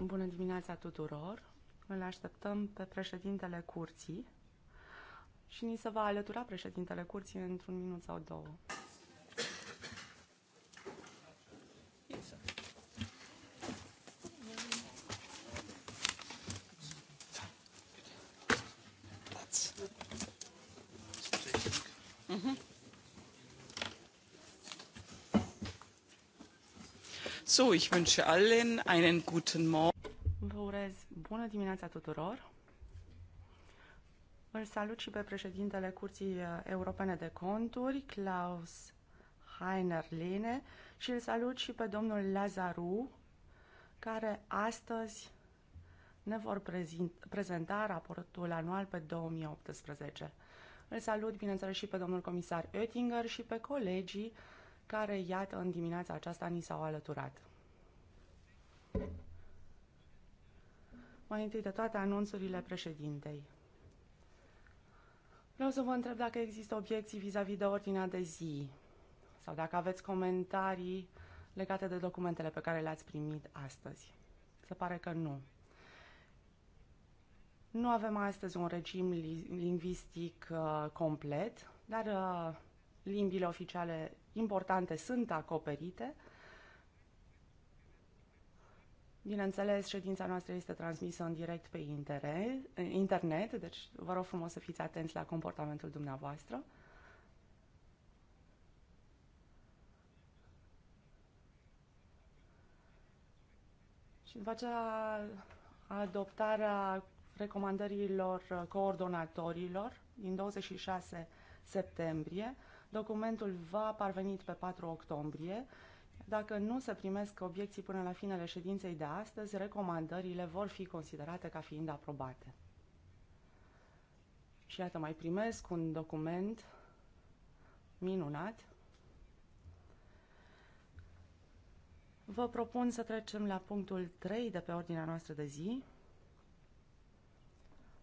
Bună dimineața tuturor. Îl așteptăm pe președintele curții și ni se va alătura președintele curții într-un minut sau două. So, ich wünsche allen einen guten Morgen. Vă urez bună dimineața tuturor. Îl salut și pe președintele Curții uh, Europene de Conturi, Klaus Heiner Lehne, și îl salut și pe domnul Lazaru, care astăzi ne vor prezenta raportul anual pe 2018. Îl salut, bineînțeles, și pe domnul comisar Oettinger și pe colegii care, iată, în dimineața aceasta ni s-au alăturat. Mai întâi de toate, anunțurile președintei. Vreau să vă întreb dacă există obiecții vis-a-vis -vis de ordinea de zi sau dacă aveți comentarii legate de documentele pe care le-ați primit astăzi. Se pare că nu. Nu avem astăzi un regim lingvistic uh, complet, dar uh, limbile oficiale importante sunt acoperite Bineînțeles, ședința noastră este transmisă în direct pe internet, deci vă rog frumos să fiți atenți la comportamentul dumneavoastră. Și după aceea adoptarea recomandărilor coordonatorilor din 26 septembrie. Documentul va parveni pe 4 octombrie. Dacă nu se primesc obiecții până la finele ședinței de astăzi, recomandările vor fi considerate ca fiind aprobate. Și iată, mai primesc un document minunat. Vă propun să trecem la punctul 3 de pe ordinea noastră de zi,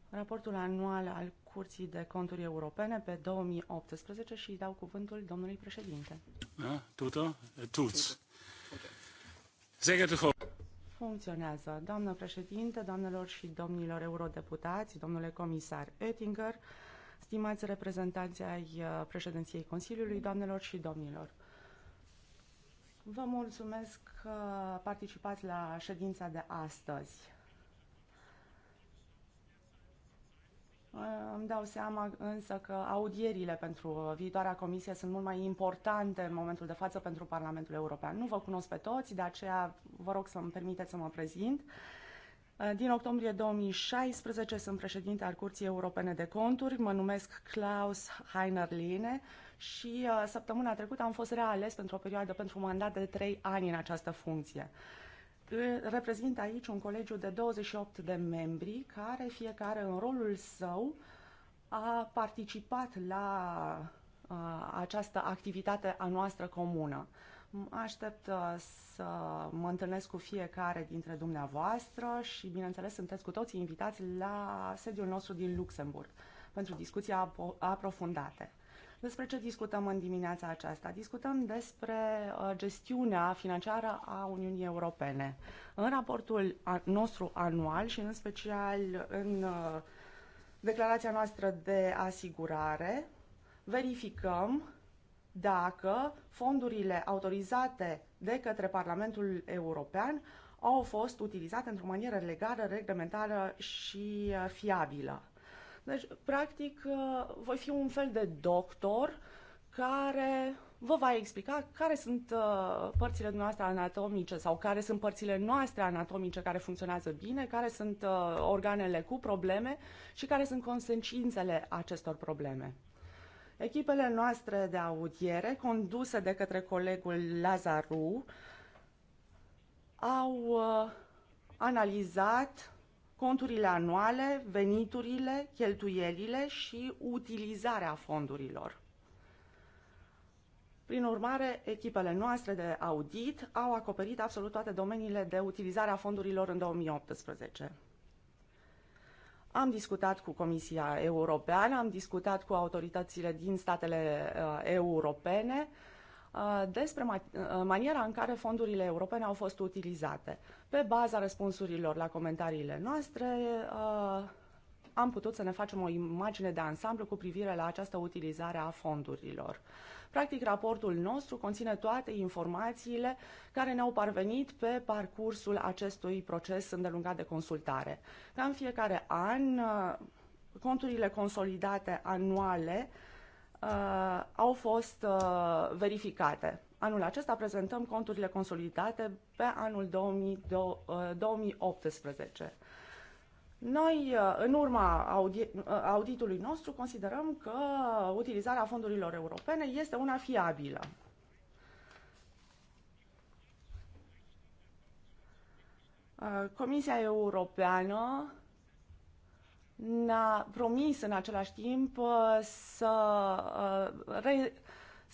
raportul anual al Curții de Conturi Europene pe 2018 și îi dau cuvântul domnului președinte. Da? Tută? Eh, Tuți. Funcționează. Doamnă președinte, doamnelor și domnilor eurodeputați, domnule comisar Oettinger, stimați reprezentanții ai eh, președinției Consiliului, doamnelor și domnilor. Vă mulțumesc că participați la ședința de astăzi. Îmi dau seama însă că audierile pentru viitoarea comisie sunt mult mai importante în momentul de față pentru Parlamentul European. Nu vă cunosc pe toți, de aceea vă rog să-mi permiteți să mă prezint. Din octombrie 2016 sunt președinte al Curții Europene de Conturi, mă numesc Klaus Heiner Line și uh, săptămâna trecută am fost reales pentru o perioadă pentru un mandat de trei ani în această funcție reprezint aici un colegiu de 28 de membri, care fiecare în rolul său a participat la această activitate a noastră comună. Aștept uh, să mă întâlnesc cu fiecare dintre dumneavoastră și, bineînțeles, sunteți cu toții invitați la sediul nostru din Luxemburg pentru discuții aprofundate. Despre ce discutăm în dimineața aceasta? Discutăm despre uh, gestiunea financiară a Uniunii Europene. În raportul nostru anual și în special în uh, declarația noastră de asigurare, verificăm dacă fondurile autorizate de către Parlamentul European au fost utilizate într-o manieră legală, reglementară și uh, fiabilă. Deci, practic, uh, voi fi un fel de doctor care vă va explica care sunt uh, părțile noastre anatomice sau care sunt părțile noastre anatomice care funcționează bine, care sunt uh, organele cu probleme și care sunt consecințele acestor probleme. Echipele noastre de audiere, conduse de către colegul Lazaru, au analizat conturile anuale, veniturile, cheltuielile și utilizarea fondurilor. Prin urmare, echipele noastre de audit au acoperit absolut toate domeniile de utilizare a fondurilor în 2018. Am discutat cu Comisia Europeană, am discutat cu autoritățile din statele uh, europene uh, despre ma- uh, maniera în care fondurile europene au fost utilizate. Pe baza răspunsurilor la comentariile noastre, uh, am putut să ne facem o imagine de ansamblu cu privire la această utilizare a fondurilor. Practic, raportul nostru conține toate informațiile care ne-au parvenit pe parcursul acestui proces îndelungat de consultare. Cam fiecare an, uh, conturile consolidate anuale uh, au fost uh, verificate. Anul acesta prezentăm conturile consolidate pe anul 2018. Uh, Noi, uh, în urma uh, auditului nostru, considerăm că utilizarea fondurilor europene este una fiabilă. Comisia Europeană ne-a promis în același timp să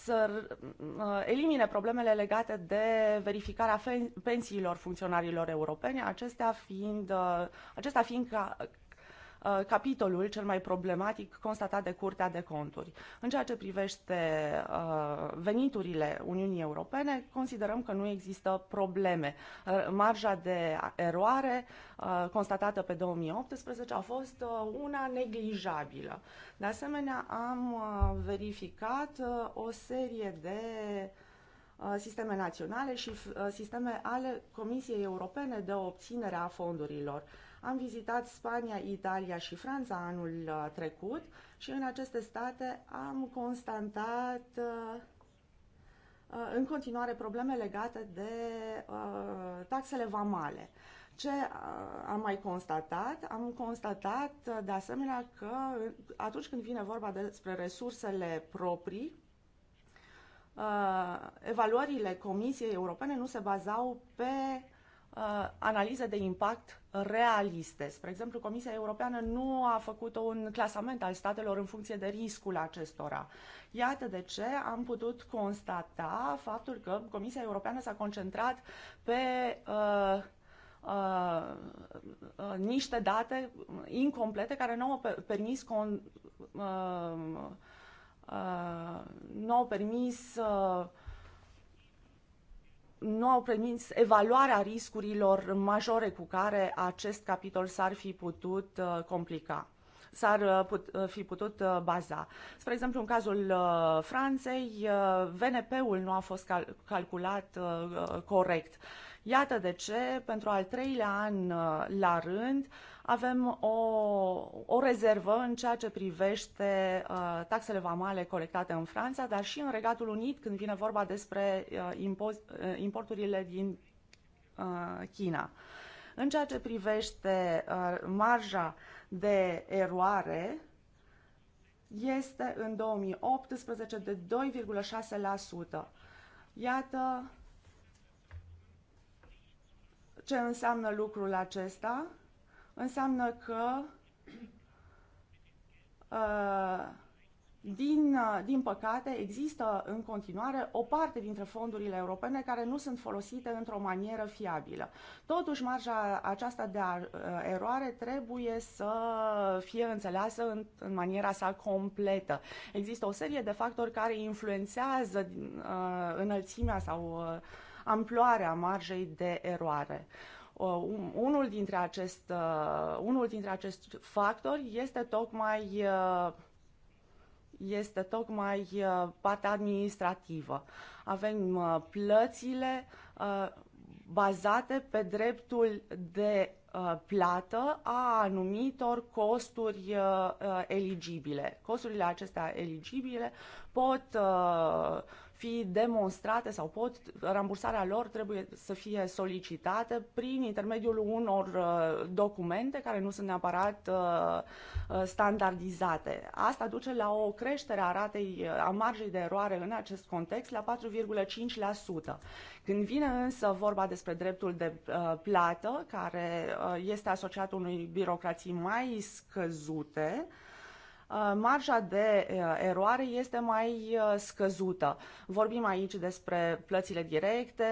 să uh, elimine problemele legate de verificarea pensiilor funcționarilor europeni, acestea fiind, uh, acestea fiind ca, Uh, capitolul cel mai problematic constatat de Curtea de Conturi. În ceea ce privește uh, veniturile Uniunii Europene, considerăm că nu există probleme. Uh, marja de eroare constatată pe 2018 a fost una neglijabilă. De asemenea, am verificat o serie de sisteme naționale și sisteme ale Comisiei Europene de obținere a fondurilor. Am vizitat Spania, Italia și Franța anul uh, trecut și în aceste state am constatat uh, uh, în continuare probleme legate de taxele vamale. Ce am mai constatat? Am constatat de asemenea că atunci când vine vorba despre resursele proprii, evaluările Comisiei Europene nu se bazau pe Uh, analize de impact realiste. Spre exemplu, Comisia Europeană nu a făcut un clasament al statelor în funcție de riscul acestora. Iată de ce am putut constata faptul că Comisia Europeană s-a concentrat pe uh, Uh, uh, niște date incomplete care nu au permis con, uh, uh, nu au permis uh, nu au permis evaluarea riscurilor majore cu care acest capitol s-ar fi putut uh, complica s-ar uh, put, uh, fi putut baza. Spre exemplu, în cazul Franței, VNP-ul nu a fost cal- calculat corect. Iată de ce, pentru al treilea an la rând, avem o, o rezervă în ceea ce privește uh, taxele vamale colectate în Franța, dar și în Regatul Unit când vine vorba despre uh, impoz, uh, importurile din uh, China. În ceea ce privește uh, marja de eroare, este în 2018 de 2,6%. Iată ce înseamnă lucrul acesta înseamnă că uh, din, uh, din păcate, există în continuare o parte dintre fondurile europene care nu sunt folosite într-o manieră fiabilă. Totuși, marja aceasta de uh, eroare trebuie să fie înțeleasă în, în maniera sa completă. Există o serie de factori care influențează uh, înălțimea sau uh, amploarea marjei de eroare. Uh, Uh, unul dintre, acest, uh, unul dintre acest factor este tocmai uh, este tocmai partea administrativă. Avem plățile bazate pe dreptul de plată a anumitor costuri eligibile. Costurile acestea eligibile pot fi demonstrate sau pot, rambursarea lor trebuie să fie solicitată prin intermediul unor uh, documente care nu sunt neapărat uh, uh, standardizate. Asta duce la o creștere a ratei, a marjei de eroare în acest context la 4,5%. Când vine însă vorba despre dreptul de plată, care este asociat unui birocrații mai scăzute, Uh, marja de uh, eroare este mai uh, scăzută. Vorbim aici despre plățile directe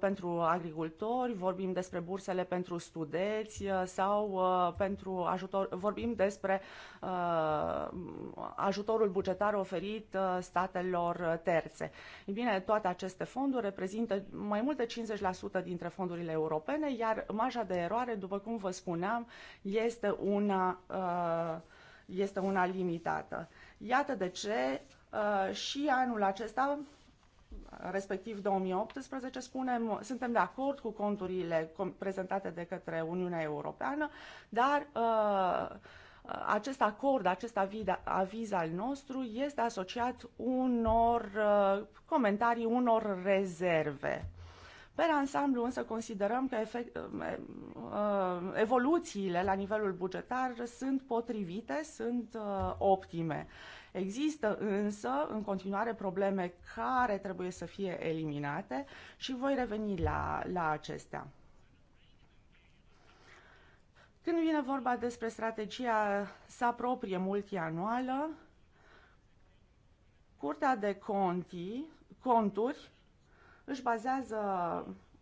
pentru agricultori, vorbim despre bursele pentru studenți sau pentru ajutor, vorbim despre ajutorul bugetar oferit statelor terțe. Ei bine, toate aceste fonduri reprezintă mai mult de 50% dintre fondurile europene, iar marja de eroare, după cum vă spuneam, este una uh, este una limitată. Iată de ce uh, și anul acesta respectiv 2018, spunem, suntem de acord cu conturile prezentate de către Uniunea Europeană, dar uh, uh, acest acord, acest aviz al nostru este asociat unor comentarii, unor rezerve. Per ansamblu însă considerăm că efect, eh, eh, evoluțiile la nivelul bugetar sunt potrivite, sunt eh, optime. Există însă în continuare probleme care trebuie să fie eliminate și voi reveni la, la acestea. Când vine vorba despre strategia sa proprie multianuală, Curtea de Conti, Conturi își bazează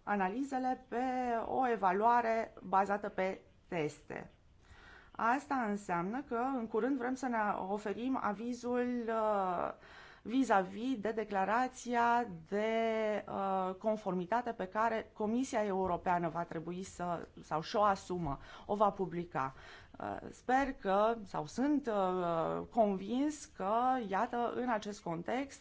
analizele pe o evaluare bazată pe teste. Asta înseamnă că în curând vrem să ne oferim avizul uh, vis-a-vis -vis de declarația de uh, conformitate pe care Comisia Europeană va trebui să, sau și-o asumă, o va publica. Uh, sper că, sau sunt convins că, iată, în acest context,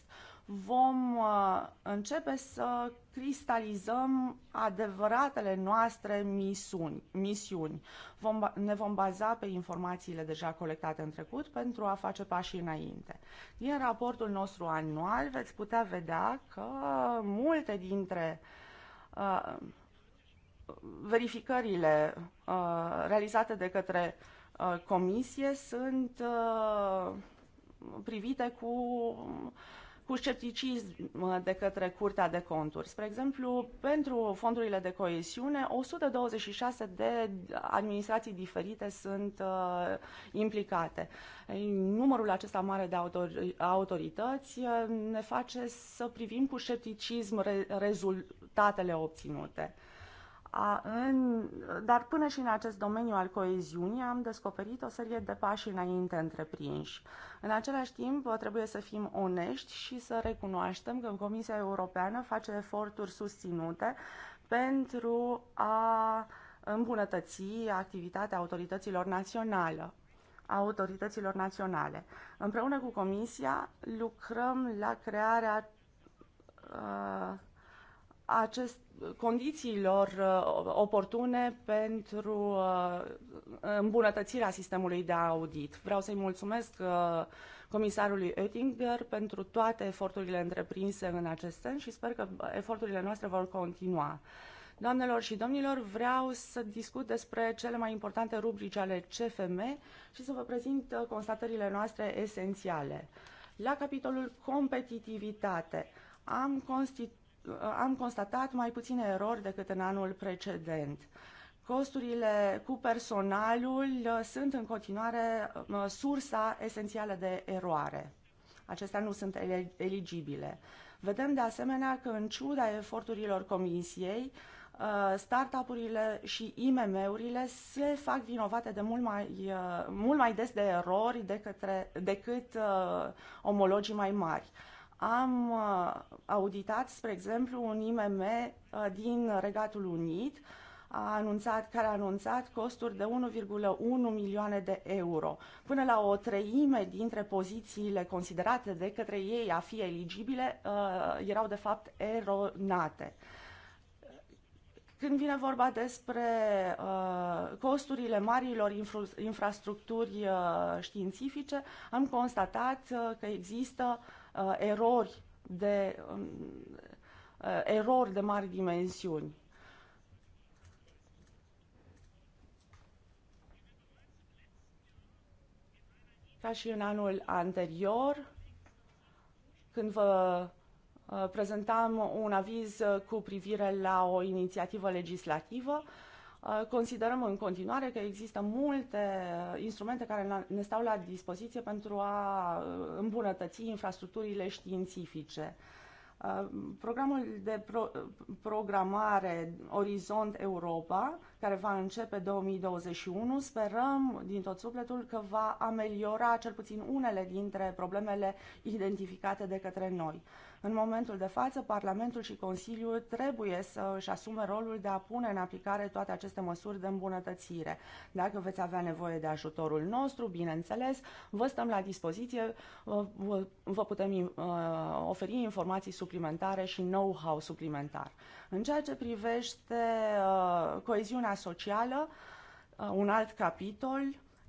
vom uh, începe să cristalizăm adevăratele noastre misiuni. misiuni. Vom, ne vom baza pe informațiile deja colectate în trecut pentru a face pașii înainte. Din raportul nostru anual veți putea vedea că multe dintre uh, verificările uh, realizate de către uh, comisie sunt uh, privite cu cu scepticism de către Curtea de Conturi. Spre exemplu, pentru fondurile de coesiune, 126 de administrații diferite sunt uh, implicate. Numărul acesta mare de autor- autorități uh, ne face să privim cu scepticism re- rezultatele obținute. A, în, dar până și în acest domeniu al coeziunii am descoperit o serie de pași înainte întreprinși. În același timp, trebuie să fim onești și să recunoaștem că Comisia Europeană face eforturi susținute pentru a îmbunătăți activitatea autorităților naționale autorităților naționale. Împreună cu Comisia lucrăm la crearea uh, acest, condițiilor uh, oportune pentru uh, îmbunătățirea sistemului de audit. Vreau să-i mulțumesc uh, comisarului Oettinger pentru toate eforturile întreprinse în acest sens și sper că eforturile noastre vor continua. Doamnelor și domnilor, vreau să discut despre cele mai importante rubrici ale CFM și să vă prezint constatările noastre esențiale. La capitolul competitivitate, am constituit am constatat mai puține erori decât în anul precedent. Costurile cu personalul uh, sunt în continuare uh, sursa esențială de eroare. Acestea nu sunt eligibile. Vedem de asemenea că, în ciuda eforturilor comisiei, uh, startup-urile și IMM-urile se fac vinovate de mult mai, mult mai des de erori de către, decât omologii mai mari. Am uh, auditat, spre exemplu, un IMM uh, din Regatul Unit a anunțat, care a anunțat costuri de 1,1 milioane de euro. Până la o treime dintre pozițiile considerate de către ei a fi eligibile uh, erau de fapt eronate. Când vine vorba despre uh, costurile marilor infra infrastructuri uh, științifice, am constatat uh, că există uh, uh, erori de um, uh, erori de mari dimensiuni. Ca și în anul anterior, când vă uh, prezentam un aviz uh, cu privire la o inițiativă legislativă, uh, Uh, considerăm în continuare că există multe uh, instrumente care ne stau la dispoziție pentru a uh, îmbunătăți infrastructurile științifice. Programul de pro- programare Orizont Europa, care va începe 2021, sperăm din tot sufletul că va ameliora cel puțin unele dintre problemele identificate de către noi. În momentul de față, Parlamentul și Consiliul trebuie să își asume rolul de a pune în aplicare toate aceste măsuri de îmbunătățire. Dacă veți avea nevoie de ajutorul nostru, bineînțeles, vă stăm la dispoziție, vă putem uh, oferi informații suplimentare și know-how suplimentar. În ceea ce privește uh, coeziunea socială, uh, un alt capitol,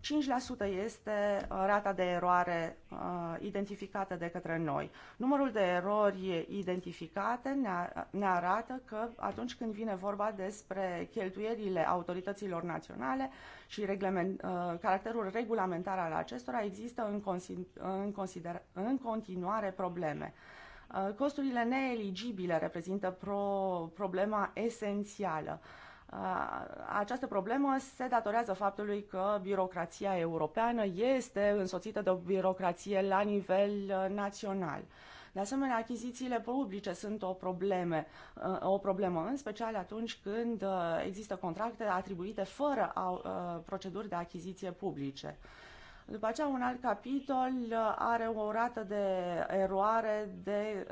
5% este uh, rata de eroare uh, identificată de către noi. Numărul de erori identificate ne, a, ne arată că atunci când vine vorba despre cheltuierile autorităților naționale și reglement, uh, caracterul regulamentar al acestora, există în, consi, în, consider, în continuare probleme. Uh, costurile neeligibile reprezintă pro, problema esențială. Uh, această problemă se datorează faptului că birocrația europeană este însoțită de o birocrație la nivel uh, național. De asemenea, achizițiile publice sunt o, probleme, uh, o problemă, în special atunci când uh, există contracte atribuite fără proceduri de achiziție publice. După aceea, un alt capitol uh, are o rată de eroare de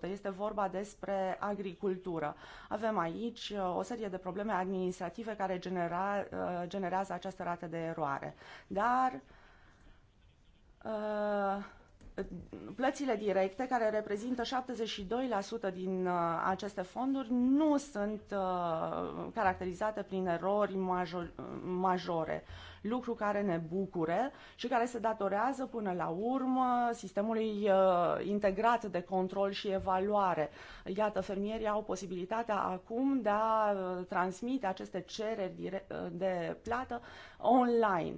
2,4%. Este vorba despre agricultură. Avem aici uh, o serie de probleme administrative care genera, uh, generează această rată de eroare. Dar uh, plățile directe, care reprezintă 72% din uh, aceste fonduri, nu sunt uh, caracterizate prin erori major, majore, lucru care ne bucure și care se datorează până la urmă sistemului uh, integrat de control și evaluare. Iată, fermierii au posibilitatea acum de a transmite aceste cereri de plată online.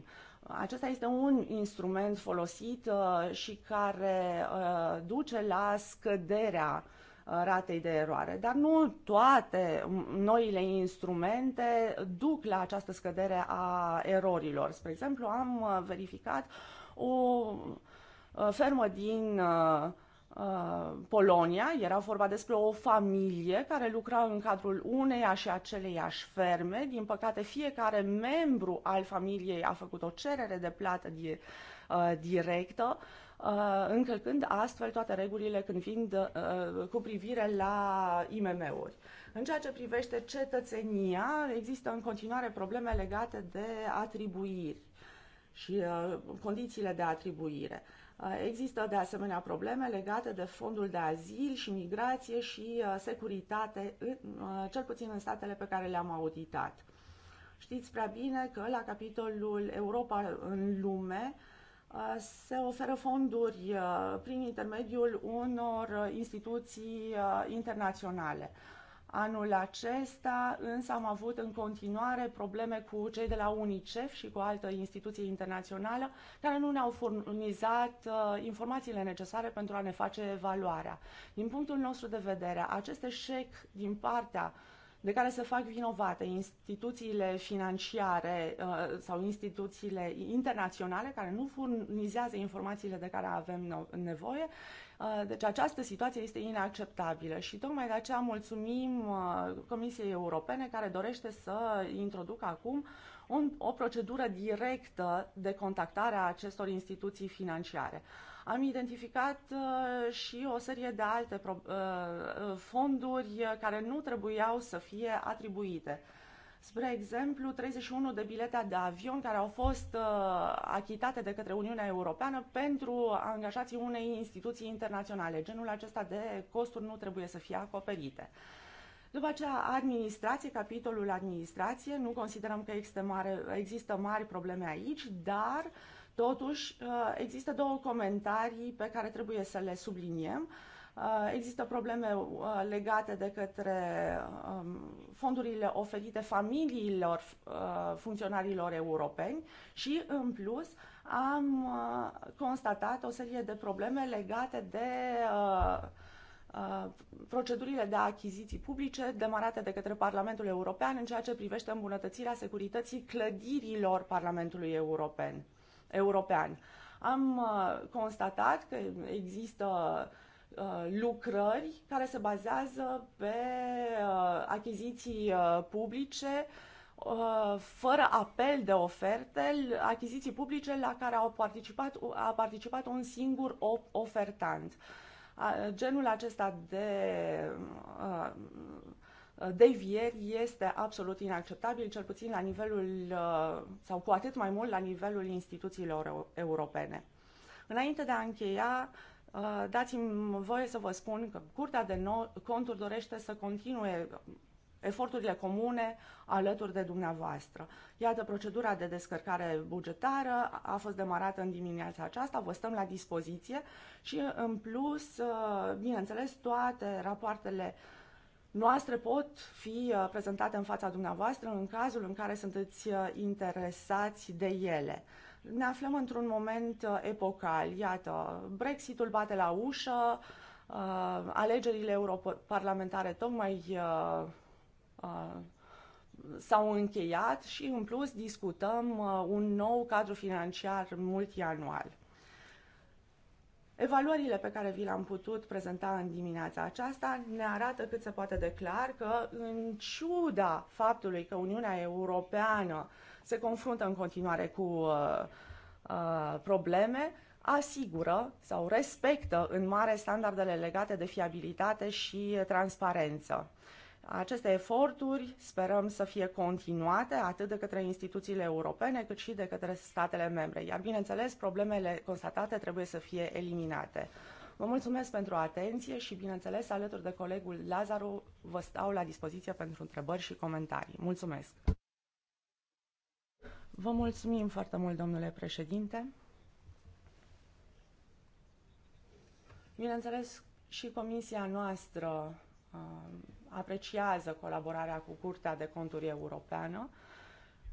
Acesta este un instrument folosit uh, și care uh, duce la scăderea uh, ratei de eroare. Dar nu toate noile instrumente duc la această scădere a erorilor. Spre exemplu, am verificat o fermă din Uh, Polonia, era vorba despre o familie care lucra în cadrul uneia și aceleiași ferme. Din păcate, fiecare membru al familiei a făcut o cerere de plată di- uh, directă, uh, încălcând astfel toate regulile când fiind cu privire la IMM-uri. În ceea ce privește cetățenia, există în continuare probleme legate de atribuiri și condițiile de atribuire. Uh, există de asemenea probleme legate de fondul de azil și migrație și uh, securitate, uh, cel puțin în statele pe care le-am auditat. Știți prea bine că la capitolul Europa în lume se oferă fonduri prin intermediul unor instituții internaționale. Anul acesta însă am avut în continuare probleme cu cei de la UNICEF și cu altă instituție internațională care nu ne-au furnizat uh, informațiile necesare pentru a ne face evaluarea. Din punctul nostru de vedere, acest eșec din partea uh, de care se fac vinovate instituțiile financiare uh, sau instituțiile internaționale care nu furnizează informațiile de care avem nevoie. Uh, deci această situație este inacceptabilă și tocmai de aceea mulțumim uh, Comisiei Europene care dorește să introducă acum o procedură directă de contactare a acestor instituții financiare. Am identificat uh, și o serie de alte uh, uh, fonduri care nu trebuiau să fie atribuite. Spre exemplu, 31 de bilete de avion care au fost achitate de către Uniunea Europeană pentru angajații unei instituții internaționale. Genul acesta de costuri nu trebuie să fie acoperite. După aceea, administrație, capitolul administrație, nu considerăm că există, mare, există mari probleme aici, dar uh, Totuși, uh, există două comentarii pe care trebuie să le subliniem. Uh, există probleme uh, legate de către um, fondurile oferite familiilor funcționarilor europeni și, în plus, am constatat o serie de probleme legate de procedurile de achiziții publice demarate de către Parlamentul European în ceea ce privește îmbunătățirea securității clădirilor Parlamentului European european. Am uh, constatat că există uh, lucrări care se bazează pe uh, achiziții publice fără apel de oferte, achiziții publice la care au participat, a participat un singur ofertant. Genul acesta de devieri este absolut inacceptabil, cel puțin la nivelul, uh, sau cu atât mai mult la nivelul instituțiilor europene. Înainte de a încheia, uh, dați-mi voie să vă spun că Curtea de Conturi dorește să continue eforturile comune alături de dumneavoastră. Iată, procedura de descărcare bugetară a fost demarată în dimineața aceasta, vă stăm la dispoziție și, în plus, uh, bineînțeles, toate rapoartele uh, noastre pot fi uh, prezentate în fața dumneavoastră în cazul în care sunteți uh, interesați de ele. Ne aflăm într-un moment uh, epocal. Iată, Brexitul bate la ușă, alegerile europarlamentare tocmai s-au încheiat și în plus discutăm un nou cadru financiar multianual. Evaluările pe care vi le-am putut prezenta în dimineața aceasta ne arată cât se poate de clar că, în ciuda faptului că Uniunea Europeană se confruntă în continuare cu uh, uh, probleme, asigură sau respectă în mare standardele legate de fiabilitate și transparență. Uh, aceste eforturi sperăm să fie continuate atât de către instituțiile europene cât și de către statele membre, iar bineînțeles problemele constatate trebuie să fie eliminate. Vă mulțumesc pentru atenție și bineînțeles alături de colegul Lazaru vă stau la dispoziție pentru întrebări și comentarii. Mulțumesc! Vă mulțumim foarte mult, domnule președinte. Bineînțeles, și comisia noastră um, apreciază colaborarea cu Curtea de Conturi Europeană.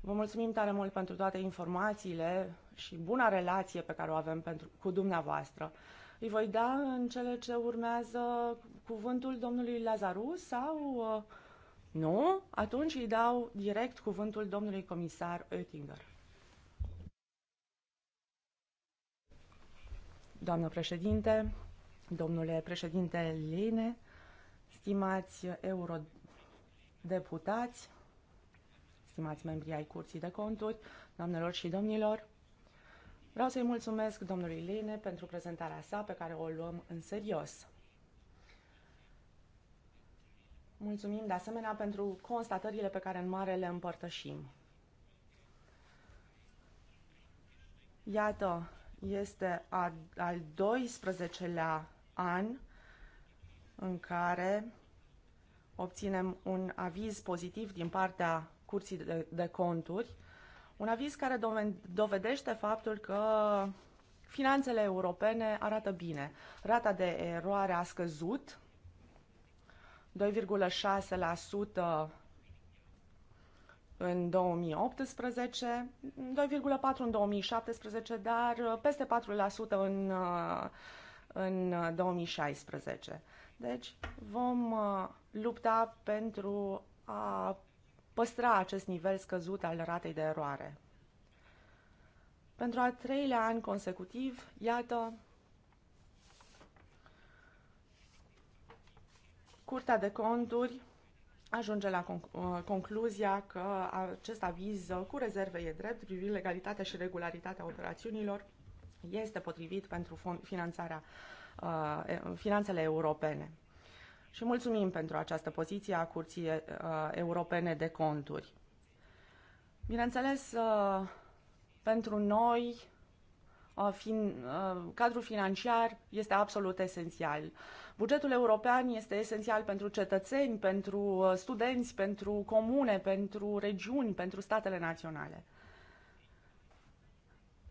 Vă mulțumim tare mult pentru toate informațiile și buna relație pe care o avem pentru, cu dumneavoastră. Îi voi da în cele ce urmează cuvântul domnului Lazaru sau uh, nu? Atunci îi dau direct cuvântul domnului comisar Oettinger. Doamnă președinte, domnule președinte Lene stimați eurodeputați, stimați membri ai Curții de Conturi, doamnelor și domnilor, vreau să-i mulțumesc domnului Lene pentru prezentarea sa pe care o luăm în serios. Mulțumim de asemenea pentru constatările pe care în mare le împărtășim. Iată, este al 12-lea an în care obținem un aviz pozitiv din partea Curții de, de Conturi, un aviz care dovedește faptul că finanțele europene arată bine. Rata de eroare a scăzut 2,6% în 2018, 2,4% în 2017, dar peste 4% în, în 2016. Deci vom uh, lupta pentru a păstra acest nivel scăzut al ratei de eroare. Pentru a treilea an consecutiv, iată, Curtea de Conturi ajunge la conc- uh, concluzia că acest aviz cu rezerve e drept privind legalitatea și regularitatea operațiunilor este potrivit pentru finanțarea uh, Uh, finanțele europene. Și mulțumim pentru această poziție a Curții uh, Europene de Conturi. Bineînțeles, uh, pentru noi, cadrul financiar este absolut esențial. Bugetul european este esențial pentru cetățeni, pentru studenți, pentru comune, pentru regiuni, pentru statele naționale.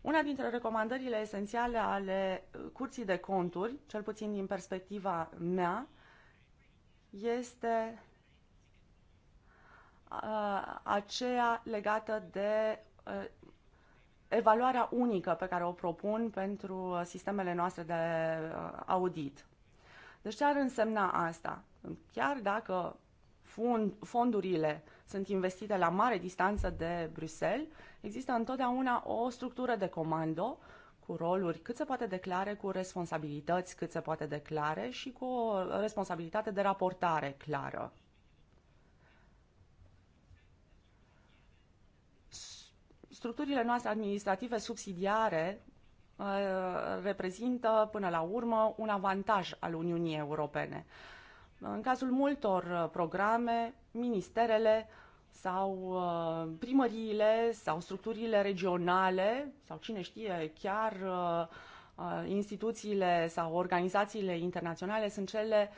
Una dintre recomandările esențiale ale uh, Curții de Conturi, cel puțin din perspectiva mea, este uh, aceea legată de uh, evaluarea unică pe care o propun pentru sistemele noastre de audit. Deci ce ar însemna asta? Chiar dacă fund, fondurile sunt investite la mare distanță de Bruxelles, există întotdeauna o structură de comando cu roluri cât se poate declare, cu responsabilități cât se poate declare și cu o responsabilitate de raportare clară. Structurile noastre administrative subsidiare uh, reprezintă până la urmă un avantaj al Uniunii Europene. În cazul multor uh, programe, ministerele sau uh, primăriile sau structurile regionale sau cine știe chiar uh, instituțiile sau organizațiile internaționale sunt cele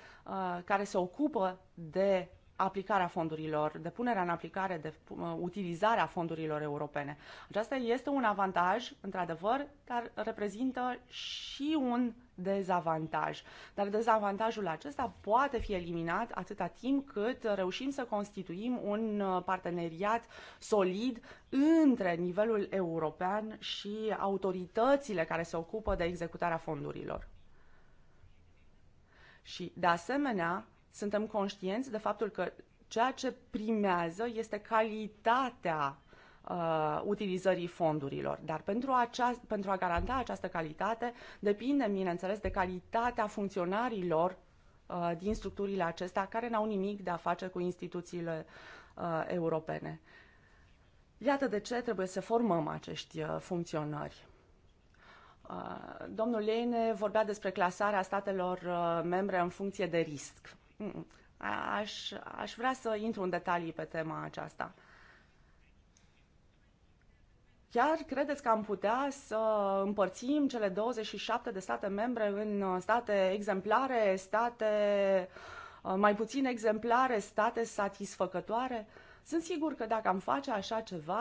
care se ocupă de aplicarea fondurilor, de punerea în aplicare, de utilizarea fondurilor europene. Aceasta este un avantaj, într-adevăr, dar reprezintă și un dezavantaj. Dar dezavantajul acesta poate fi eliminat atâta timp cât reușim să constituim un uh, parteneriat solid între nivelul european și autoritățile care se ocupă de executarea fondurilor. Și, de asemenea, suntem conștienți de faptul că ceea ce primează este calitatea uh, utilizării fondurilor. Dar pentru, aceast, pentru a garanta această calitate, depinde, bineînțeles, de calitatea funcționarilor uh, din structurile acestea, care n-au nimic de a face cu instituțiile uh, europene. Iată de ce trebuie să formăm acești uh, funcționari. Uh, domnul Leine vorbea despre clasarea statelor uh, membre în funcție de risc. Aș, aș vrea să intru în detalii pe tema aceasta. Uh, Chiar credeți că am putea să împărțim cele 27 de state membre în uh, state exemplare, state uh, mai puțin exemplare, state satisfăcătoare? Sunt sigur că dacă am face așa ceva,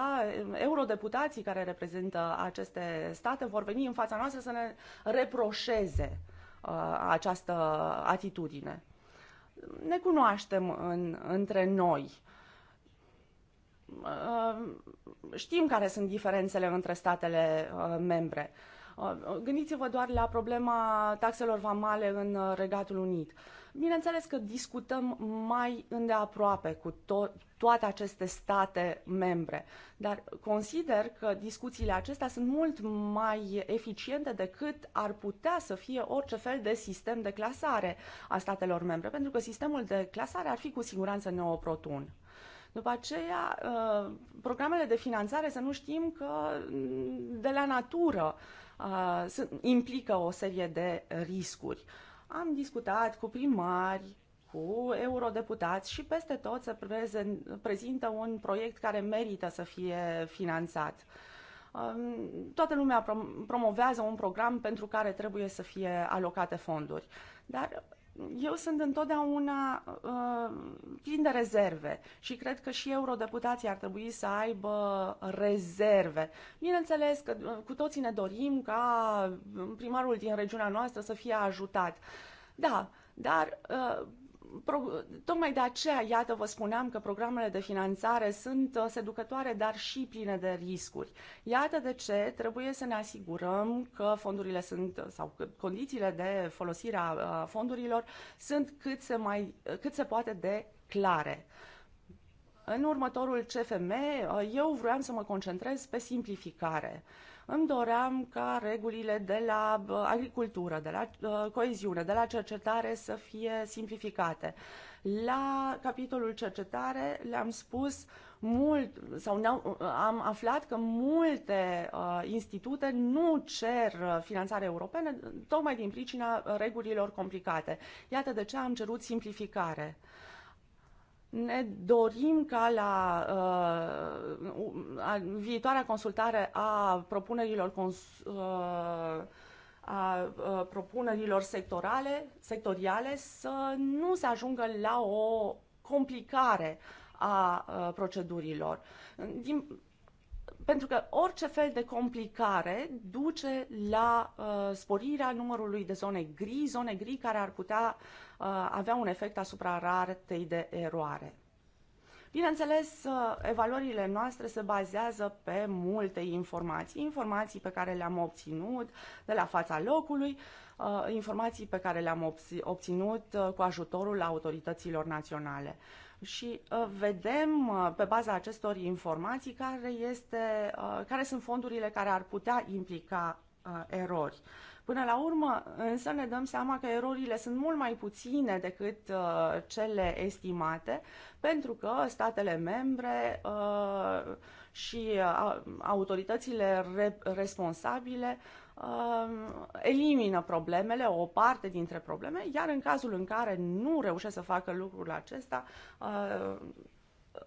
eurodeputații care reprezintă aceste state vor veni în fața noastră să ne reproșeze uh, această atitudine. Ne cunoaștem în, între noi. Uh, știm care sunt diferențele între statele uh, membre. Uh, gândiți-vă doar la problema taxelor vamale în Regatul Unit. Bineînțeles că discutăm mai îndeaproape cu to- toate aceste state membre, dar consider că discuțiile acestea sunt mult mai eficiente decât ar putea să fie orice fel de sistem de clasare a statelor membre, pentru că sistemul de clasare ar fi cu siguranță neoprotun. După aceea, uh, programele de finanțare, să nu știm că mm, de la natură uh, implică o serie de riscuri. Am discutat cu primari, cu eurodeputați și peste tot se prezintă un proiect care merită să fie finanțat. Um, toată lumea promovează un program pentru care trebuie să fie alocate fonduri. Dar eu sunt întotdeauna uh, plin de rezerve și cred că și eurodeputații ar trebui să aibă rezerve. Bineînțeles că uh, cu toții ne dorim ca primarul din regiunea noastră să fie ajutat. Da, dar uh, pro, tocmai de aceea, iată, vă spuneam că programele de finanțare sunt uh, seducătoare, dar și pline de riscuri. Iată de ce trebuie să ne asigurăm că fondurile sunt, uh, sau că condițiile de folosire a uh, fondurilor sunt cât se, mai, cât se poate de clare. În următorul CFM, eu vreau să mă concentrez pe simplificare. Uh, îmi doream ca regulile de la agricultură, de la coeziune, de la cercetare să fie simplificate. La capitolul cercetare le-am spus mult, sau am aflat că multe uh, institute nu cer uh, finanțare europene tocmai din pricina uh, regulilor complicate. Iată de ce am cerut simplificare. Uh, ne dorim ca la uh, a, viitoarea consultare a propunerilor cons, uh, a uh, propunerilor sectorale, sectoriale să nu se ajungă la o complicare a uh, procedurilor. Din, pentru că orice fel de complicare duce la uh, sporirea numărului de zone gri, zone gri care ar putea uh, Uh, avea un efect asupra ratei de eroare. Bineînțeles, uh, evaluările noastre se bazează pe multe informații, informații pe care le-am obținut de la fața locului, uh, informații pe care le-am obținut cu ajutorul autorităților naționale. Și vedem pe baza acestor informații care, este, care sunt fondurile care ar putea implica erori. Până la urmă, însă, ne dăm seama că erorile sunt mult mai puține decât uh, cele estimate, pentru că statele membre uh, și uh, autoritățile re- responsabile uh, elimină problemele, o parte dintre probleme, iar în cazul în care nu reușesc să facă lucrul acesta, uh,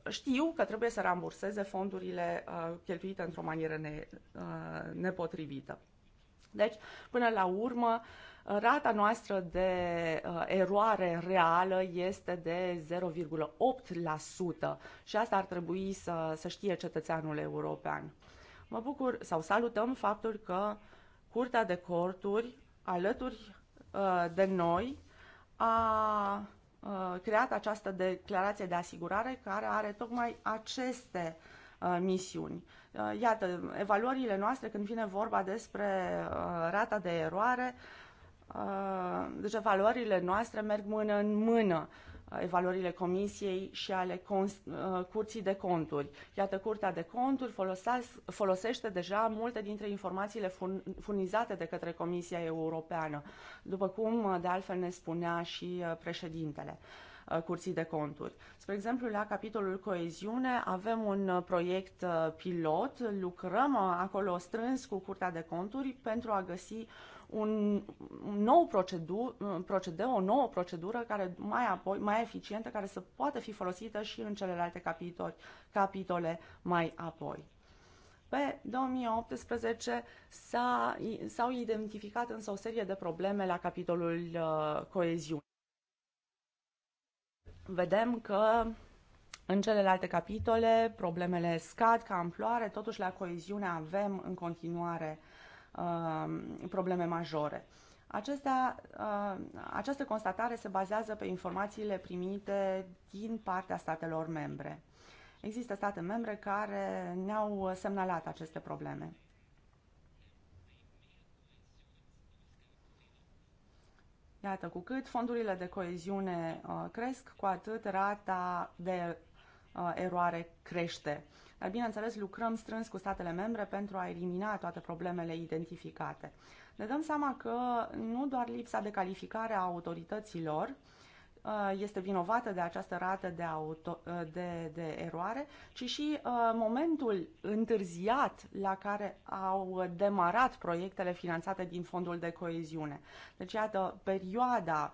știu că trebuie să ramburseze fondurile uh, cheltuite într-o manieră ne, nepotrivită. Deci, până la urmă, rata noastră de uh, eroare reală este de 0,8% și asta ar trebui să, să știe cetățeanul european. Mă bucur sau salutăm faptul că Curtea de Corturi, alături uh, de noi, a uh, creat această declarație de asigurare care are tocmai aceste misiuni. Uh, iată, evaluările noastre când vine vorba despre uh, rata de eroare, uh, deci evaluările noastre merg mână în mână evaluările comisiei și ale curții de conturi. Iată, curtea de conturi folosește deja multe dintre informațiile furnizate de către Comisia Europeană, după cum de altfel ne spunea și președintele. Uh, curții de Conturi. Spre exemplu, la capitolul coeziune avem un uh, proiect uh, pilot, lucrăm acolo strâns cu Curtea de Conturi pentru a găsi un, nou procedu, procedeu, o nouă procedură care mai apoi, mai eficientă, care să poată fi folosită și în celelalte capitoli, capitole mai apoi. Pe 2018 s-au identificat însă o serie de probleme la capitolul uh, coeziune vedem că în celelalte capitole problemele scad ca amploare, totuși la coeziune avem în continuare uh, probleme majore. Acestea, uh, această constatare se bazează pe informațiile primite din partea statelor membre. Există state membre care ne-au semnalat aceste probleme. Iată, cu cât fondurile de coeziune uh, cresc, cu atât rata de uh, eroare crește. Dar, bineînțeles, lucrăm strâns cu statele membre pentru a elimina toate problemele identificate. Ne dăm seama că nu doar lipsa de calificare a autorităților Uh, este vinovată de această rată de, auto, uh, de, de eroare, ci și uh, momentul întârziat la care au demarat proiectele finanțate din fondul de coeziune. Deci, iată, perioada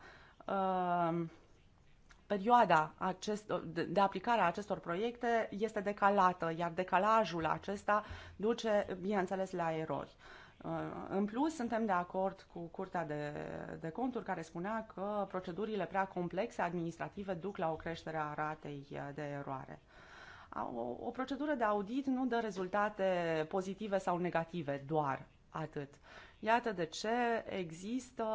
perioada acest, de aplicare a acestor proiecte este decalată, iar decalajul acesta duce, bineînțeles, la erori. Uh, în plus, suntem de acord cu Curtea de, de Conturi care spunea că procedurile prea complexe administrative duc la o creștere a ratei uh, de eroare. O, o procedură de audit nu dă rezultate pozitive sau negative, doar atât. Iată de ce există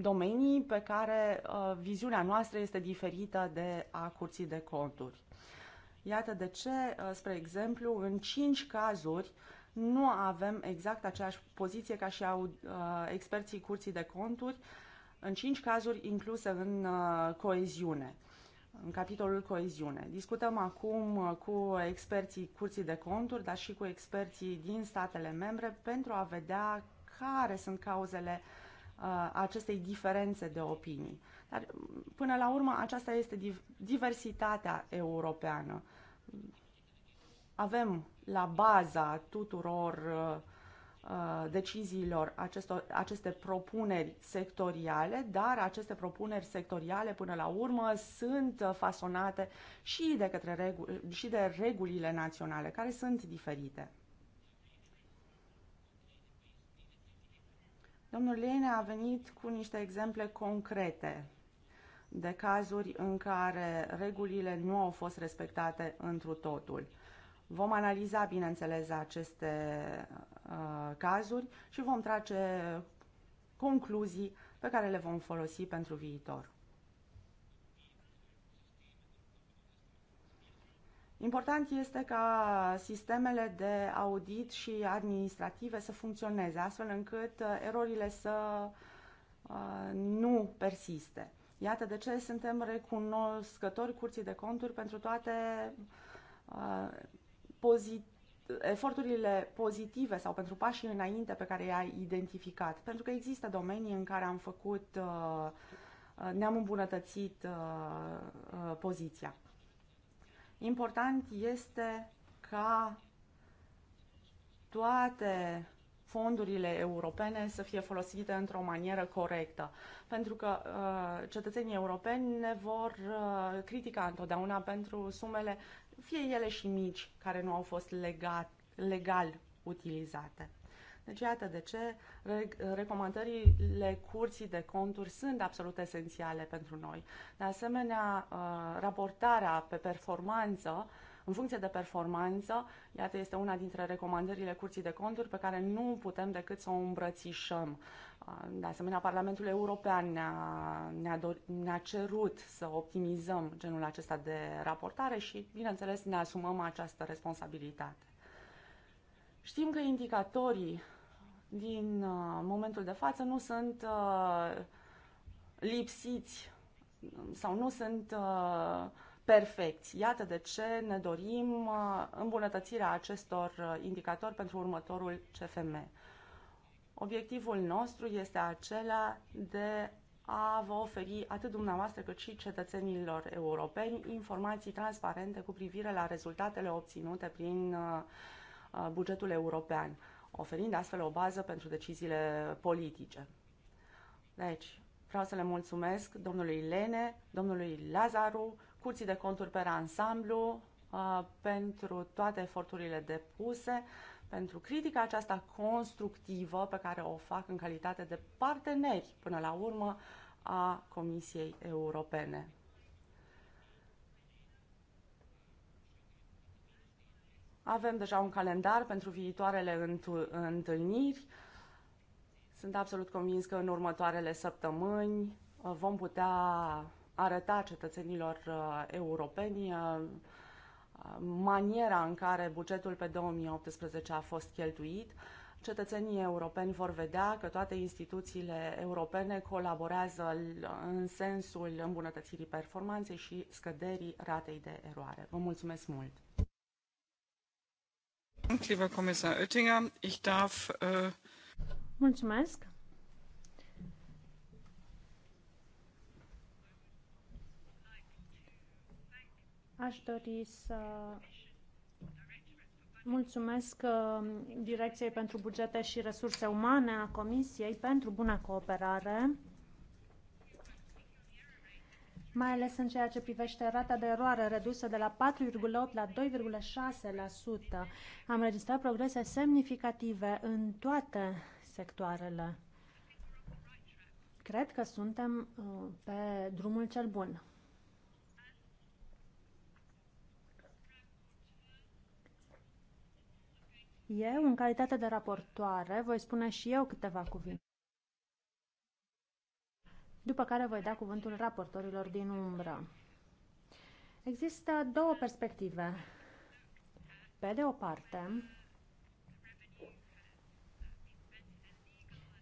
domenii pe care uh, viziunea noastră este diferită de a curții de conturi. Iată de ce, uh, spre exemplu, în cinci cazuri uh, nu avem exact aceeași poziție ca și au, uh, experții curții de conturi, în cinci cazuri incluse în uh, coeziune, în capitolul coeziune. Discutăm acum uh, cu experții curții de conturi, dar și cu experții din statele membre pentru a vedea care sunt cauzele uh, acestei diferențe de opinii. Dar, până la urmă, aceasta este div diversitatea europeană avem la baza tuturor uh, uh, deciziilor aceste propuneri sectoriale, dar aceste propuneri sectoriale până la urmă sunt uh, fasonate și de, către reguli, și de regulile naționale, care sunt diferite. Domnul Lene a venit cu niște exemple concrete de cazuri în care regulile nu au fost respectate întru totul. Vom analiza, bineînțeles, aceste uh, cazuri și vom trage concluzii pe care le vom folosi pentru viitor. Important este ca sistemele de audit și administrative să funcționeze, astfel încât uh, erorile să uh, nu persiste. Iată de ce suntem recunoscători Curții de Conturi pentru toate uh, pozit eforturile pozitive sau pentru pașii înainte pe care i-ai identificat. Pentru că există domenii în care am făcut, uh, uh, ne-am îmbunătățit uh, poziția. Important este ca toate fondurile europene să fie folosite într-o manieră corectă. Pentru că uh, cetățenii europeni ne vor uh, critica întotdeauna pentru sumele fie ele și mici, care nu au fost legat, legal utilizate. Deci iată de ce recomandările curții de conturi sunt absolut esențiale pentru noi. De asemenea, uh, raportarea pe performanță în funcție de performanță. Iată, este una dintre recomandările Curții de Conturi pe care nu putem decât să o îmbrățișăm. De asemenea, Parlamentul European ne-a, ne-a, ne-a cerut să optimizăm genul acesta de raportare și, bineînțeles, ne asumăm această responsabilitate. Știm că indicatorii din momentul de față nu sunt uh, lipsiți sau nu sunt uh, perfecți. Iată de ce ne dorim uh, îmbunătățirea acestor uh, indicatori pentru următorul CFM. Obiectivul nostru este acela de a vă oferi atât dumneavoastră cât și cetățenilor europeni informații transparente cu privire la rezultatele obținute prin uh, bugetul european, oferind astfel o bază pentru deciziile politice. Deci, vreau să le mulțumesc domnului Lene, domnului Lazaru, curții de conturi pe ansamblu uh, pentru toate eforturile depuse, pentru critica aceasta constructivă pe care o fac în calitate de parteneri, până la urmă, a Comisiei Europene. Avem deja un calendar pentru viitoarele întâlniri. Sunt absolut convins că în următoarele săptămâni uh, vom putea arăta cetățenilor uh, europeni uh, maniera în care bugetul pe 2018 a fost cheltuit. Cetățenii europeni vor vedea că toate instituțiile europene colaborează în sensul îmbunătățirii performanței și scăderii ratei de eroare. Vă mulțumesc mult! Äh, mulțumesc. Aș dori să mulțumesc uh, Direcției pentru Bugete și Resurse Umane a Comisiei pentru bună cooperare, mai ales în ceea ce privește rata de eroare redusă de la 4,8 la 2,6%. Am registrat progrese semnificative în toate sectoarele. Cred că suntem uh, pe drumul cel bun. Eu, în calitate de raportoare, voi spune și eu câteva cuvinte. După care voi da cuvântul raportorilor din umbră. Există două perspective. Pe de o parte,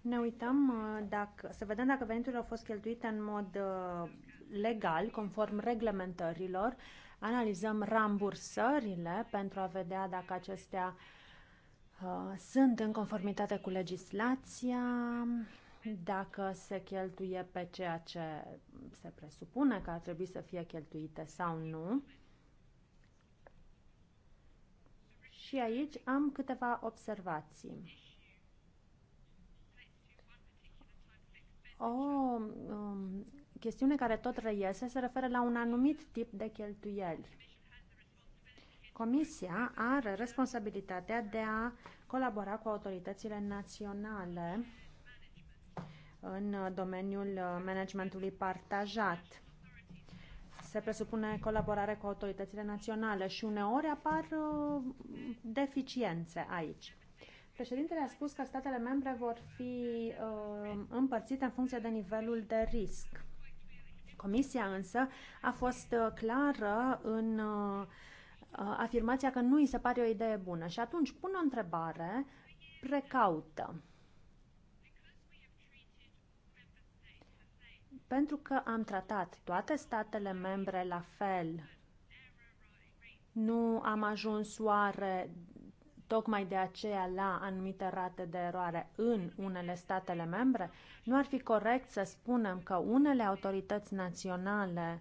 ne uităm uh, dacă, să vedem dacă veniturile au fost cheltuite în mod uh, legal, conform reglementărilor, analizăm rambursările pentru a vedea dacă acestea uh, Uh, sunt în conformitate cu legislația, dacă se cheltuie pe ceea ce se presupune că ar trebui să fie cheltuite sau nu. Și aici am câteva observații. O um, chestiune care tot reiese se referă la un anumit tip de cheltuieli. Comisia are responsabilitatea de a colabora cu autoritățile naționale în domeniul managementului partajat. Se presupune colaborare cu autoritățile naționale și uneori apar uh, deficiențe aici. Președintele a spus că statele membre vor fi uh, împărțite în funcție de nivelul de risc. Comisia însă a fost uh, clară în uh, Uh, afirmația că nu îi se pare o idee bună și atunci pun o întrebare precaută. Pentru că am tratat toate statele membre la fel, nu am ajuns oare tocmai de aceea la anumite rate de eroare în unele statele membre, nu ar fi corect să spunem că unele autorități naționale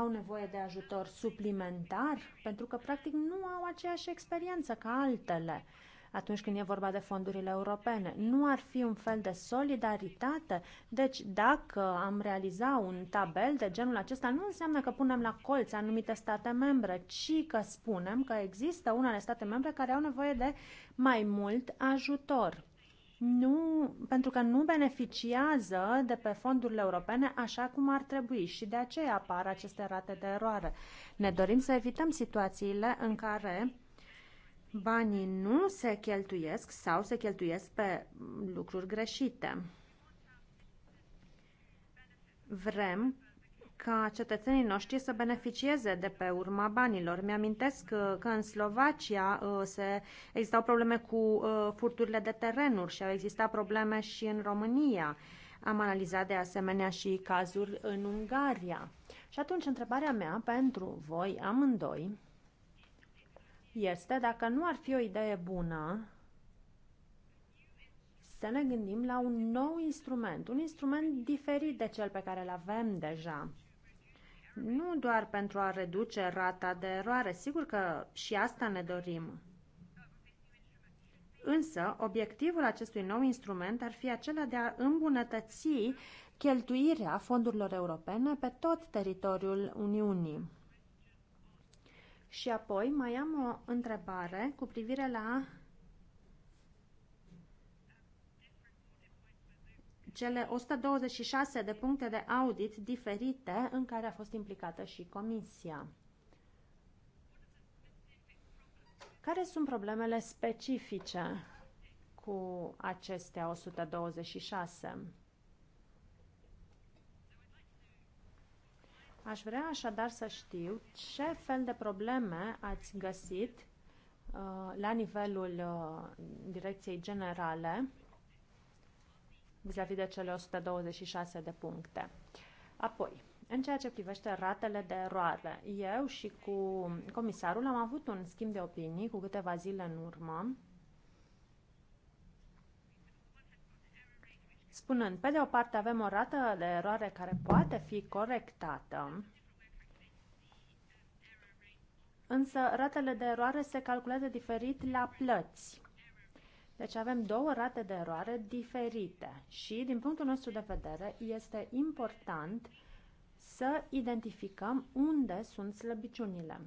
au nevoie de ajutor suplimentar pentru că practic nu au aceeași experiență ca altele atunci când e vorba de fondurile europene. Nu ar fi un fel de solidaritate? Deci, dacă am realiza un tabel de genul acesta, nu înseamnă că punem la colț anumite state membre, ci că spunem că există unele state membre care au nevoie de mai mult ajutor nu, pentru că nu beneficiază de pe fondurile europene așa cum ar trebui și de aceea apar aceste rate de eroare. Ne dorim să evităm situațiile în care banii nu se cheltuiesc sau se cheltuiesc pe lucruri greșite. Vrem ca cetățenii noștri să beneficieze de pe urma banilor. Mi-amintesc uh, că în Slovacia uh, se existau probleme cu uh, furturile de terenuri și au existat probleme și în România. Am analizat de asemenea și cazuri în Ungaria. Și atunci întrebarea mea pentru voi amândoi este dacă nu ar fi o idee bună să ne gândim la un nou instrument, un instrument diferit de cel pe care îl avem deja nu doar pentru a reduce rata de eroare, sigur că și asta ne dorim. Însă, obiectivul acestui nou instrument ar fi acela de a îmbunătăți cheltuirea fondurilor europene pe tot teritoriul Uniunii. Și apoi mai am o întrebare cu privire la cele 126 de puncte de audit diferite în care a fost implicată și Comisia. Care sunt problemele specifice cu acestea 126? Aș vrea așadar să știu ce fel de probleme ați găsit uh, la nivelul uh, Direcției Generale vis-a-vis de cele 126 de puncte. Apoi, în ceea ce privește ratele de eroare, eu și cu comisarul am avut un schimb de opinii cu câteva zile în urmă, spunând, pe de o parte avem o rată de eroare care poate fi corectată, însă ratele de eroare se calculează diferit la plăți. Deci avem două rate de eroare diferite și, din punctul nostru de vedere, este important să identificăm unde sunt slăbiciunile.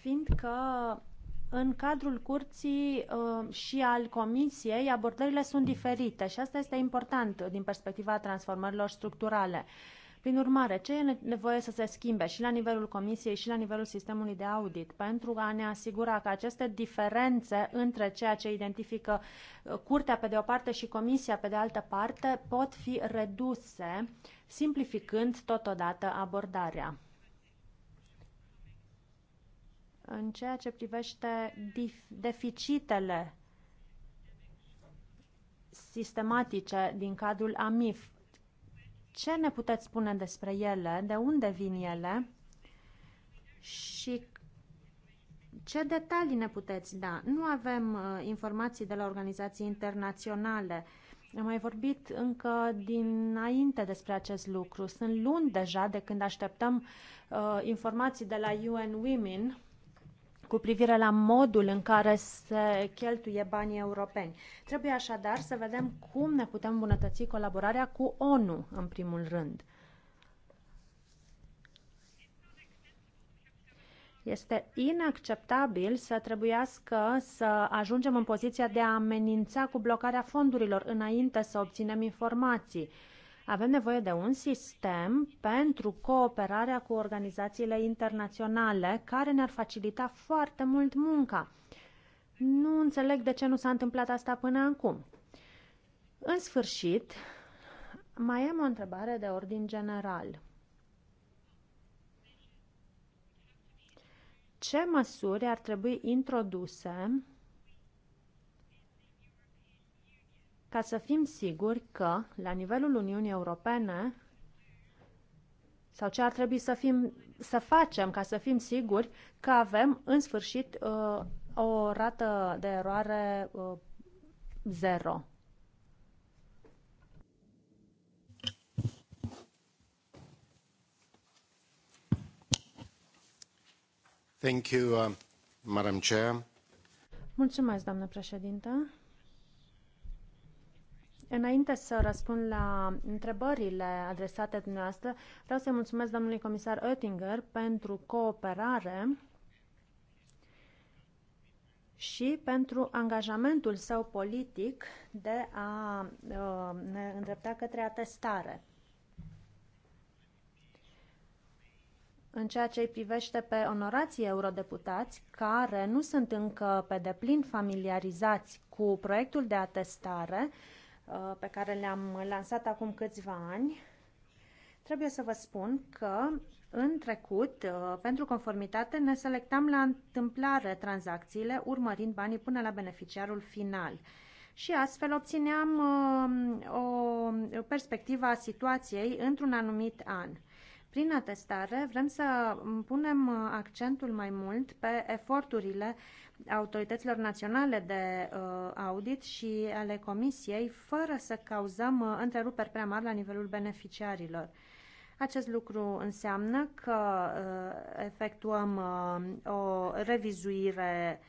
Fiindcă în cadrul curții uh, și al comisiei abordările sunt diferite și asta este important din perspectiva transformărilor structurale. Uh, prin urmare, ce e nevoie să se schimbe și la nivelul Comisiei și la nivelul sistemului de audit pentru a ne asigura că aceste diferențe între ceea ce identifică uh, Curtea pe de o parte și Comisia pe de altă parte pot fi reduse, simplificând totodată abordarea. În ceea ce privește deficitele sistematice din cadrul AMIF, ce ne puteți spune despre ele? De unde vin ele? Și ce detalii ne puteți da? Nu avem uh, informații de la organizații internaționale. Am mai vorbit încă dinainte despre acest lucru. Sunt luni deja de când așteptăm uh, informații de la UN Women cu privire la modul în care se cheltuie banii europeni. Trebuie așadar să vedem cum ne putem îmbunătăți colaborarea cu ONU, în primul rând. Este inacceptabil să trebuiască să ajungem în poziția de a amenința cu blocarea fondurilor înainte să obținem informații. Uh, avem nevoie de un sistem pentru cooperarea cu organizațiile internaționale care ne-ar facilita foarte mult munca. Nu înțeleg de ce nu s-a întâmplat asta până acum. În sfârșit, mai am o întrebare de ordin general. Ce măsuri ar trebui introduse ca să fim siguri că, la nivelul Uniunii Europene, sau ce ar trebui să, fim, să facem ca să fim siguri că avem, în sfârșit, uh, o rată de eroare uh, zero. Thank you, uh, Madam Chair. Mulțumesc, doamnă președintă. Înainte să răspund la întrebările adresate dumneavoastră, vreau să-i mulțumesc domnului comisar Oettinger pentru cooperare și pentru angajamentul său politic de a uh, ne îndrepta către atestare. în ceea ce îi privește pe onorații eurodeputați care nu sunt încă pe deplin familiarizați cu proiectul de atestare, Uh, pe care le-am lansat acum câțiva ani, trebuie să vă spun că în trecut, uh, pentru conformitate, ne selectam la întâmplare tranzacțiile, urmărind banii până la beneficiarul final. Și astfel obțineam uh, o perspectivă a situației într-un anumit an. Prin atestare vrem să punem accentul mai mult pe eforturile uh, autorităților naționale de uh, audit și ale comisiei, fără să cauzăm uh, întreruperi prea mari la nivelul beneficiarilor. Acest lucru înseamnă că uh, efectuăm uh, o revizuire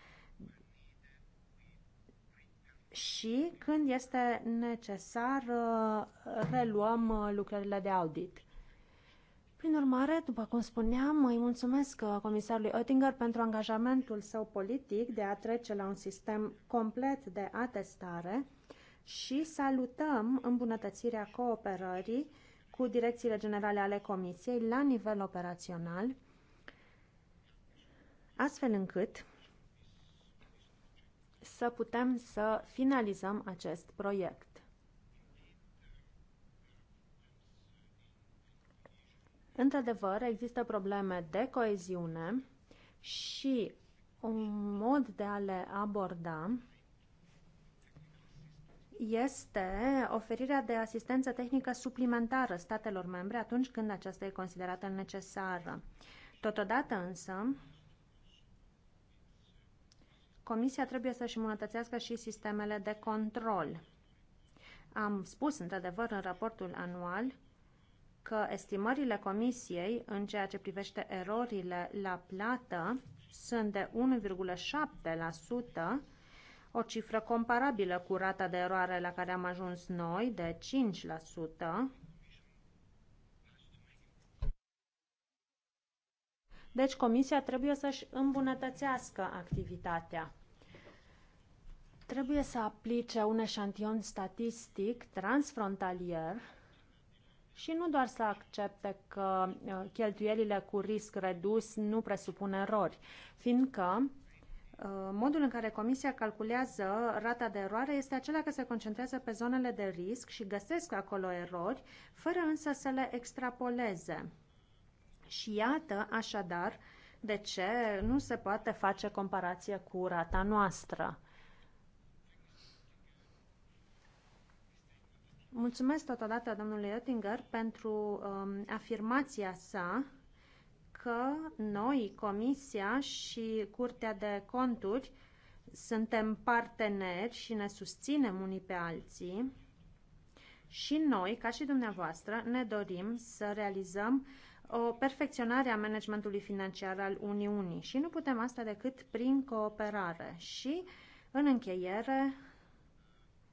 și, când este necesar, uh, reluăm uh, lucrările de audit. Prin urmare, după cum spuneam, îi mulțumesc uh, comisarului Oettinger pentru angajamentul său politic de a trece la un sistem complet de atestare și salutăm îmbunătățirea cooperării cu direcțiile generale ale Comisiei la nivel operațional, astfel încât să putem să finalizăm acest proiect. Într-adevăr, există probleme de coeziune și un mod de a le aborda este oferirea de asistență tehnică suplimentară statelor membre atunci când aceasta e considerată necesară. Totodată însă, Comisia trebuie să-și îmbunătățească și sistemele de control. Am spus, într-adevăr, în raportul anual că estimările Comisiei în ceea ce privește erorile la plată sunt de 1,7%, o cifră comparabilă cu rata de eroare la care am ajuns noi, de 5%. Deci Comisia trebuie să-și îmbunătățească activitatea trebuie să aplice un eșantion statistic transfrontalier și nu doar să accepte că uh, cheltuielile cu risc redus nu presupun erori, fiindcă uh, Modul în care Comisia calculează rata de eroare este acela că se concentrează pe zonele de risc și găsesc acolo erori, fără însă să le extrapoleze. Și iată, așadar, de ce nu se poate face comparație cu rata noastră. Mulțumesc totodată domnului Oettinger pentru um, afirmația sa că noi, Comisia și Curtea de Conturi, suntem parteneri și ne susținem unii pe alții și noi, ca și dumneavoastră, ne dorim să realizăm o perfecționare a managementului financiar al Uniunii și nu putem asta decât prin cooperare. Și, în încheiere,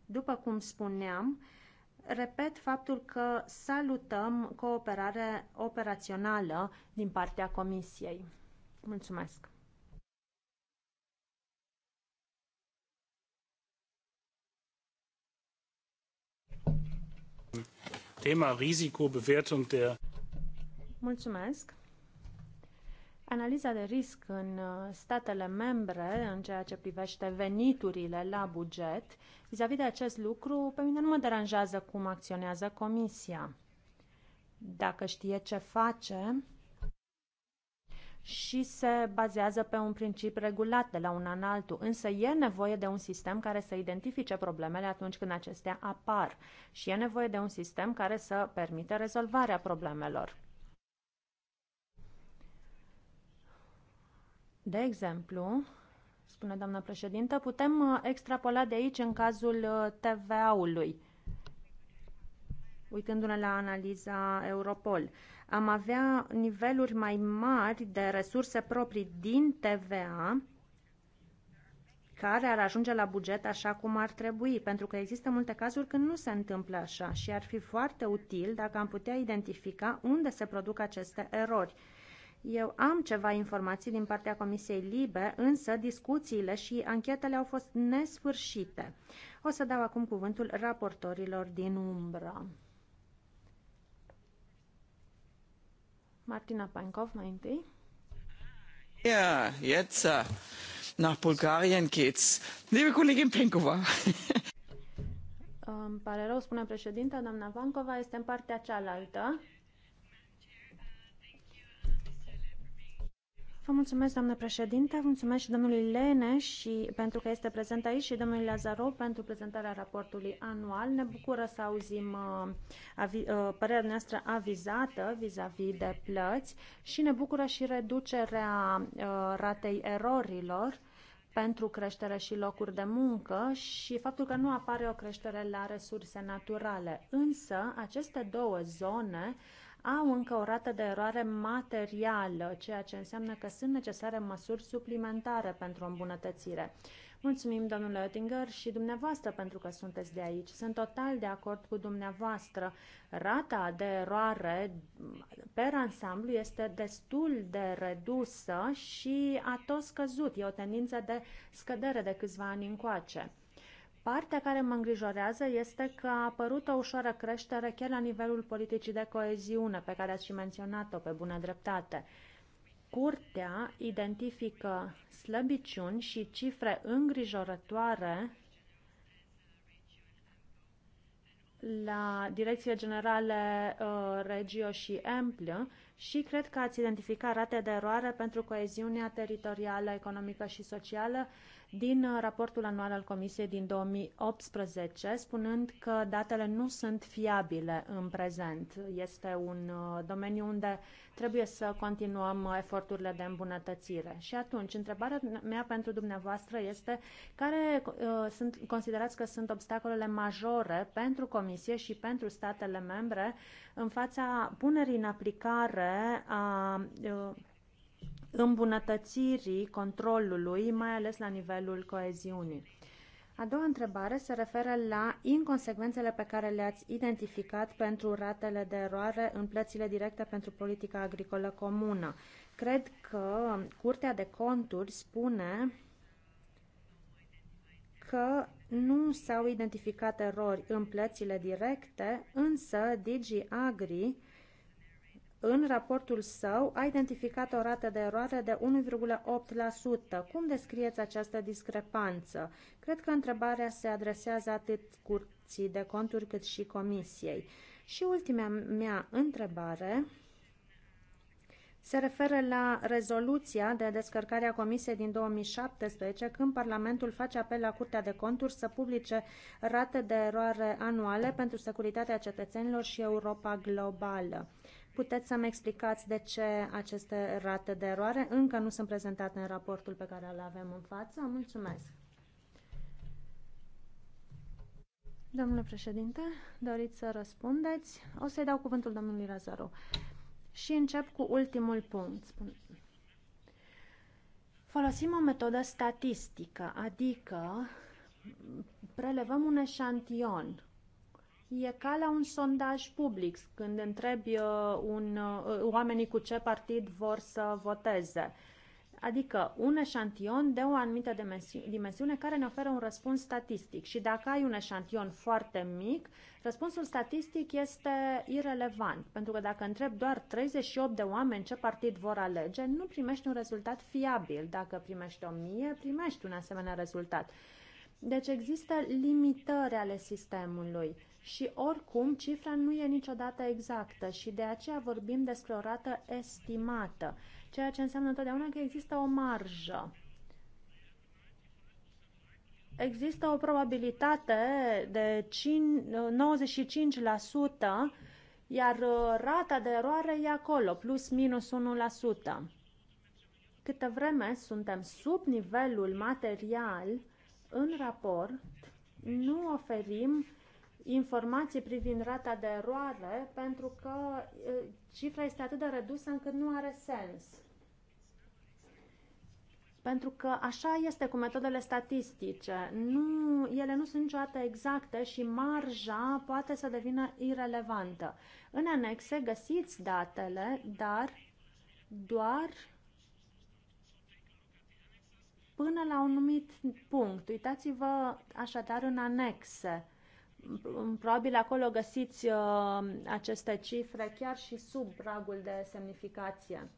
după cum spuneam, repet faptul că salutăm cooperarea operațională din partea Comisiei. Mulțumesc! Thema Risikobewertung der Mulțumesc. Analiza de risc în uh, statele membre în ceea ce privește veniturile la buget, vis-a-vis de acest lucru, pe mine nu mă deranjează cum acționează Comisia. Dacă știe ce face și se bazează pe un principiu regulat de la un an altul, însă e nevoie de un sistem care să identifice problemele atunci când acestea apar și e nevoie de un sistem care să permită rezolvarea problemelor. De exemplu, spune doamna președintă, putem uh, extrapola de aici în cazul uh, TVA-ului, uitându-ne la analiza Europol. Am avea niveluri mai mari de resurse proprii din TVA, care ar ajunge la buget așa cum ar trebui, pentru că există multe cazuri când nu se întâmplă așa și ar fi foarte util dacă am putea identifica unde se produc aceste erori. Eu am ceva informații din partea Comisiei Libe, însă discuțiile și anchetele au fost nesfârșite. O să dau acum cuvântul raportorilor din umbră. Martina Pankov mai întâi. yeah, jetzt äh, nach Bulgarien geht's. Liebe Kollegin Penkova. Îmi pare rău, spune președinta, doamna Pankova este în partea cealaltă. Vă mulțumesc, doamnă președinte, mulțumesc și domnului Lene și, pentru că este prezent aici și domnului Lazaro pentru prezentarea raportului anual. Ne bucură să auzim uh, avi, uh, părerea noastră avizată vis-a-vis -vis de plăți și ne bucură și reducerea uh, ratei erorilor pentru creștere și locuri de muncă și faptul că nu apare o creștere la resurse naturale. Însă, aceste două zone uh, au încă o rată de eroare materială, ceea ce înseamnă că sunt necesare măsuri suplimentare pentru o îmbunătățire. Mulțumim, domnule Oettinger, și dumneavoastră pentru că sunteți de aici. Sunt total de acord cu dumneavoastră. Rata de eroare per ansamblu este destul de redusă și a tot scăzut. E o tendință de scădere de câțiva ani încoace. Partea care mă îngrijorează este că a apărut o ușoară creștere chiar la nivelul politicii de coeziune, pe care ați și menționat-o pe bună dreptate. Curtea identifică slăbiciuni și cifre îngrijorătoare la Direcție generale uh, Regio și Emplă și cred că ați identificat rate de eroare pentru coeziunea teritorială, economică și socială din uh, raportul anual al Comisiei din 2018, spunând că datele nu sunt fiabile în prezent. Este un uh, domeniu unde trebuie să continuăm eforturile de îmbunătățire. Și atunci, întrebarea mea pentru dumneavoastră este care uh, sunt, considerați că sunt obstacolele majore pentru Comisie și pentru statele membre în fața punerii în aplicare a îmbunătățirii controlului, mai ales la nivelul coeziunii. A doua întrebare se referă la inconsecvențele pe care le-ați identificat pentru ratele de eroare în plățile directe pentru politica agricolă comună. Cred că Curtea de Conturi spune că nu s-au identificat erori în plățile directe, însă DigiAgri în raportul său a identificat o rată de eroare de 1,8%. Cum descrieți această discrepanță? Cred că întrebarea se adresează atât curții de conturi cât și comisiei. Și ultima mea întrebare se referă la rezoluția de descărcare a Comisiei din 2017, când Parlamentul face apel la Curtea de Conturi să publice rate de eroare anuale pentru securitatea cetățenilor și Europa globală. Puteți să-mi explicați de ce aceste rate de eroare încă nu sunt prezentate în raportul pe care îl avem în față? Mulțumesc! Domnule președinte, doriți să răspundeți? O să-i dau cuvântul domnului Razaru. Și încep cu ultimul punct. Folosim o metodă statistică, adică prelevăm un eșantion E ca la un sondaj public, când întrebi uh, un, uh, oamenii cu ce partid vor să voteze. Adică un eșantion de o anumită dimensiune care ne oferă un răspuns statistic. Și dacă ai un eșantion foarte mic, răspunsul statistic este irelevant. Pentru că dacă întrebi doar 38 de oameni ce partid vor alege, nu primești un rezultat fiabil. Dacă primești 1000, primești un asemenea rezultat. Deci există limitări ale sistemului și oricum cifra nu e niciodată exactă și de aceea vorbim despre o rată estimată, ceea ce înseamnă întotdeauna că există o marjă. Există o probabilitate de 95%, iar uh, rata de eroare e acolo, plus minus 1%. Câte vreme suntem sub nivelul material în raport, nu oferim uh, informații privind rata de eroare pentru că cifra este atât de redusă încât nu are sens. Pentru că așa este cu metodele statistice. Nu, ele nu sunt niciodată exacte și marja poate să devină irelevantă. În anexe găsiți datele, dar doar până la un numit punct. Uitați-vă așadar în anexe Probabil acolo găsiți uh, aceste cifre chiar și sub pragul de semnificație.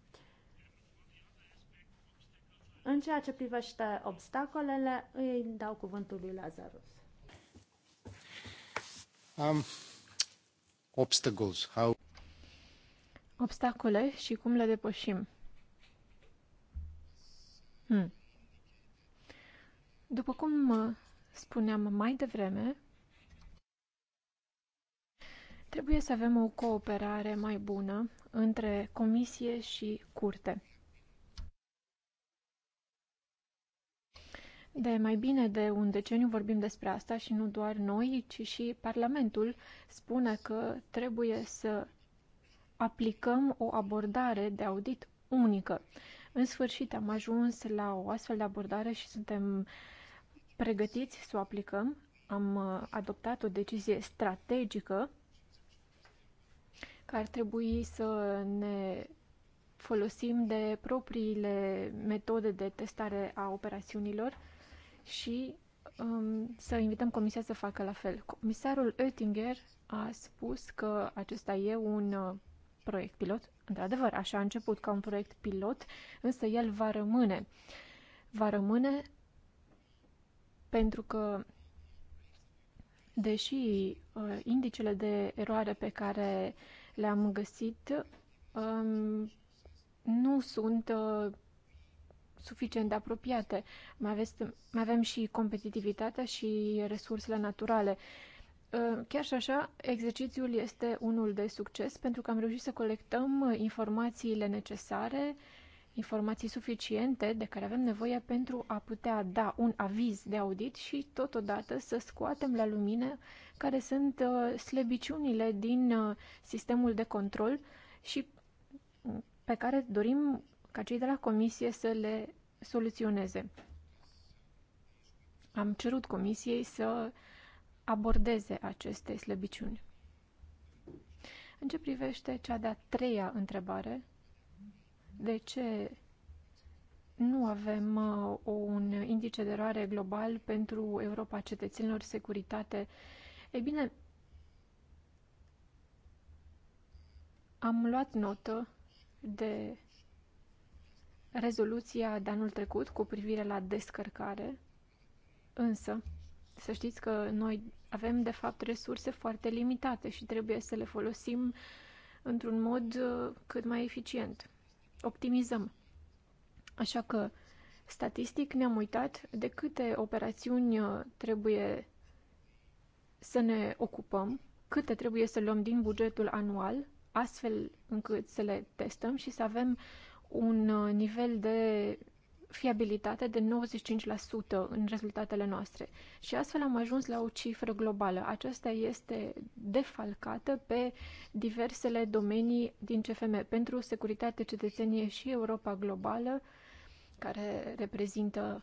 În ceea ce privește obstacolele, îi dau cuvântul lui Lazarus. Um, obstacles, how... Obstacole și cum le depășim. Hmm. După cum uh, spuneam mai devreme, Trebuie să avem o cooperare mai bună între comisie și curte. De mai bine de un deceniu vorbim despre asta și nu doar noi, ci și Parlamentul spune că trebuie să aplicăm o abordare de audit unică. În sfârșit am ajuns la o astfel de abordare și suntem pregătiți să o aplicăm. Am uh, adoptat o decizie strategică ar trebui să ne folosim de propriile metode de testare a operațiunilor și um, să invităm Comisia să facă la fel. Comisarul Oettinger a spus că acesta e un uh, proiect pilot. Într-adevăr, așa a început ca un proiect pilot, însă el va rămâne. Va rămâne pentru că, deși uh, indicele de eroare pe care uh, le-am găsit um, nu sunt uh, suficient de apropiate. Mai, aveți, mai avem și competitivitatea și resursele naturale. Uh, chiar și așa, exercițiul este unul de succes pentru că am reușit să colectăm uh, informațiile necesare uh, informații suficiente de care avem nevoie pentru a putea da un aviz de audit și totodată să scoatem la lumină care sunt uh, slăbiciunile din uh, sistemul de control și mm, pe care dorim ca cei de la comisie să le soluționeze. Am cerut comisiei să abordeze aceste slăbiciuni. În ce privește cea de-a treia întrebare, de ce nu avem uh, un indice de eroare global pentru Europa cetățenilor, securitate. Ei bine, am luat notă de rezoluția de anul trecut cu privire la descărcare, însă să știți că noi avem de fapt resurse foarte limitate și trebuie să le folosim într-un mod uh, cât mai eficient optimizăm. Așa că, statistic, ne-am uitat de câte operațiuni uh, trebuie să ne ocupăm, câte trebuie să luăm din bugetul anual, astfel încât să le testăm și să avem un uh, nivel de fiabilitate de 95% în rezultatele noastre. Și astfel am ajuns la o cifră globală. Aceasta este defalcată pe diversele domenii din CFM. Pentru securitate, cetățenie și Europa globală, care reprezintă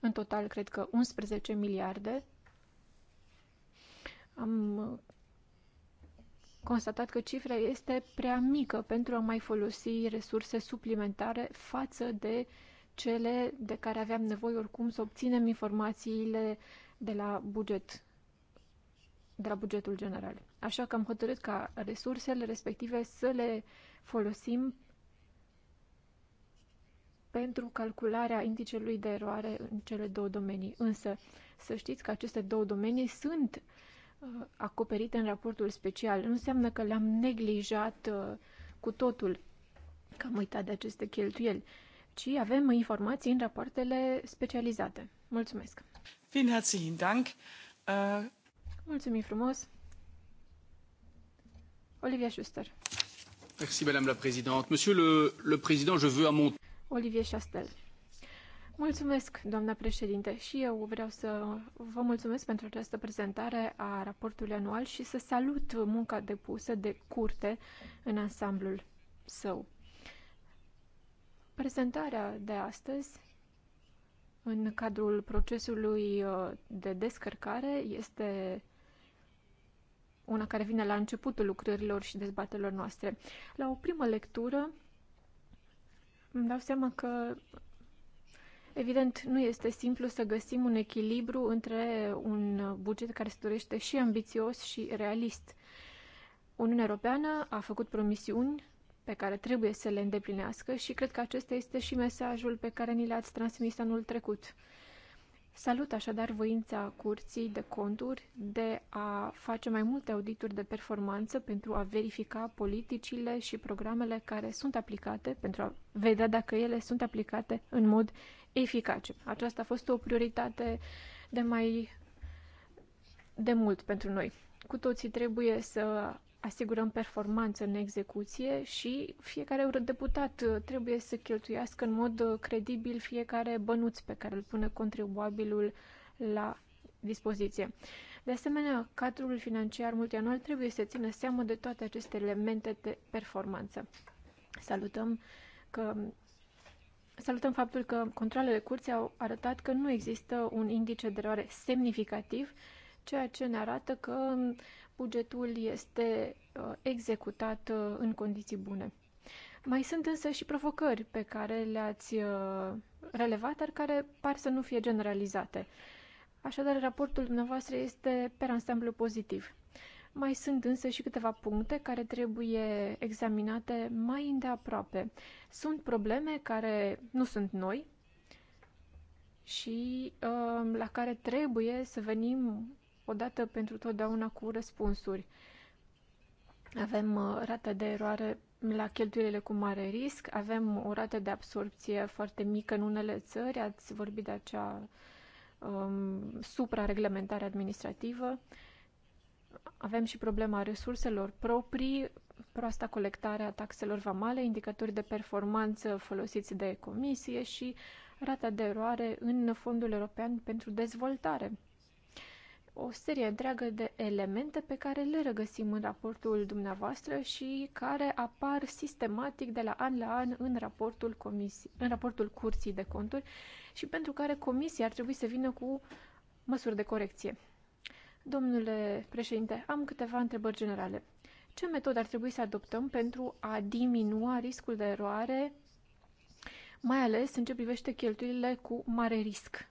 în total, cred că 11 miliarde. Am constatat că cifra este prea mică pentru a mai folosi resurse suplimentare față de cele de care aveam nevoie oricum să obținem informațiile de la buget de la bugetul general. Așa că am hotărât ca resursele respective să le folosim pentru calcularea indicelui de eroare în cele două domenii. Însă, să știți că aceste două domenii sunt uh, acoperite în raportul special. Nu înseamnă că le-am neglijat uh, cu totul, că am uitat de aceste cheltuieli, ci avem informații în rapoartele specializate. Mulțumesc! Vielen herzlichen Dank! Äh, Mulțumim frumos! Olivia Schuster. Merci, Madame la Présidente. Monsieur le, le Président, je veux à mon... Olivier Chastel. Mulțumesc, doamna președinte, și eu vreau să vă mulțumesc pentru această prezentare a raportului anual și să salut munca depusă de curte în ansamblul său. Prezentarea de astăzi, în cadrul procesului uh, de descărcare, este una care vine la începutul lucrărilor și dezbatelor noastre. La o primă lectură, îmi dau seama că Evident, nu este simplu să găsim un echilibru între un buget care se dorește și ambițios și realist. Uniunea Europeană a făcut promisiuni pe care trebuie să le îndeplinească și cred că acesta este și mesajul pe care ni l-ați transmis anul trecut. Salut așadar voința Curții de Conturi de a face mai multe audituri de performanță pentru a verifica politicile și programele care sunt aplicate, pentru a vedea dacă ele sunt aplicate în mod eficace. Aceasta a fost o prioritate de mai de mult pentru noi. Cu toții trebuie să asigurăm performanță în execuție și fiecare eurodeputat uh, trebuie să cheltuiască în mod uh, credibil fiecare bănuț pe care îl pune contribuabilul la dispoziție. De asemenea, cadrul financiar multianual trebuie să țină seamă de toate aceste elemente de performanță. Salutăm că Salutăm faptul că controlele curții au arătat că nu există un indice de eroare semnificativ, ceea ce ne arată că bugetul este uh, executat uh, în condiții bune. Mai sunt însă și provocări pe care le-ați uh, relevat, dar care par să nu fie generalizate. Așadar, raportul dumneavoastră este per ansamblu pozitiv. Mai sunt însă și câteva puncte care trebuie examinate mai îndeaproape. Sunt probleme care nu sunt noi și uh, la care trebuie să venim odată pentru totdeauna cu răspunsuri. Avem uh, rată de eroare la cheltuielile cu mare risc, avem o rată de absorpție foarte mică în unele țări, ați vorbit de acea um, suprareglementare administrativă, avem și problema resurselor proprii, proasta colectare a taxelor vamale, indicatori de performanță folosiți de comisie și rata de eroare în Fondul European pentru Dezvoltare o serie întreagă de elemente pe care le regăsim în raportul dumneavoastră și care apar sistematic de la an la an în raportul, comisii, în raportul Curții de Conturi și pentru care Comisia ar trebui să vină cu măsuri de corecție. Domnule președinte, am câteva întrebări generale. Ce metodă ar trebui să adoptăm pentru a diminua riscul de eroare, mai ales în ce privește cheltuielile cu mare risc?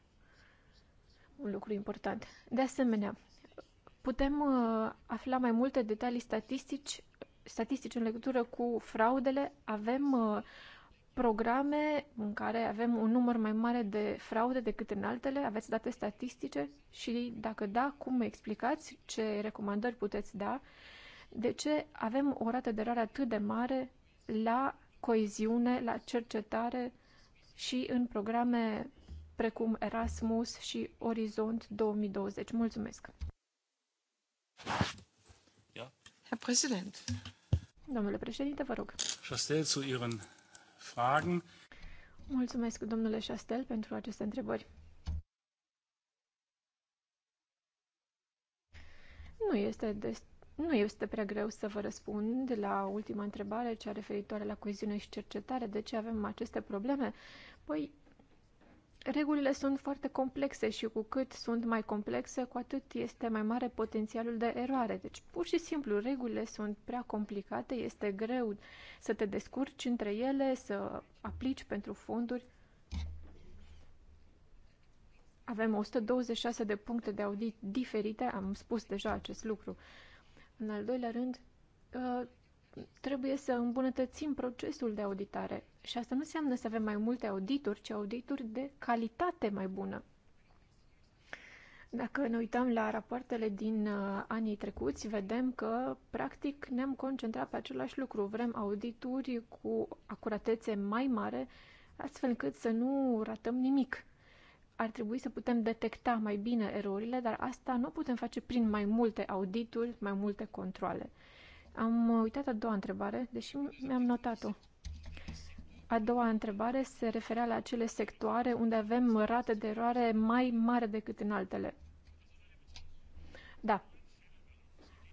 un lucru important. De asemenea, putem uh, afla mai multe detalii statistici, statistici în legătură cu fraudele. Avem uh, programe în care avem un număr mai mare de fraude decât în altele? Aveți date statistice? Și dacă da, cum explicați? Ce recomandări puteți da? De ce avem o rată de erare atât de mare la coeziune, la cercetare și în programe precum Erasmus și Orizont 2020. Mulțumesc! Ja. Herr Präsident. Domnule președinte, vă rog. Chastel, zu Ihren Fragen. Mulțumesc, domnule Chastel, pentru aceste întrebări. Nu este, des, nu este prea greu să vă răspund la ultima întrebare, cea referitoare la coeziune și cercetare, de ce avem aceste probleme. Păi, Regulile sunt foarte complexe și cu cât sunt mai complexe, cu atât este mai mare potențialul de eroare. Deci, pur și simplu, regulile sunt prea complicate, este greu să te descurci între ele, să aplici pentru fonduri. Avem 126 de puncte de audit diferite, am spus deja acest lucru. În al doilea rând, ă, trebuie să îmbunătățim procesul de auditare. Și asta nu înseamnă să avem mai multe audituri, ci audituri de calitate mai bună. Dacă ne uităm la rapoartele din uh, anii trecuți, vedem că, practic, ne-am concentrat pe același lucru. Vrem audituri cu acuratețe mai mare, astfel încât să nu ratăm nimic. Ar trebui să putem detecta mai bine erorile, dar asta nu putem face prin mai multe audituri, mai multe controle. Am uh, uitat a doua întrebare, deși mi-am notat-o. A doua întrebare se referea la acele sectoare unde avem rate de eroare mai mare decât în altele. Da,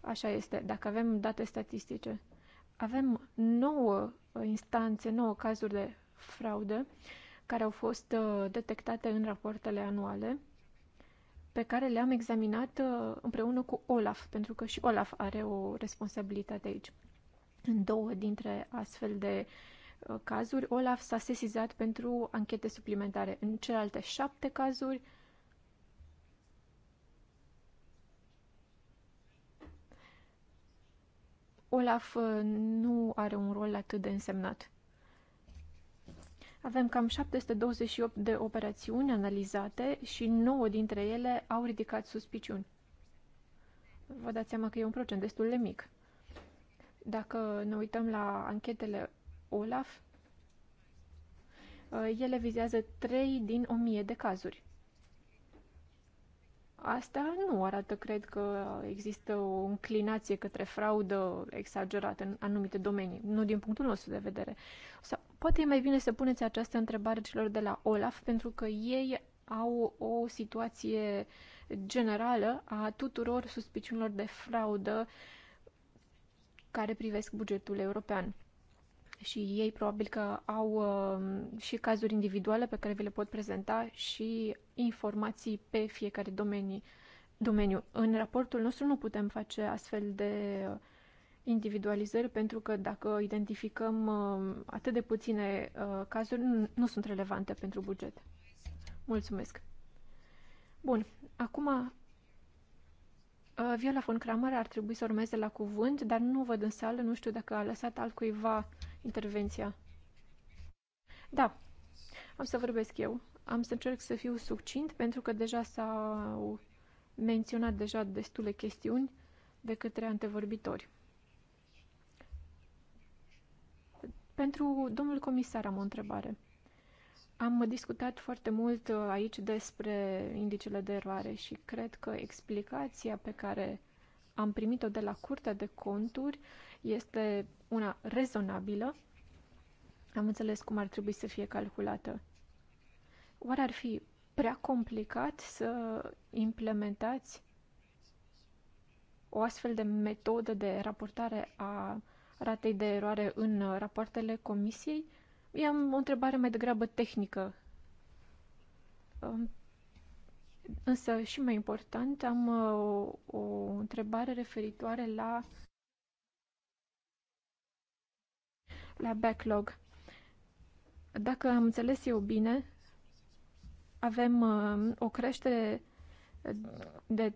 așa este, dacă avem date statistice. Avem nouă instanțe, nouă cazuri de fraudă care au fost uh, detectate în rapoartele anuale, pe care le-am examinat uh, împreună cu Olaf, pentru că și Olaf are o responsabilitate aici. În două dintre astfel de uh, Uh, cazuri, Olaf s-a sesizat pentru anchete suplimentare. În celelalte șapte cazuri, Olaf uh, nu are un rol atât de însemnat. Avem cam 728 de operațiuni analizate și 9 dintre ele au ridicat suspiciuni. Vă dați seama că e un procent destul de mic. Dacă ne uităm la anchetele OLAF, uh, ele vizează 3 din 1000 de cazuri. Asta nu arată, cred că există o înclinație către fraudă exagerată în anumite domenii, nu din punctul nostru de vedere. Sau, poate e mai bine să puneți această întrebare celor de la OLAF, pentru că ei au o situație generală a tuturor suspiciunilor de fraudă care privesc bugetul european și ei probabil că au uh, și cazuri individuale pe care vi le pot prezenta și informații pe fiecare domenii, domeniu. În raportul nostru nu putem face astfel de individualizări pentru că dacă identificăm uh, atât de puține uh, cazuri, nu sunt relevante pentru buget. Mulțumesc! Bun, acum Viola von Kramer ar trebui să urmeze la cuvânt, dar nu văd în sală, nu știu dacă a lăsat altcuiva intervenția. Da, am să vorbesc eu. Am să încerc să fiu succint pentru că deja s-au menționat deja destule chestiuni de către antevorbitori. Pentru domnul comisar am o întrebare. Am discutat foarte mult uh, aici despre indicele de eroare și cred că explicația pe care am primit-o de la Curtea de Conturi este una rezonabilă. Am înțeles cum ar trebui să fie calculată. Oare ar fi prea complicat să implementați o astfel de metodă de raportare a ratei de eroare în rapoartele comisiei? Eu am o întrebare mai degrabă tehnică. Însă și mai important, am uh, o, o întrebare referitoare la la backlog. Dacă am înțeles eu bine, avem uh, o creștere de 36%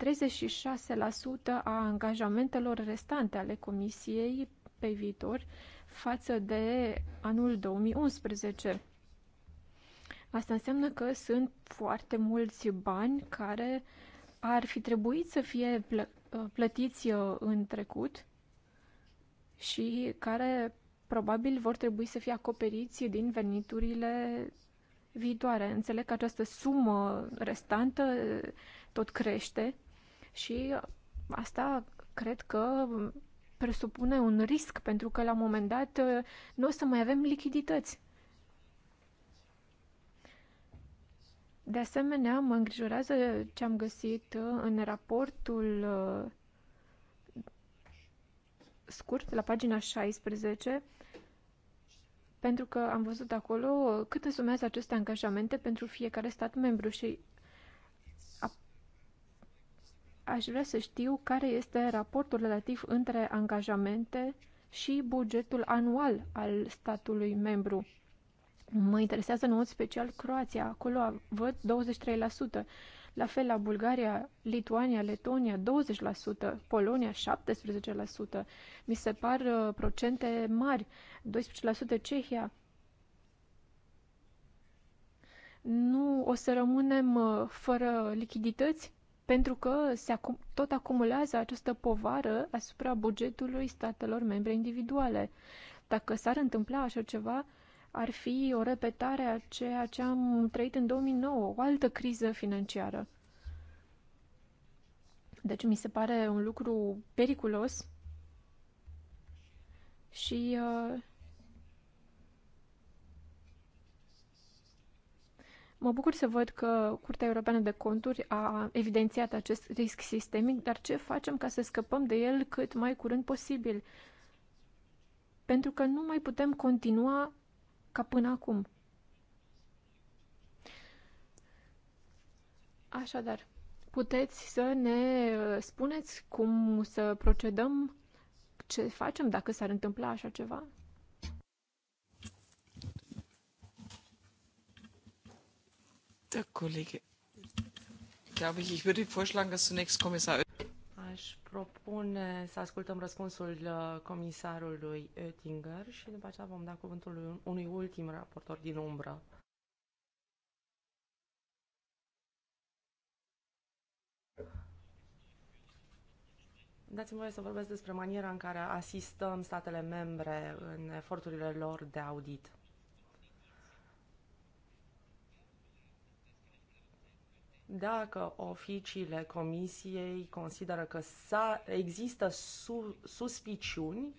a angajamentelor restante ale Comisiei pe viitor față de anul 2011. Asta înseamnă că sunt foarte mulți bani care ar fi trebuit să fie uh, plătiți uh, în trecut și care probabil vor trebui să fie acoperiți din veniturile viitoare. Înțeleg că această sumă restantă eh, tot crește și asta cred că presupune un risc, pentru că la un moment dat eh, nu o să mai avem lichidități. De asemenea, mă îngrijorează ce am găsit eh, în raportul scurt, la pagina 16, pentru că am văzut acolo cât însumează aceste angajamente pentru fiecare stat membru și a, aș vrea să știu care este raportul relativ între angajamente și bugetul anual al statului membru. Mă interesează în mod special Croația. Acolo văd 23%, la fel la Bulgaria, Lituania, Letonia 20%, Polonia 17%, mi se par uh, procente mari, 12% Cehia. Nu o să rămânem uh, fără lichidități pentru că se acum, tot acumulează această povară asupra bugetului statelor membre individuale. Dacă s-ar întâmpla așa ceva, ar fi o repetare a ceea ce am trăit în 2009, o altă criză financiară. Deci mi se pare un lucru periculos și uh, Mă bucur să văd că Curtea Europeană de Conturi a evidențiat acest risc sistemic, dar ce facem ca să scăpăm de el cât mai curând posibil? Pentru că nu mai putem continua ca până acum. Așadar, puteți să ne uh, spuneți cum să procedăm, ce facem dacă s-ar întâmpla așa ceva? Der Kollege, glaube ich, ich würde vorschlagen, dass zunächst Kommissar Aș propune să ascultăm răspunsul uh, comisarului Oettinger și după aceea vom da cuvântul unui ultim raportor din umbră. Dați-mi voie să vorbesc despre maniera în care asistăm statele membre în eforturile lor de audit. Dacă oficiile comisiei consideră că există su- suspiciuni,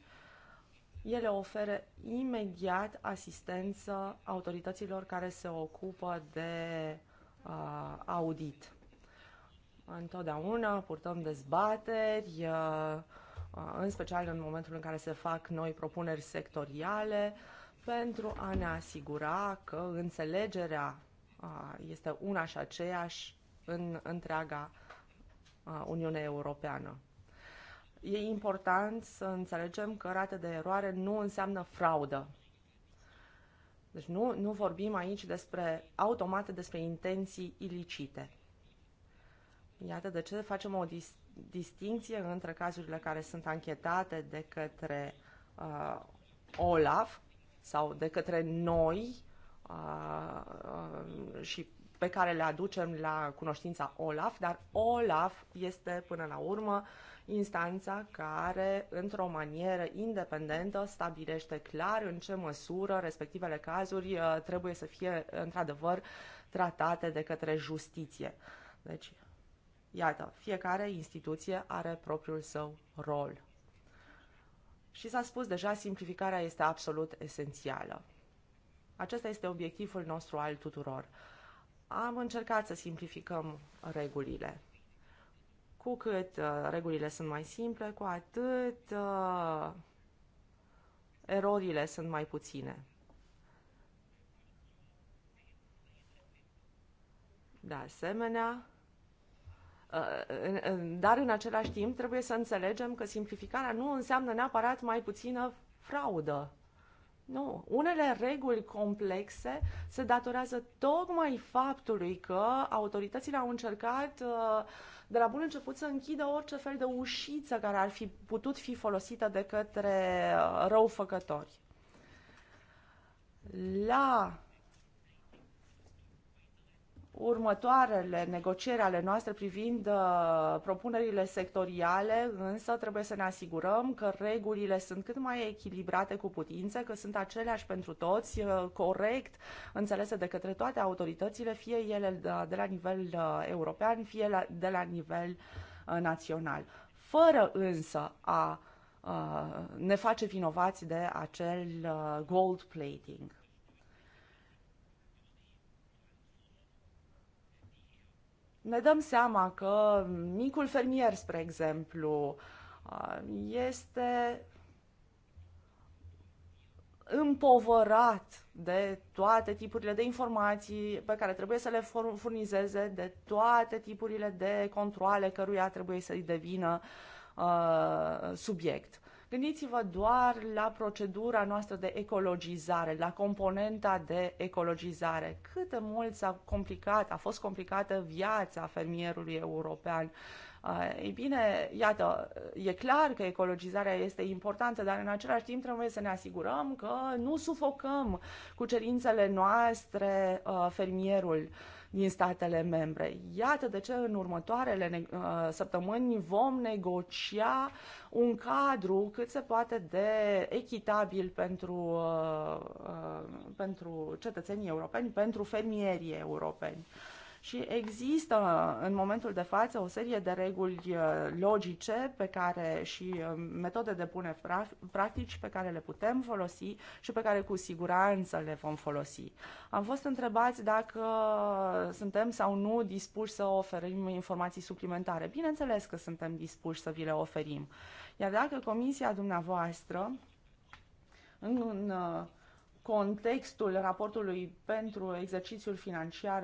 ele oferă imediat asistență autorităților care se ocupă de uh, audit. Întotdeauna purtăm dezbateri, uh, în special în momentul în care se fac noi propuneri sectoriale, pentru a ne asigura că înțelegerea este una și aceeași în întreaga Uniune Europeană. E important să înțelegem că rate de eroare nu înseamnă fraudă. Deci nu, nu vorbim aici despre automate, despre intenții ilicite. Iată de ce facem o dis- distinție între cazurile care sunt anchetate de către uh, OLAF sau de către noi uh, uh, și pe care le aducem la cunoștința OLAF, dar OLAF este până la urmă instanța care, într-o manieră independentă, stabilește clar în ce măsură respectivele cazuri uh, trebuie să fie, într-adevăr, tratate de către justiție. Deci, iată, fiecare instituție are propriul său rol. Și s-a spus deja, simplificarea este absolut esențială. Acesta este obiectivul nostru al tuturor. Am încercat să simplificăm regulile. Cu cât uh, regulile sunt mai simple, cu atât uh, erorile sunt mai puține. De asemenea, uh, dar în același timp trebuie să înțelegem că simplificarea nu înseamnă neapărat mai puțină fraudă. Nu. Unele reguli complexe se datorează tocmai faptului că autoritățile au încercat uh, de la bun început să închidă orice fel de ușiță care ar fi putut fi folosită de către uh, răufăcători. La următoarele negocieri ale noastre privind uh, propunerile sectoriale, însă trebuie să ne asigurăm că regulile sunt cât mai echilibrate cu putință, că sunt aceleași pentru toți, uh, corect înțelese de către toate autoritățile, fie ele de, de la nivel uh, european, fie la, de la nivel uh, național. Fără însă a uh, ne face vinovați de acel uh, gold plating. ne dăm seama că micul fermier, spre exemplu, este împovărat de toate tipurile de informații pe care trebuie să le furnizeze, de toate tipurile de controle căruia trebuie să-i devină uh, subiect. Gândiți-vă doar la procedura noastră de ecologizare, la componenta de ecologizare. Cât de mult s-a complicat, a fost complicată viața fermierului european. Uh, ei bine, iată, e clar că ecologizarea este importantă, dar în același timp trebuie să ne asigurăm că nu sufocăm cu cerințele noastre uh, fermierul. Uh, din statele membre. Iată de ce în următoarele uh, săptămâni vom negocia un cadru cât se poate de echitabil pentru, uh, uh, pentru cetățenii europeni, pentru fermierii europeni. Și există uh, în momentul de față o serie de reguli uh, logice pe care și uh, metode de pune practici pe care le putem folosi și pe care cu siguranță le vom folosi. Am fost întrebați dacă suntem sau nu dispuși să oferim informații suplimentare. Bineînțeles că suntem dispuși să vi le oferim. Iar dacă comisia dumneavoastră în, în contextul raportului pentru exercițiul financiar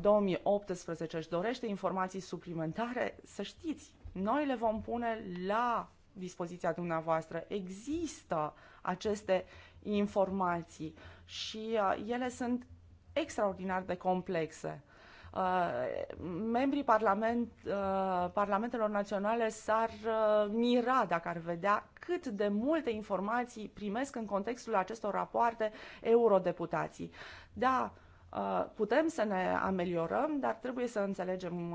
2018 uh, uh, își dorește informații suplimentare, să știți, noi le vom pune la dispoziția dumneavoastră. Există aceste informații și uh, ele sunt extraordinar de complexe. Uh, membrii parlament, uh, parlamentelor naționale s-ar uh, mira dacă ar vedea cât de multe informații primesc în contextul acestor rapoarte eurodeputații. Da, putem să ne ameliorăm, dar trebuie să înțelegem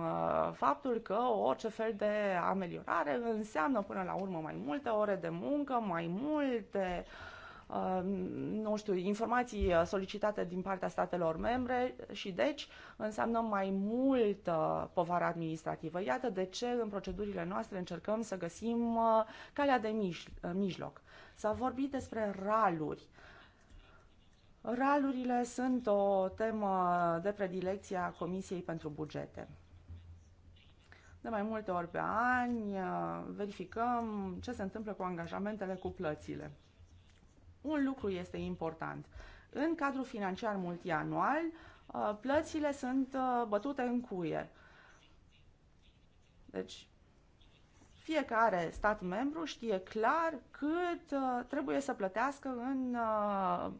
faptul că orice fel de ameliorare înseamnă până la urmă mai multe ore de muncă, mai multe uh, Ehm, nu știu, informații uh, solicitate din partea statelor membre și deci înseamnă mai multă povară administrativă. Iată de ce în procedurile noastre încercăm să găsim uh, calea de uh, mijloc. S-a vorbit despre raluri. Ralurile sunt o temă de predilecție a Comisiei pentru Bugete. De mai multe ori pe ani verificăm ce se întâmplă cu angajamentele, cu plățile un lucru este important. În cadrul financiar multianual, uh, plățile sunt uh, bătute în cuie. Deci, fiecare stat membru știe clar cât uh, trebuie să plătească în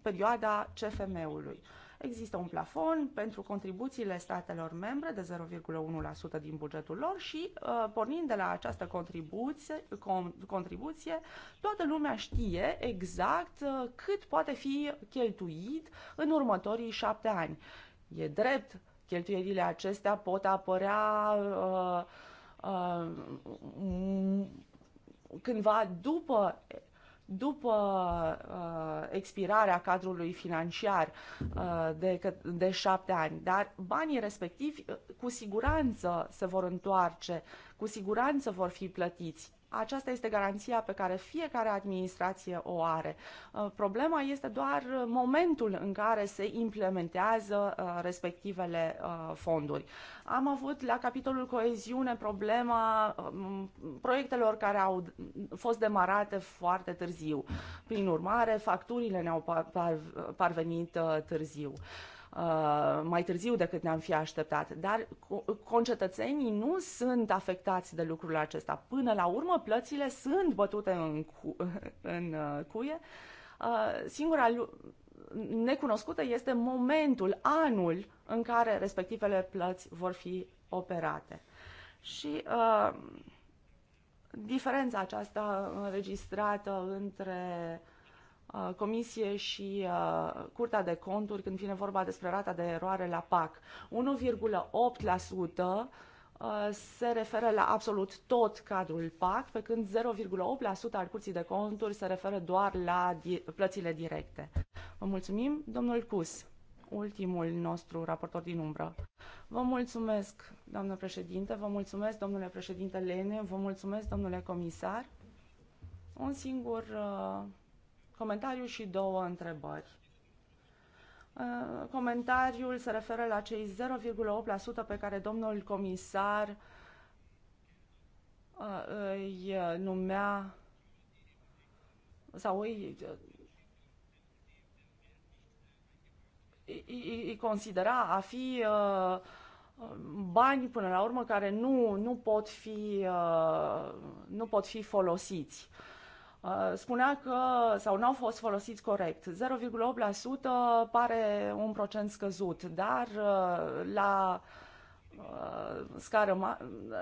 perioada CFM-ului. Există un plafon pentru contribuțiile statelor membre de 0,1% din bugetul lor și, uh, pornind de la această contribuție, contribuție, toată lumea știe exact uh, cât poate fi cheltuit în următorii șapte ani. E drept, cheltuielile acestea pot apărea uh, uh, cândva după după uh, expirarea cadrului financiar uh, de, de șapte ani, dar banii respectivi uh, cu siguranță se vor întoarce, cu siguranță vor fi plătiți. Aceasta este garanția pe care fiecare administrație o are. Uh, problema este doar momentul în care se implementează uh, respectivele uh, fonduri. Am avut la capitolul coeziune problema um, proiectelor care au fost demarate foarte târziu. Prin urmare, facturile ne-au parvenit târziu. Uh, mai târziu decât ne-am fi așteptat, dar concetățenii nu sunt afectați de lucrul acesta. Până la urmă, plățile sunt bătute în, cu- în uh, cuie. Uh, singura necunoscută este momentul, anul în care respectivele plăți vor fi operate. Și uh, diferența aceasta înregistrată între uh, Uh, comisie și uh, Curtea de Conturi când vine vorba despre rata de eroare la PAC. 1,8% uh, se referă la absolut tot cadrul PAC, pe când 0,8% al Curții de Conturi se referă doar la plățile directe. Vă mulțumim, domnul Cus, ultimul nostru raportor din umbră. Vă mulțumesc, doamnă președinte, vă mulțumesc, domnule președinte Lene, vă mulțumesc, domnule comisar. Un singur uh, comentariu și două întrebări. Uh, comentariul se referă la cei 0,8% pe care domnul comisar uh, îi uh, numea sau îi, îi, considera a fi bani până la urmă care nu, nu, pot, fi, nu pot fi folosiți. Uh, spunea că sau nu au fost folosiți corect. 0,8% pare un procent scăzut, dar uh, la uh, scară,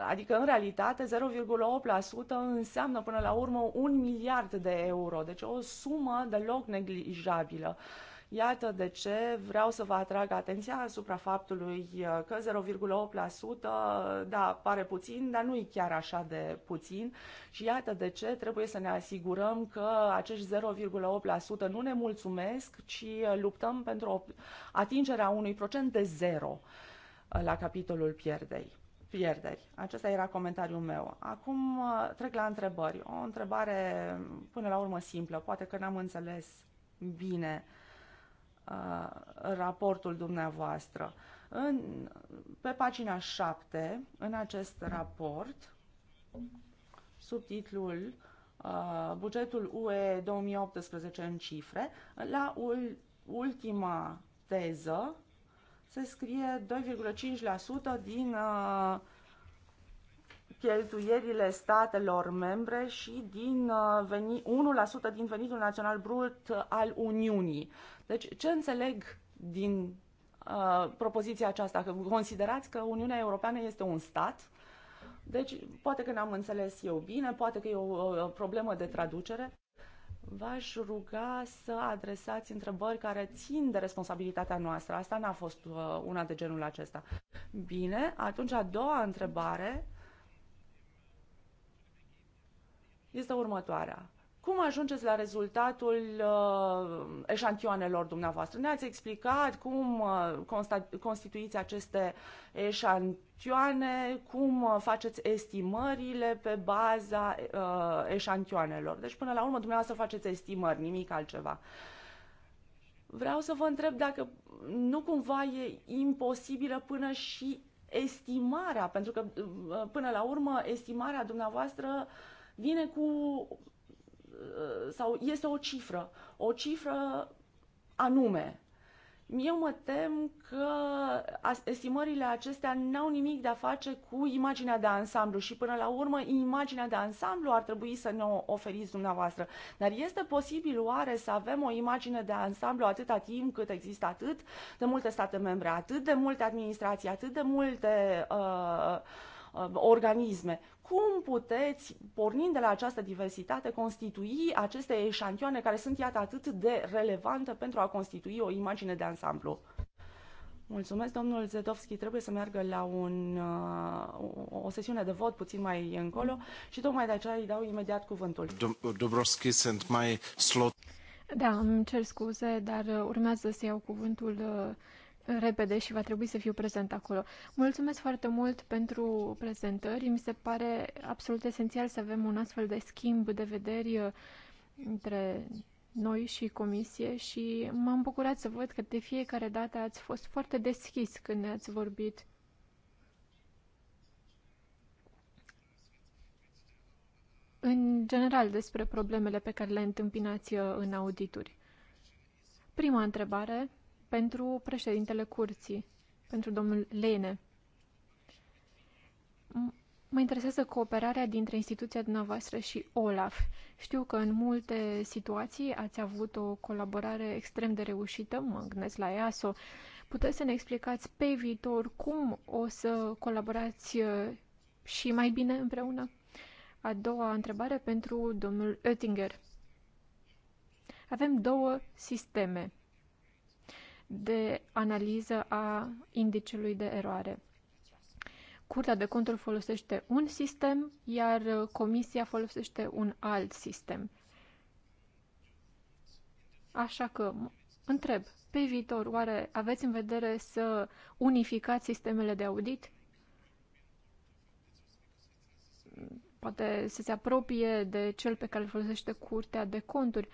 adică în realitate 0,8% înseamnă până la urmă un miliard de euro, deci o sumă deloc neglijabilă. Uh, Iată de ce vreau să vă atrag atenția asupra faptului uh, că 0,8%, da, pare puțin, dar nu e chiar așa de puțin și iată de ce trebuie să ne asigurăm că acești 0,8% nu ne mulțumesc, ci uh, luptăm pentru atingerea unui procent de zero uh, la capitolul pierdei pierderi. Acesta era comentariul meu. Acum trec la întrebări. O întrebare până la urmă simplă, poate că n-am înțeles bine Uh, raportul dumneavoastră. În, pe pagina 7, în acest raport, subtitlul uh, Bugetul UE 2018 în cifre, la ul, ultima teză se scrie 2,5% din uh, cheltuierile statelor membre și din uh, veni, 1% din venitul național brut al Uniunii. Deci ce înțeleg din uh, propoziția aceasta? Că considerați că Uniunea Europeană este un stat? Deci poate că n-am înțeles eu bine, poate că e o, o problemă de traducere. V-aș ruga să adresați întrebări care țin de responsabilitatea noastră. Asta n-a fost uh, una de genul acesta. Bine, atunci a doua întrebare este următoarea. Cum ajungeți la rezultatul uh, eșantioanelor dumneavoastră? Ne-ați explicat cum uh, constituiți aceste eșantioane, cum uh, faceți estimările pe baza uh, eșantioanelor. Deci, până la urmă, dumneavoastră faceți estimări, nimic altceva. Vreau să vă întreb dacă nu cumva e imposibilă până și estimarea, pentru că uh, până la urmă estimarea dumneavoastră uh, vine cu uh, sau este o cifră, o cifră anume. Eu mă tem că estimările acestea n-au nimic de a face cu imaginea de ansamblu și până la urmă imaginea de ansamblu ar trebui să ne o oferiți dumneavoastră. Dar este posibil oare să avem o imagine de ansamblu atâta timp cât există atât de multe state membre, atât de multe administrații, atât de multe uh, Uh, organisme. Cum puteți, pornind de la această diversitate, constitui aceste eșantioane care sunt, iată, atât de relevante pentru a constitui o imagine de ansamblu? Mulțumesc, domnul Zedovski trebuie să meargă la un, uh, o sesiune de vot puțin mai încolo și tocmai de aceea îi dau imediat cuvântul. Dobrovski sunt mai slot. Da, îmi cer scuze, dar uh, urmează să iau cuvântul repede și va trebui să fiu prezent acolo. Mulțumesc foarte mult pentru prezentări. Mi se pare absolut esențial să avem un astfel de schimb de vederi uh, între noi și comisie și m-am bucurat să văd că de fiecare dată ați fost foarte deschis când ne-ați vorbit. În general despre problemele pe care le întâmpinați uh, în audituri. Prima întrebare pentru președintele curții, pentru domnul Lene. Mă interesează cooperarea dintre instituția dumneavoastră și OLAF. Știu că în multe situații ați avut o colaborare extrem de reușită, mă gândesc la EASO. Puteți să ne explicați pe viitor cum o să colaborați uh, și mai bine împreună? A doua întrebare pentru domnul Oettinger. Avem două sisteme de analiză a indicelui de eroare. Curtea de conturi folosește un sistem, iar comisia folosește un alt sistem. Așa că întreb, pe viitor, oare aveți în vedere să unificați sistemele de audit? Poate să se apropie de cel pe care îl folosește Curtea de Conturi.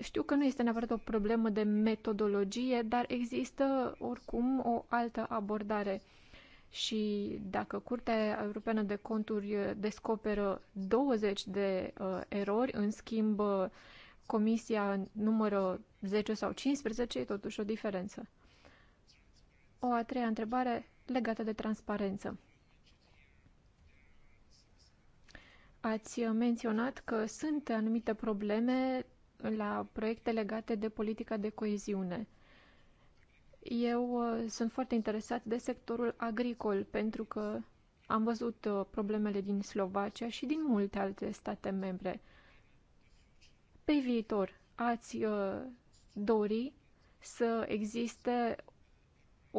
Știu că nu este neapărat o problemă de metodologie, dar există oricum o altă abordare. Și dacă Curtea Europeană de Conturi descoperă 20 de uh, erori, în schimb uh, Comisia numără 10 sau 15, e totuși o diferență. O a treia întrebare legată de transparență. Ați menționat că sunt anumite probleme la proiecte legate de politica de coeziune. Eu uh, sunt foarte interesat de sectorul agricol pentru că am văzut uh, problemele din Slovacia și din multe alte state membre. Pe viitor, ați uh, dori să existe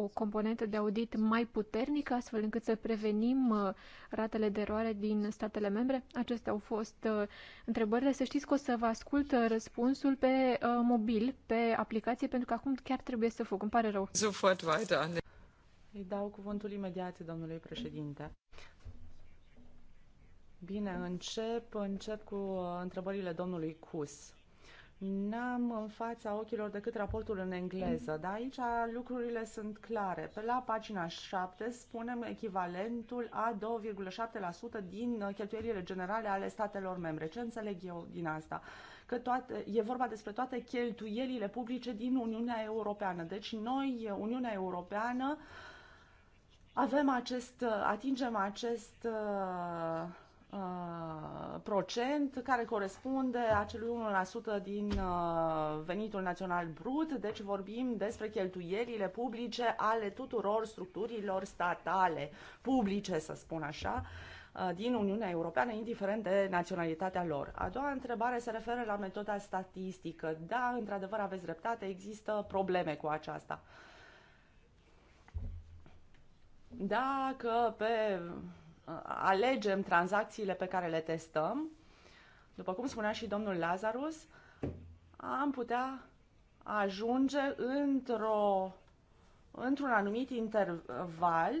o componentă de audit mai puternică, astfel încât să prevenim uh, ratele de eroare din statele membre? Acestea au fost uh, întrebările. Să știți că o să vă ascult uh, răspunsul pe mobil, pe aplicație, pentru că acum chiar trebuie să fug. Îmi pare rău. Îi dau cuvântul imediat domnului președinte. Bine, încep, încep cu întrebările domnului Cus. N-am în fața ochilor decât raportul în engleză, dar aici lucrurile sunt clare. Pe la pagina 7 spunem echivalentul a 2,7% din cheltuielile generale ale statelor membre. Ce înțeleg eu din asta? Că toate, e vorba despre toate cheltuielile publice din Uniunea Europeană. Deci noi, Uniunea Europeană, avem acest, atingem acest Uh, procent care corespunde acelui 1% din uh, venitul național brut, deci vorbim despre cheltuielile publice ale tuturor structurilor statale, publice să spun așa, uh, din Uniunea Europeană, indiferent de naționalitatea lor. A doua întrebare se referă la metoda statistică. Da, într-adevăr aveți dreptate, există probleme cu aceasta. Dacă pe alegem tranzacțiile pe care le testăm, după cum spunea și domnul Lazarus, am putea ajunge într-o, într-un anumit interval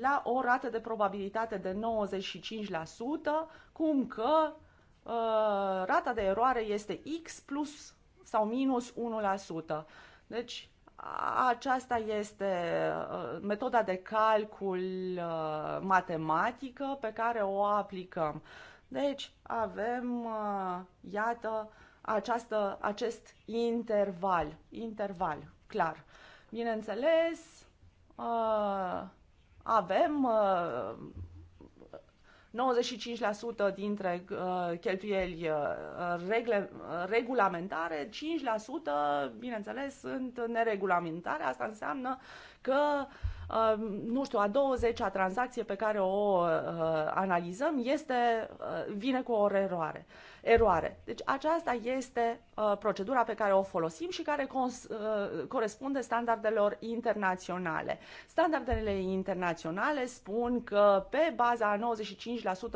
la o rată de probabilitate de 95%, cum că uh, rata de eroare este X plus sau minus 1%. Deci, aceasta este uh, metoda de calcul uh, matematică pe care o aplicăm. Deci avem, uh, iată, această, acest interval, interval, clar. Bineînțeles, avem 95% dintre uh, cheltuieli uh, regle, uh, regulamentare, 5% bineînțeles sunt neregulamentare. Asta înseamnă că uh, nu știu, a 20-a tranzacție pe care o uh, analizăm este, uh, vine cu o eroare eroare. Deci aceasta este uh, procedura pe care o folosim și care cons, uh, corespunde standardelor internaționale. Standardele internaționale spun că pe baza a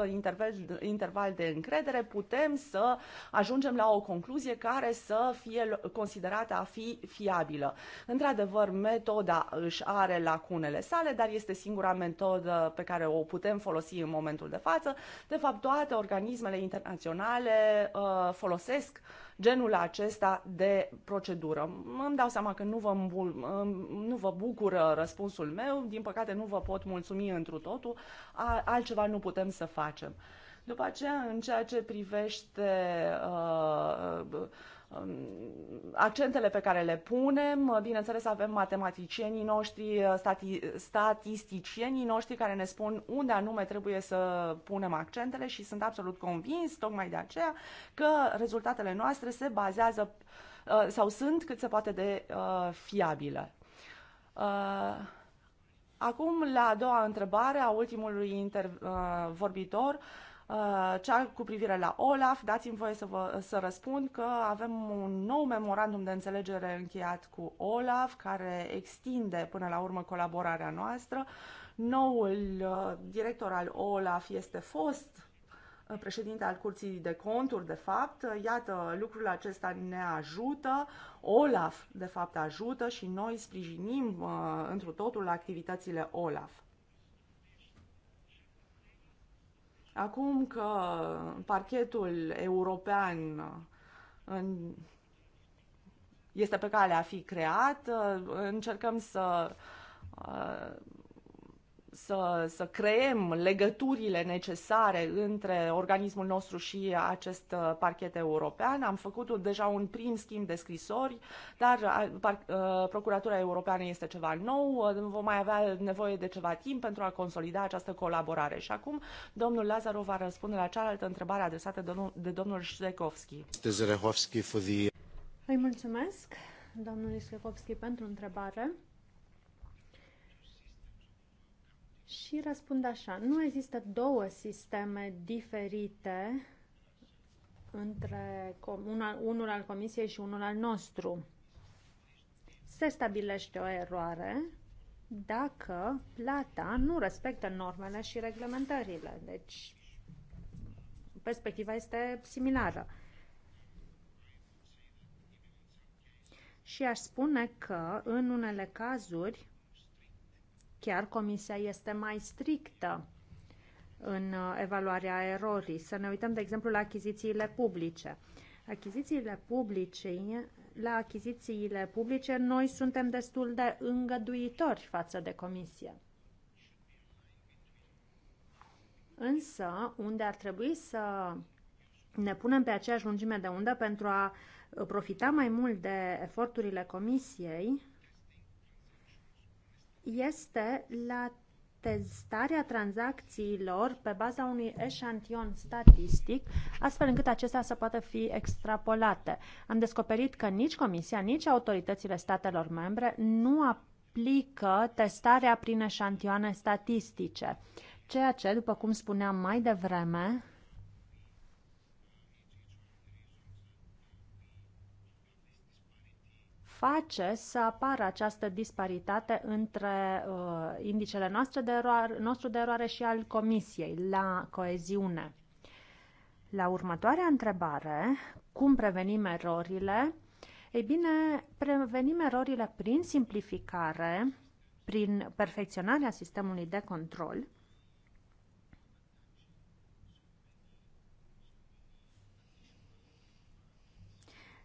95% interval, interval de încredere putem să ajungem la o concluzie care să fie considerată a fi fiabilă. Într-adevăr, metoda își are lacunele sale, dar este singura metodă pe care o putem folosi în momentul de față. De fapt, toate organismele internaționale uh, folosesc genul acesta de procedură. Îmi dau seama că nu vă, nu vă bucură răspunsul meu, din păcate nu vă pot mulțumi întru totul, altceva nu putem să facem. După aceea, în ceea ce privește uh, Um, accentele pe care le punem. Uh, bineînțeles, avem matematicienii noștri, uh, stati, statisticienii noștri care ne spun unde anume trebuie să punem accentele și sunt absolut convins, tocmai de aceea, că rezultatele noastre se bazează uh, sau sunt cât se poate de uh, fiabile. Uh, acum, la a doua întrebare a ultimului inter, uh, vorbitor, uh, Uh, cea cu privire la Olaf, dați-mi voie să, vă, să răspund că avem un nou memorandum de înțelegere încheiat cu Olaf, care extinde până la urmă colaborarea noastră. Noul uh, director al Olaf este fost uh, președinte al Curții de Conturi, de fapt. Iată, lucrul acesta ne ajută, Olaf, de fapt, ajută și noi sprijinim uh, întru totul activitățile Olaf. Acum că parchetul european uh, în, este pe cale a fi creat, uh, încercăm să uh, să, să creem legăturile necesare între organismul nostru și acest uh, parchet european. Am făcut deja un prim schimb de scrisori, dar par, uh, Procuratura Europeană este ceva nou, uh, vom mai avea nevoie de ceva timp pentru a consolida această colaborare. Și acum domnul Lazaru va răspunde la cealaltă întrebare adresată de domnul Ștecovski. Îi mulțumesc, domnului Ștecovski, pentru întrebare. și răspund așa. Nu există două sisteme diferite între unul al Comisiei și unul al nostru. Se stabilește o eroare dacă plata nu respectă normele și reglementările. Deci, perspectiva este similară. Și aș spune că, în unele cazuri, Chiar comisia este mai strictă în uh, evaluarea erorii. Să ne uităm, de exemplu, la achizițiile publice. Achizițiile publice, la achizițiile publice, noi suntem destul de îngăduitori față de comisie. Însă, unde ar trebui să ne punem pe aceeași lungime de undă pentru a uh, profita mai mult de eforturile comisiei, este la testarea tranzacțiilor pe baza unui eșantion statistic, astfel încât acestea să poată fi extrapolate. Am descoperit că nici Comisia, nici autoritățile statelor membre nu aplică testarea prin eșantioane statistice, ceea ce, după cum spuneam mai devreme, face să apară această disparitate între uh, indicele noastre de eroare, nostru de eroare și al Comisiei la coeziune. La următoarea întrebare, cum prevenim erorile? Ei bine, prevenim erorile prin simplificare, prin perfecționarea sistemului de control,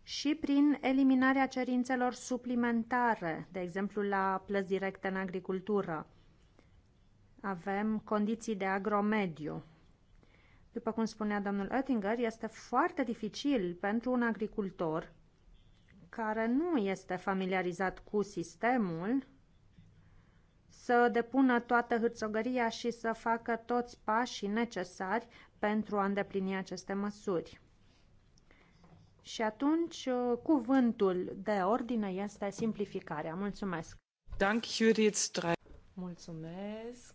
și prin eliminarea cerințelor suplimentare, de exemplu la plăți directe în agricultură. Avem condiții de agromediu. După cum spunea domnul Oettinger, este foarte dificil pentru un agricultor care nu este familiarizat cu sistemul să depună toată hârțogăria și să facă toți pașii necesari pentru a îndeplini aceste măsuri. Și atunci uh, cuvântul de ordine este simplificarea. Mulțumesc! Dank, Judith. Mulțumesc!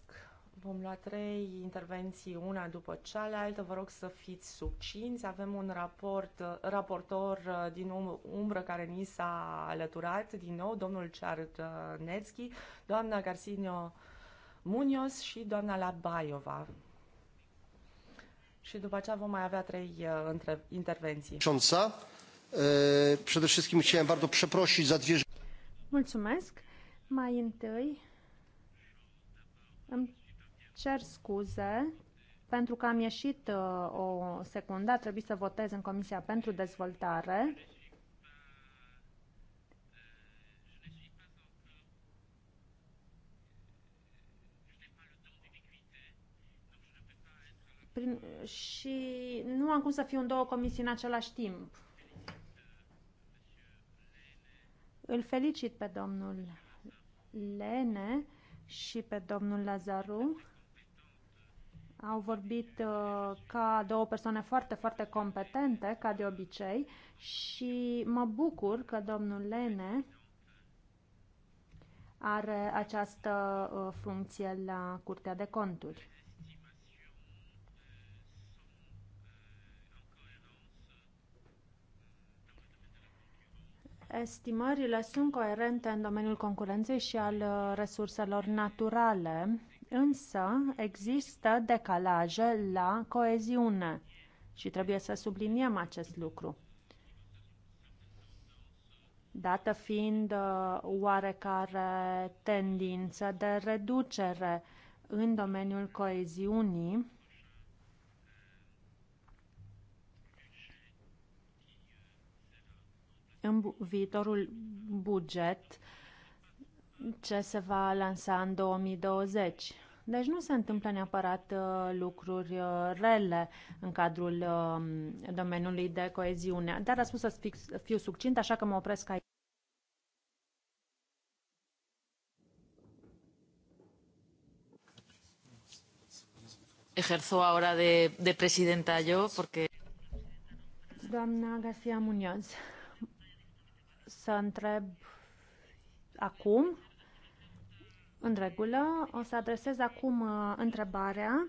Vom lua trei intervenții, una după cealaltă. Vă rog să fiți succinți. Avem un raport, uh, raportor uh, din um-, umbră care ni s-a alăturat din nou, domnul Cernețchi, doamna Garcino Munoz și doamna Labaiova și după aceea vom mai avea trei uh, între intervenții. Przede wszystkim chciałem bardzo przeprosić za dwie... Mulțumesc. Mai întâi îmi cer scuze pentru că am ieșit uh, o secundă, a trebuit să votez în Comisia pentru Dezvoltare. Prin, și nu am cum să fiu în două comisii în același timp. Îl felicit pe domnul Lene și pe domnul Lazaru. Au vorbit uh, ca două persoane foarte, foarte competente, ca de obicei, și mă bucur că domnul Lene are această uh, funcție la Curtea de Conturi. Estimările sunt coerente în domeniul concurenței și al uh, resurselor naturale, însă există decalaje la coeziune și trebuie să subliniem acest lucru. Dată fiind uh, oarecare tendință de reducere în domeniul coeziunii, în viitorul buget ce se va lansa în 2020. Deci nu se întâmplă neapărat uh, lucruri uh, rele în cadrul um, domeniului de coeziune. Dar a spus să fiu succint, așa că mă opresc aici. Ejerzo ahora de, de presidenta yo porque... Doamna García Muñoz să întreb acum, în regulă, o să adresez acum uh, întrebarea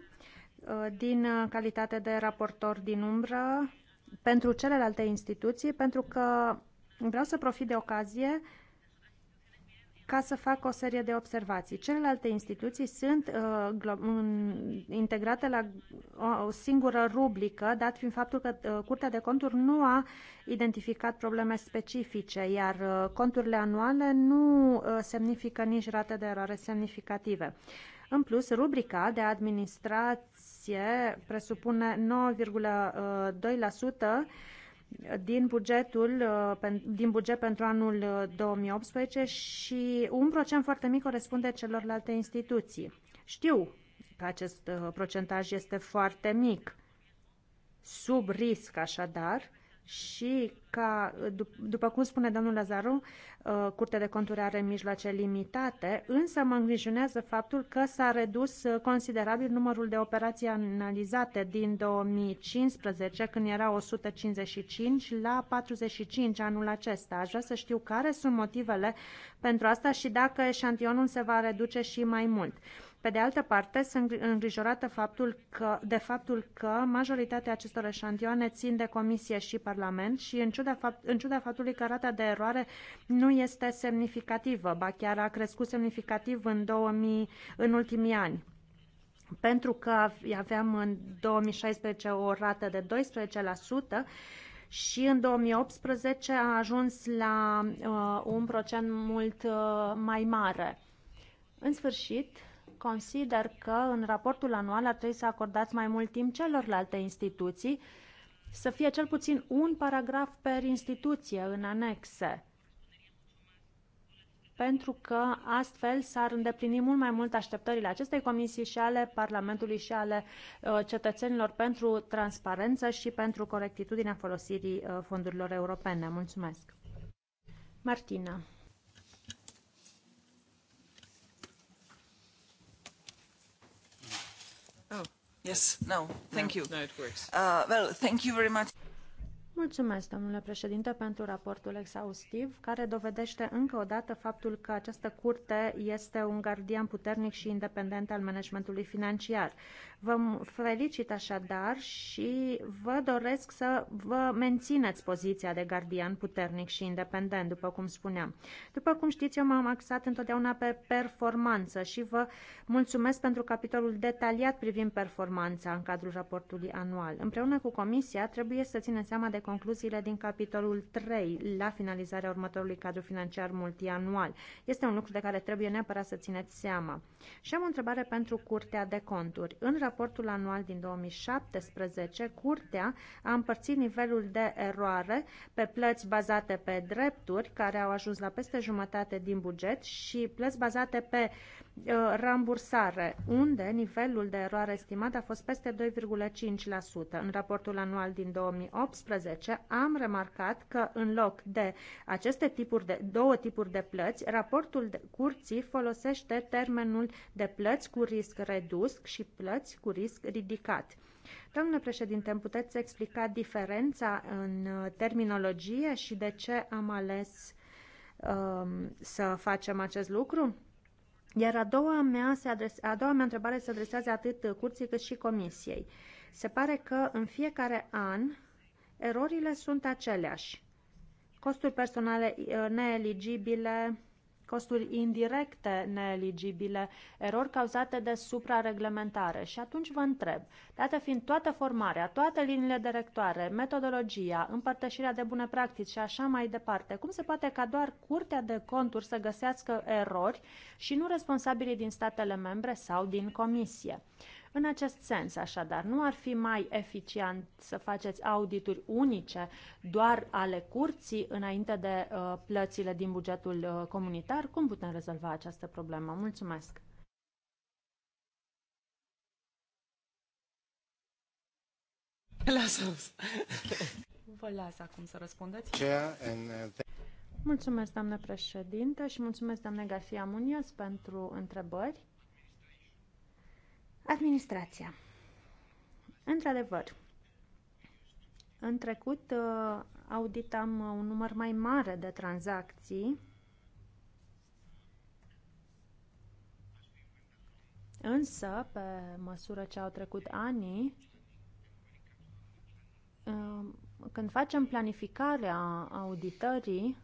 uh, din uh, calitate de raportor din umbră pentru celelalte instituții, pentru că vreau să profit de ocazie uh, ca să fac o serie de observații. Celelalte instituții sunt uh, integrate la o singură rubrică, dat fiind faptul că uh, Curtea de Conturi nu a identificat probleme specifice, iar uh, conturile anuale nu uh, semnifică nici rate de eroare semnificative. În plus, rubrica de administrație presupune 9,2% din bugetul uh, din buget pentru anul 2018 uh, și un procent foarte mic corespunde celorlalte instituții. Știu că acest uh, procentaj este foarte mic, sub risc așadar, și ca, după cum spune domnul Lazaru, uh, Curtea de Conturi are mijloace limitate, însă mă îngrijunează faptul că s-a redus uh, considerabil numărul de operații analizate din 2015, când era 155, la 45 anul acesta. Aș vrea să știu care sunt motivele pentru asta și dacă eșantionul se va reduce și mai mult. Pe de altă parte, sunt îngrijorată faptul că, de faptul că majoritatea acestor eșantioane țin de Comisie și Parlament și în ciuda, fapt, în ciuda faptului că rata de eroare nu este semnificativă, ba chiar a crescut semnificativ în, 2000, în ultimii ani pentru că aveam în 2016 o rată de 12% și în 2018 a ajuns la uh, un procent mult uh, mai mare. În sfârșit, consider că în raportul anual ar trebui să acordați mai mult timp celorlalte instituții, să fie cel puțin un paragraf per instituție în anexe pentru că astfel s-ar îndeplini mult mai mult așteptările acestei comisii și ale Parlamentului și ale uh, cetățenilor pentru transparență și pentru corectitudinea folosirii uh, fondurilor europene. Mulțumesc! Martina. Yes, no, thank you. No, it works. Uh, well, thank you very much. Mulțumesc, domnule președinte, pentru raportul exhaustiv, care dovedește încă o dată faptul că această curte este un gardian puternic și independent al managementului financiar. Vă felicit așadar și vă doresc să vă mențineți poziția de gardian puternic și independent, după cum spuneam. După cum știți, eu m-am axat întotdeauna pe performanță și vă mulțumesc pentru capitolul detaliat privind performanța în cadrul raportului anual. Împreună cu Comisia, trebuie să ținem seama de concluziile din capitolul 3 la finalizarea următorului cadru financiar multianual. Este un lucru de care trebuie neapărat să țineți seama. Și am o întrebare pentru Curtea de Conturi. În raportul anual din 2017, Curtea a împărțit nivelul de eroare pe plăți bazate pe drepturi, care au ajuns la peste jumătate din buget, și plăți bazate pe uh, Uh, rambursare, unde nivelul de eroare estimat a fost peste 2,5%. În raportul anual din 2018 am remarcat că în loc de aceste tipuri de, două tipuri de plăți, raportul de curții folosește termenul de plăți cu risc redus și plăți cu risc ridicat. Domnule președinte, îmi puteți explica diferența în uh, terminologie și de ce am ales um, să facem acest lucru? Iar a doua, mea se adrese, a doua mea întrebare se adresează atât curții cât și comisiei. Se pare că în fiecare an erorile sunt aceleași. Costuri personale eh, neeligibile, costuri indirecte neeligibile, erori cauzate de suprareglementare. Și atunci vă întreb, dată fiind toată formarea, toate liniile directoare, metodologia, împărtășirea de bune practici și așa mai departe, cum se poate ca doar Curtea de Conturi să găsească erori și nu responsabilii din statele membre sau din Comisie? În acest sens, așadar, nu ar fi mai eficient să faceți audituri unice doar ale curții înainte de uh, plățile din bugetul uh, comunitar? Cum putem rezolva această problemă? Mulțumesc! Lasă-vă! las acum să răspundeți. Uh, mulțumesc, doamnă președinte, și mulțumesc, doamne Garcia Munias, pentru întrebări. Administrația. Într-adevăr, în trecut uh, auditam uh, un număr mai mare de tranzacții, însă, pe măsură ce au trecut anii, uh, când facem planificarea auditării,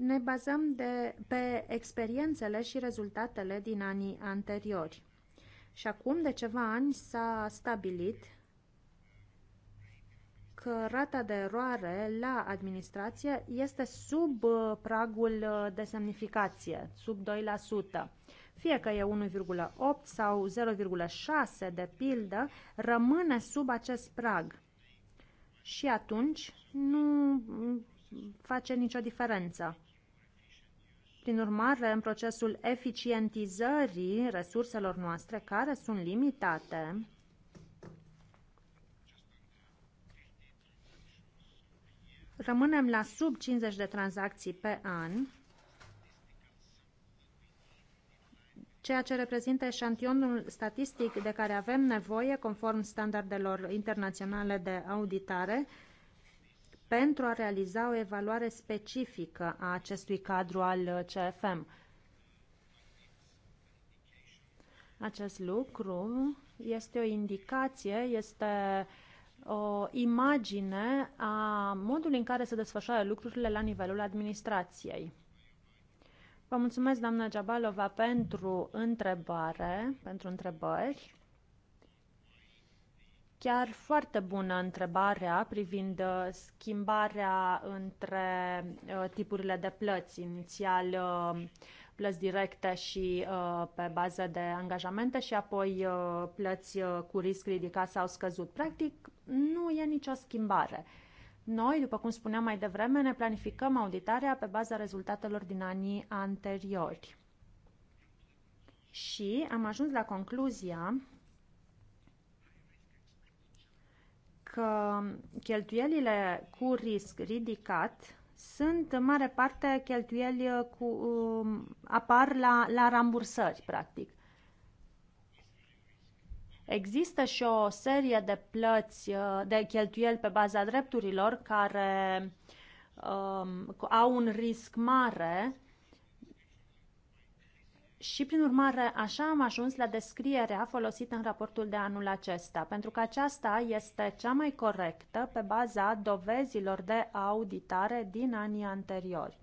Ne bazăm de, pe experiențele și rezultatele din anii anteriori. Și acum, de ceva ani, s-a stabilit că rata de eroare la administrație este sub uh, pragul uh, de semnificație, sub 2%. Fie că e 1,8 sau 0,6 de pildă, rămâne sub acest prag. Și atunci nu face nicio diferență. Prin urmare, în procesul eficientizării resurselor noastre, care sunt limitate, rămânem la sub 50 de tranzacții pe an, ceea ce reprezintă eșantionul statistic de care avem nevoie conform standardelor internaționale de auditare pentru a realiza o evaluare specifică a acestui cadru al CFM. Acest lucru este o indicație, este o imagine a modului în care se desfășoară lucrurile la nivelul administrației. Vă mulțumesc, doamna Jabalova, pentru întrebare, pentru întrebări chiar foarte bună întrebarea privind uh, schimbarea între uh, tipurile de plăți. Inițial uh, plăți directe și pe bază de angajamente și apoi plăți cu risc ridicat sau scăzut. Practic, nu e nicio schimbare. Noi, după cum spuneam mai devreme, ne planificăm auditarea pe baza rezultatelor din anii anteriori. Și am ajuns la concluzia că cheltuielile cu risc ridicat sunt în mare parte cheltuieli cu, um, apar la, la rambursări, practic. Există și o serie de plăți, uh, de cheltuieli pe baza drepturilor care um, au un risc mare și, prin urmare, așa am ajuns la descrierea folosită în raportul de anul acesta, pentru că aceasta este cea mai corectă pe baza dovezilor de auditare din anii anteriori.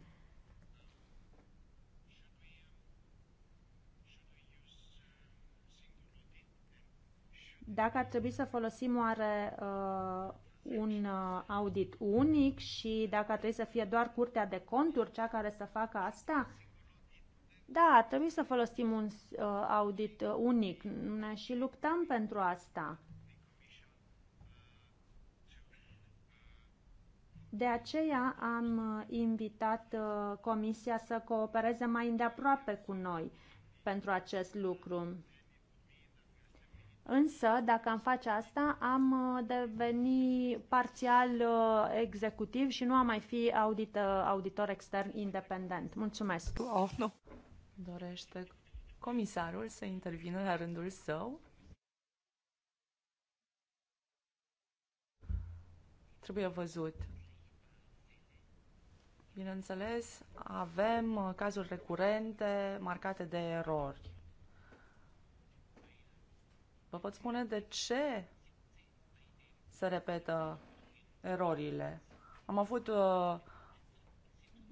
Dacă ar trebui să folosim oare uh, un uh, audit unic și dacă ar trebui să fie doar curtea de conturi cea care să facă asta, da, ar trebui să folosim un uh, audit uh, unic. ne și luptăm pentru asta. De aceea am uh, invitat Comisia să coopereze mai îndeaproape cu noi pentru acest lucru. Însă, dacă am face asta, am deveni parțial executiv și nu am mai fi audit auditor extern independent. Mulțumesc! Oh, no. Dorește comisarul să intervină la rândul său? Trebuie văzut. Bineînțeles, avem uh, cazuri recurente marcate de erori. Vă pot spune de ce se repetă erorile. Am avut uh,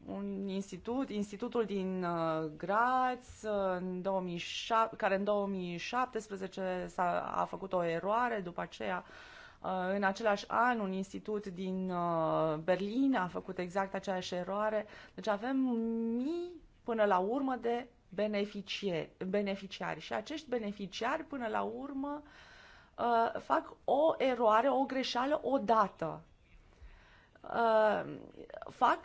un institut, institutul din uh, Graz, în 2007, care în 2017 s-a, a făcut o eroare, după aceea uh, în același an un institut din uh, Berlin a făcut exact aceeași eroare. Deci avem mii până la urmă de beneficiari și acești beneficiari până la urmă fac o eroare, o greșeală odată uh, fac,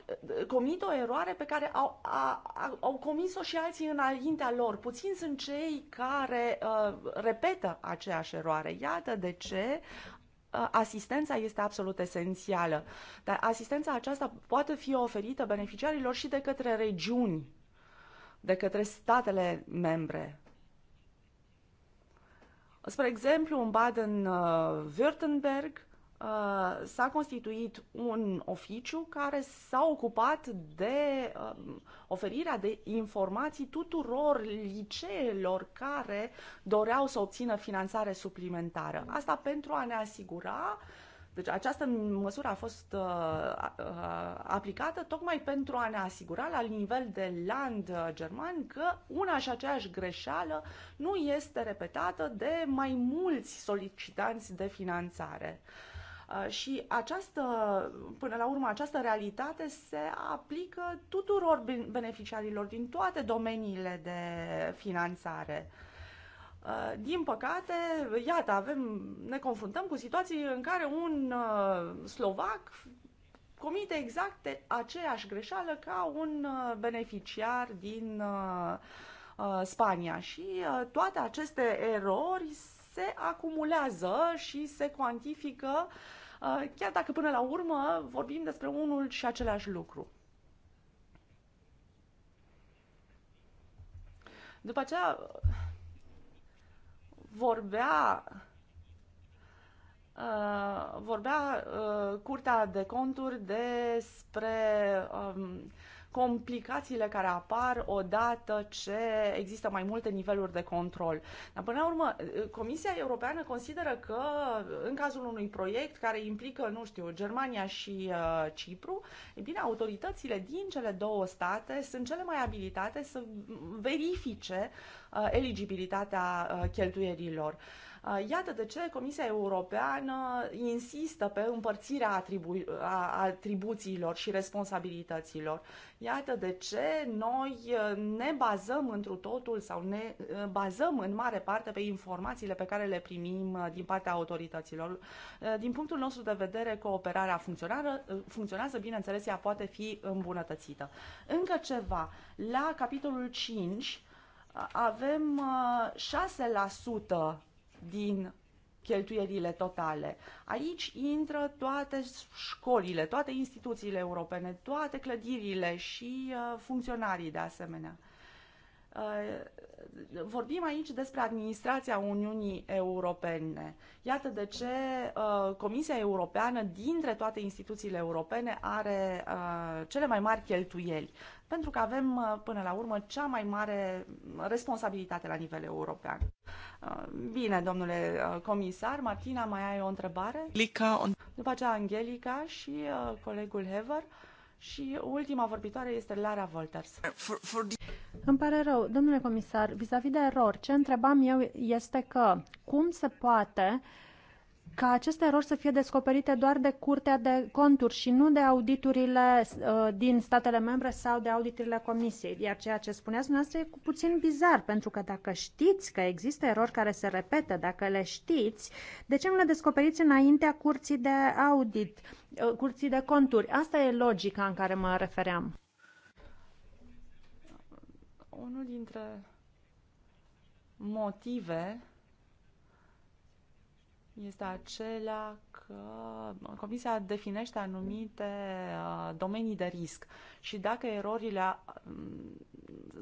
comit o eroare pe care au, a, a, au comis-o și alții înaintea lor. Puțin sunt cei care uh, repetă aceeași eroare. Iată de ce uh, asistența este absolut esențială. Dar asistența aceasta poate fi oferită beneficiarilor și de către regiuni, de către statele membre. Spre exemplu, în Baden-Württemberg uh, Uh, s-a constituit un oficiu care s-a ocupat de uh, oferirea de informații tuturor liceelor care doreau să obțină finanțare suplimentară. Asta pentru a ne asigura deci această măsură a fost uh, uh, aplicată tocmai pentru a ne asigura la nivel de land uh, german că una și aceeași greșeală nu este repetată de mai mulți solicitanți de finanțare. Uh, Uh, și această, până la urmă, această realitate se aplică tuturor beneficiarilor din toate domeniile de finanțare. Uh, din păcate, iată, avem, ne confruntăm cu situații în care un uh, slovac comite exact aceeași greșeală ca un beneficiar din Spania și toate aceste erori se acumulează și se cuantifică uh, Uh, chiar dacă până la urmă vorbim despre unul și același lucru. După aceea vorbea uh, vorbea uh, Curtea de Conturi despre um, complicațiile care apar odată ce există mai multe niveluri de control. Dar până la urmă, Comisia Europeană consideră că în cazul unui proiect care implică, nu știu, Germania și uh, Cipru, e bine, autoritățile din cele două state sunt cele mai abilitate să verifice uh, eligibilitatea uh, cheltuierilor. Uh, Uh, iată de ce Comisia Europeană insistă pe împărțirea atribu- a atribuțiilor și responsabilităților. Iată de ce noi uh, ne bazăm întru totul sau ne uh, bazăm în mare parte pe informațiile pe care le primim din partea autorităților. Din punctul nostru de vedere, cooperarea funcționează, bineînțeles, ea poate fi îmbunătățită. Încă ceva, la capitolul 5 avem 6% din cheltuielile totale. Aici intră toate școlile, toate instituțiile europene, toate clădirile și uh, funcționarii de asemenea. Uh, vorbim aici despre administrația Uniunii Europene. Iată de ce uh, Comisia Europeană, dintre toate instituțiile europene, are uh, cele mai mari cheltuieli pentru că avem uh, până la urmă cea mai mare responsabilitate la nivel european. Uh, bine, domnule uh, comisar, Martina, mai ai o întrebare? După aceea Angelica și colegul Hever. Și ultima vorbitoare este Lara Wolters. For, for... Îmi pare rău, domnule comisar, vis-a-vis -vis de erori, ce întrebam eu este că cum se poate uh, ca aceste erori să fie descoperite doar de Curtea de Conturi și nu de auditurile uh, din statele membre sau de auditurile Comisiei. Iar ceea ce spuneați dumneavoastră e puțin bizar, pentru că dacă știți că există erori care se repetă, dacă le știți, de ce nu le descoperiți înaintea curții de audit, uh, curții de conturi? Asta e logica în care mă refeream. Unul dintre motive este acela că Comisia definește anumite uh, domenii de risc și dacă erorile um,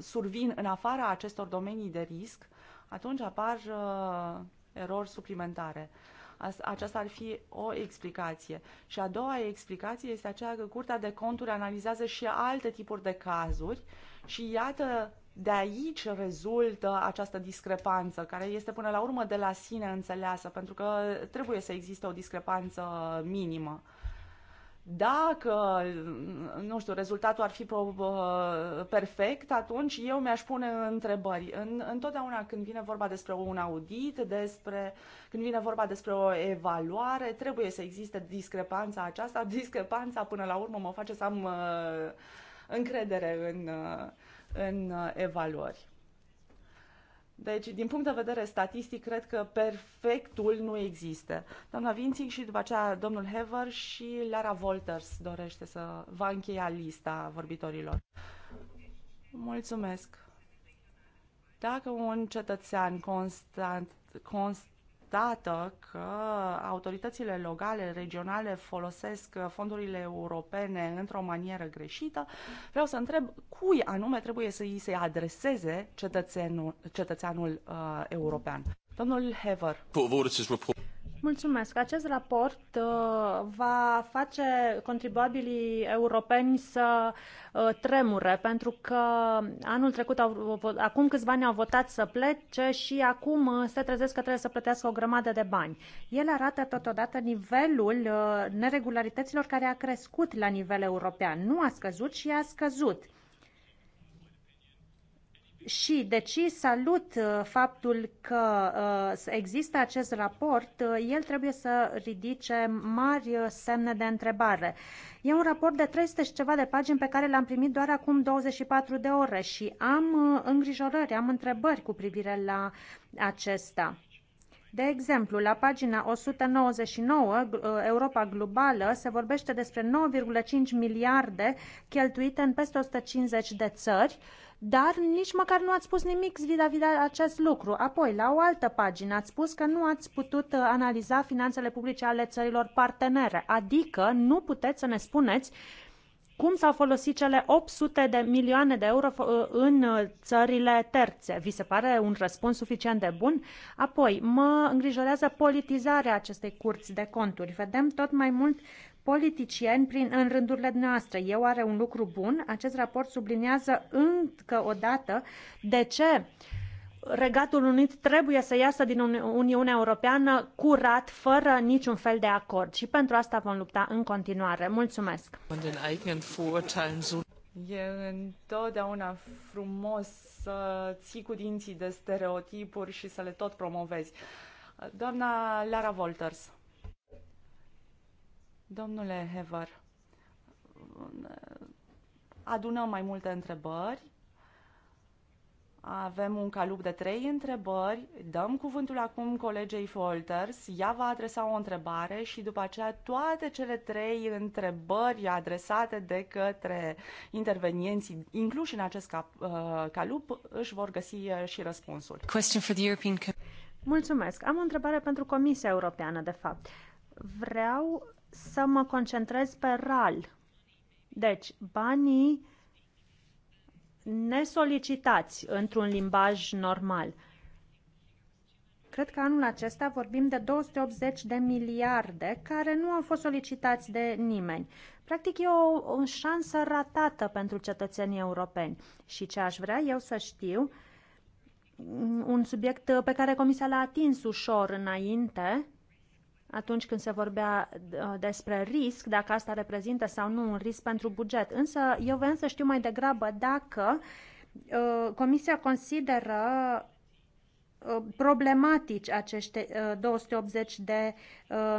survin în afara acestor domenii de risc, atunci apar uh, erori suplimentare. Aceasta ar fi o explicație. Și a doua explicație este aceea că Curtea de Conturi analizează și alte tipuri de cazuri și iată de aici rezultă această discrepanță, care este până la urmă de la sine înțeleasă, pentru că trebuie să existe o discrepanță minimă. Dacă, nu știu, rezultatul ar fi uh, perfect, atunci eu mi-aș pune întrebări. În, întotdeauna când vine vorba despre un audit, despre, când vine vorba despre o evaluare, trebuie să existe discrepanța aceasta. Discrepanța, până la urmă, mă face să am uh, încredere în... Uh, în uh, evaluări. Deci, din punct de vedere statistic, cred că perfectul nu există. Doamna Vințing și după aceea domnul Hever și Lara Volters dorește să va încheia lista vorbitorilor. Mulțumesc. Dacă un cetățean constant, const, dată că autoritățile locale, regionale folosesc fondurile europene într-o manieră greșită, vreau să întreb cui anume trebuie să îi se adreseze cetățenul, cetățeanul uh, european. Domnul Hever. Mulțumesc. Acest raport uh, va face contribuabilii europeni să uh, tremure, pentru că anul trecut, au, acum câțiva ani au votat să plece și acum uh, se trezesc că trebuie să plătească o grămadă de bani. El arată totodată nivelul neregularităților care a crescut la nivel european. Nu a scăzut și a scăzut. Și deci salut uh, faptul că uh, există acest raport, uh, el trebuie să ridice mari semne de întrebare. E un raport de 300 și ceva de pagini pe care l-am primit doar acum 24 de ore și am îngrijorări, am întrebări cu privire la acesta. De exemplu, la pagina 199, Europa Globală, se vorbește despre 9,5 miliarde cheltuite în peste 150 de țări, dar nici măcar nu ați spus nimic vis-a-vis de acest lucru. Apoi, la o altă pagină, ați spus că nu ați putut uh, analiza finanțele publice ale țărilor partenere, adică nu puteți să ne spuneți cum s-au folosit cele 800 de milioane de euro uh, în uh, țările terțe? Vi se pare un răspuns suficient de bun? Apoi, mă îngrijorează politizarea acestei curți de conturi. Vedem tot mai mult politicieni prin, în rândurile noastre. Eu are un lucru bun. Acest raport subliniază încă o dată de ce Regatul Unit trebuie să iasă din Uniunea Europeană curat, fără niciun fel de acord. Și pentru asta vom lupta în continuare. Mulțumesc! E întotdeauna frumos să ții cu dinții de stereotipuri și să le tot promovezi. Doamna Lara Wolters. Domnule Hever, adunăm mai multe întrebări. Avem un calup de trei întrebări. Dăm cuvântul acum colegei Folters. Ea va adresa o întrebare și după aceea toate cele trei întrebări adresate de către intervenienții, incluși în acest uh, calup, își vor găsi uh, și răspunsul. Question for the European... Mulțumesc. Am o întrebare pentru Comisia Europeană, de fapt. Vreau să mă concentrez pe RAL. Deci, banii nesolicitați într-un limbaj normal. Cred că anul acesta vorbim de 280 de miliarde care nu au fost solicitați de nimeni. Practic e o, o șansă ratată pentru cetățenii europeni. Și ce aș vrea eu să știu, un subiect pe care Comisia l-a atins ușor înainte, atunci când se vorbea uh, despre risc, dacă asta reprezintă sau nu un risc pentru buget. Însă eu vreau să știu mai degrabă dacă uh, Comisia consideră uh, problematici acești 280 de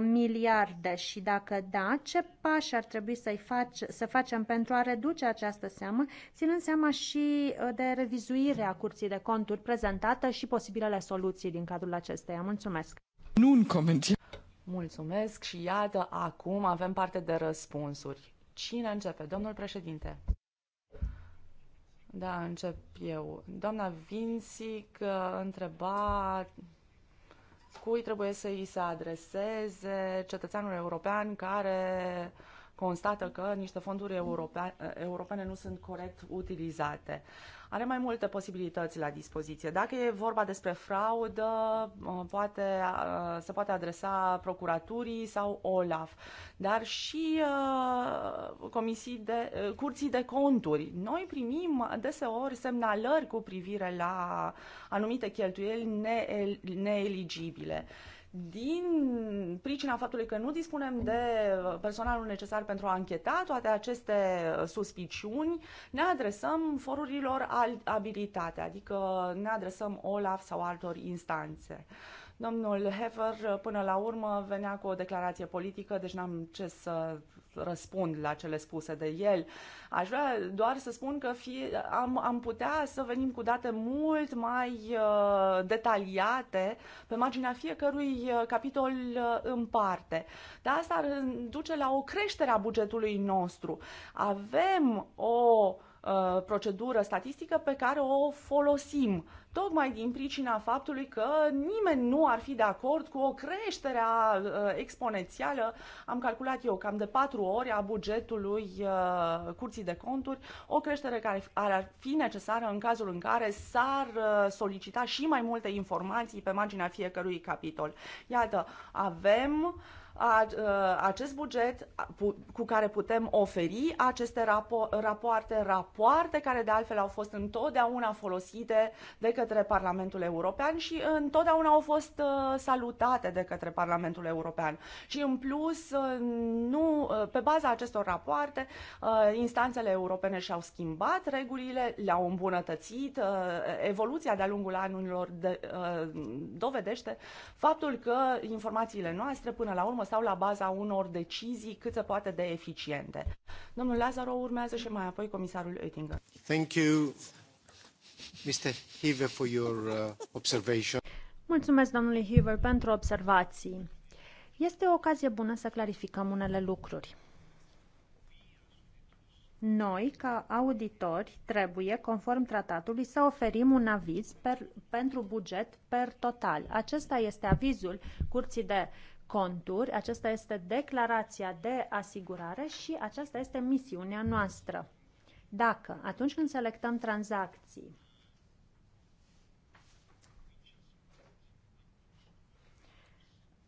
miliarde și dacă da, ce pași ar trebui să face, să facem pentru a reduce această seamă, ținând seama și de revizuirea Curții de Conturi prezentată și posibilele soluții din cadrul acesteia. Mulțumesc! Nu un comentariu. Mulțumesc și iată, acum avem parte de răspunsuri. Cine începe? Domnul președinte. Da, încep eu. Doamna Vinsic uh, întreba cui trebuie să îi se adreseze cetățeanul european care constată că niște fonduri europene nu sunt corect utilizate. Uh, are mai multe posibilități la dispoziție. Dacă e vorba despre fraudă, poate, se poate adresa procuraturii sau OLAF, dar și comisii de, curții de conturi. Noi primim deseori semnalări cu privire la anumite cheltuieli neeligibile din pricina faptului că nu dispunem de personalul necesar pentru a încheta toate aceste suspiciuni, ne adresăm forurilor abilitate, adică ne adresăm OLAF sau altor instanțe. Domnul Hefer, până la urmă, venea cu o declarație politică, deci n-am ce să răspund la cele spuse de el. Aș vrea doar să spun că fie, am, am putea să venim cu date mult mai uh, detaliate pe marginea fiecărui uh, capitol uh, în parte. Dar asta ar duce la o creștere a bugetului nostru. Avem o uh, Uh, procedură statistică pe care o folosim, tocmai din pricina faptului că nimeni nu ar fi de acord cu o creștere a, uh, exponențială, am calculat eu, cam de patru ori a bugetului uh, Curții de Conturi, o creștere care ar fi necesară în cazul în care s-ar uh, solicita și mai multe informații pe marginea fiecărui capitol. Iată, avem uh, a, acest buget cu care putem oferi aceste rapo- rapoarte, rapoarte care de altfel au fost întotdeauna folosite de către Parlamentul European și uh, întotdeauna au fost uh, salutate de către Parlamentul European. Și în plus, uh, nu, pe baza acestor rapoarte, instanțele europene și-au schimbat regulile, le-au îmbunătățit, evoluția de-a lungul anilor de, dovedește faptul că informațiile noastre până la urmă stau la baza unor decizii cât se poate de eficiente. Domnul Lazaro urmează și mai apoi comisarul Oettinger. Thank you, Mr. Hive, for your uh, observation. Mulțumesc, domnului Hiver, pentru observații. Este o ocazie bună să clarificăm unele lucruri. Noi, ca auditori, trebuie, conform tratatului, să oferim un aviz per, pentru buget per total. Acesta este avizul Curții de conturi, aceasta este declarația de asigurare și aceasta este misiunea noastră. Dacă, atunci când selectăm tranzacții,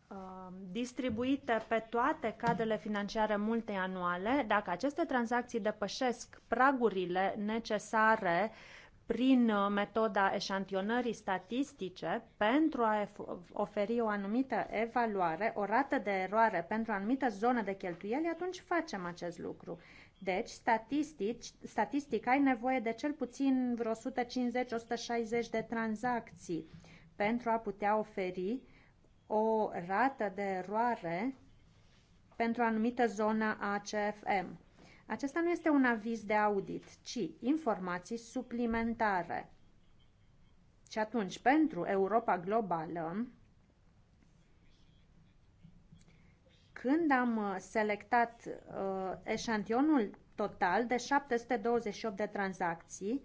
uh, distribuite pe toate cadrele financiare multianuale, dacă aceste tranzacții depășesc pragurile necesare uh, prin uh, metoda eșantionării statistice pentru a oferi o anumită evaluare, o rată de eroare pentru o anumită zonă de cheltuieli, atunci facem acest lucru. Deci, statistic, statistic ai nevoie de cel puțin vreo 150-160 de tranzacții pentru a putea oferi o rată de eroare pentru o anumită zonă ACFM. Acesta nu este un aviz de audit, ci informații suplimentare. Și atunci, pentru Europa globală, când am uh, selectat uh, eșantionul total de 728 de tranzacții,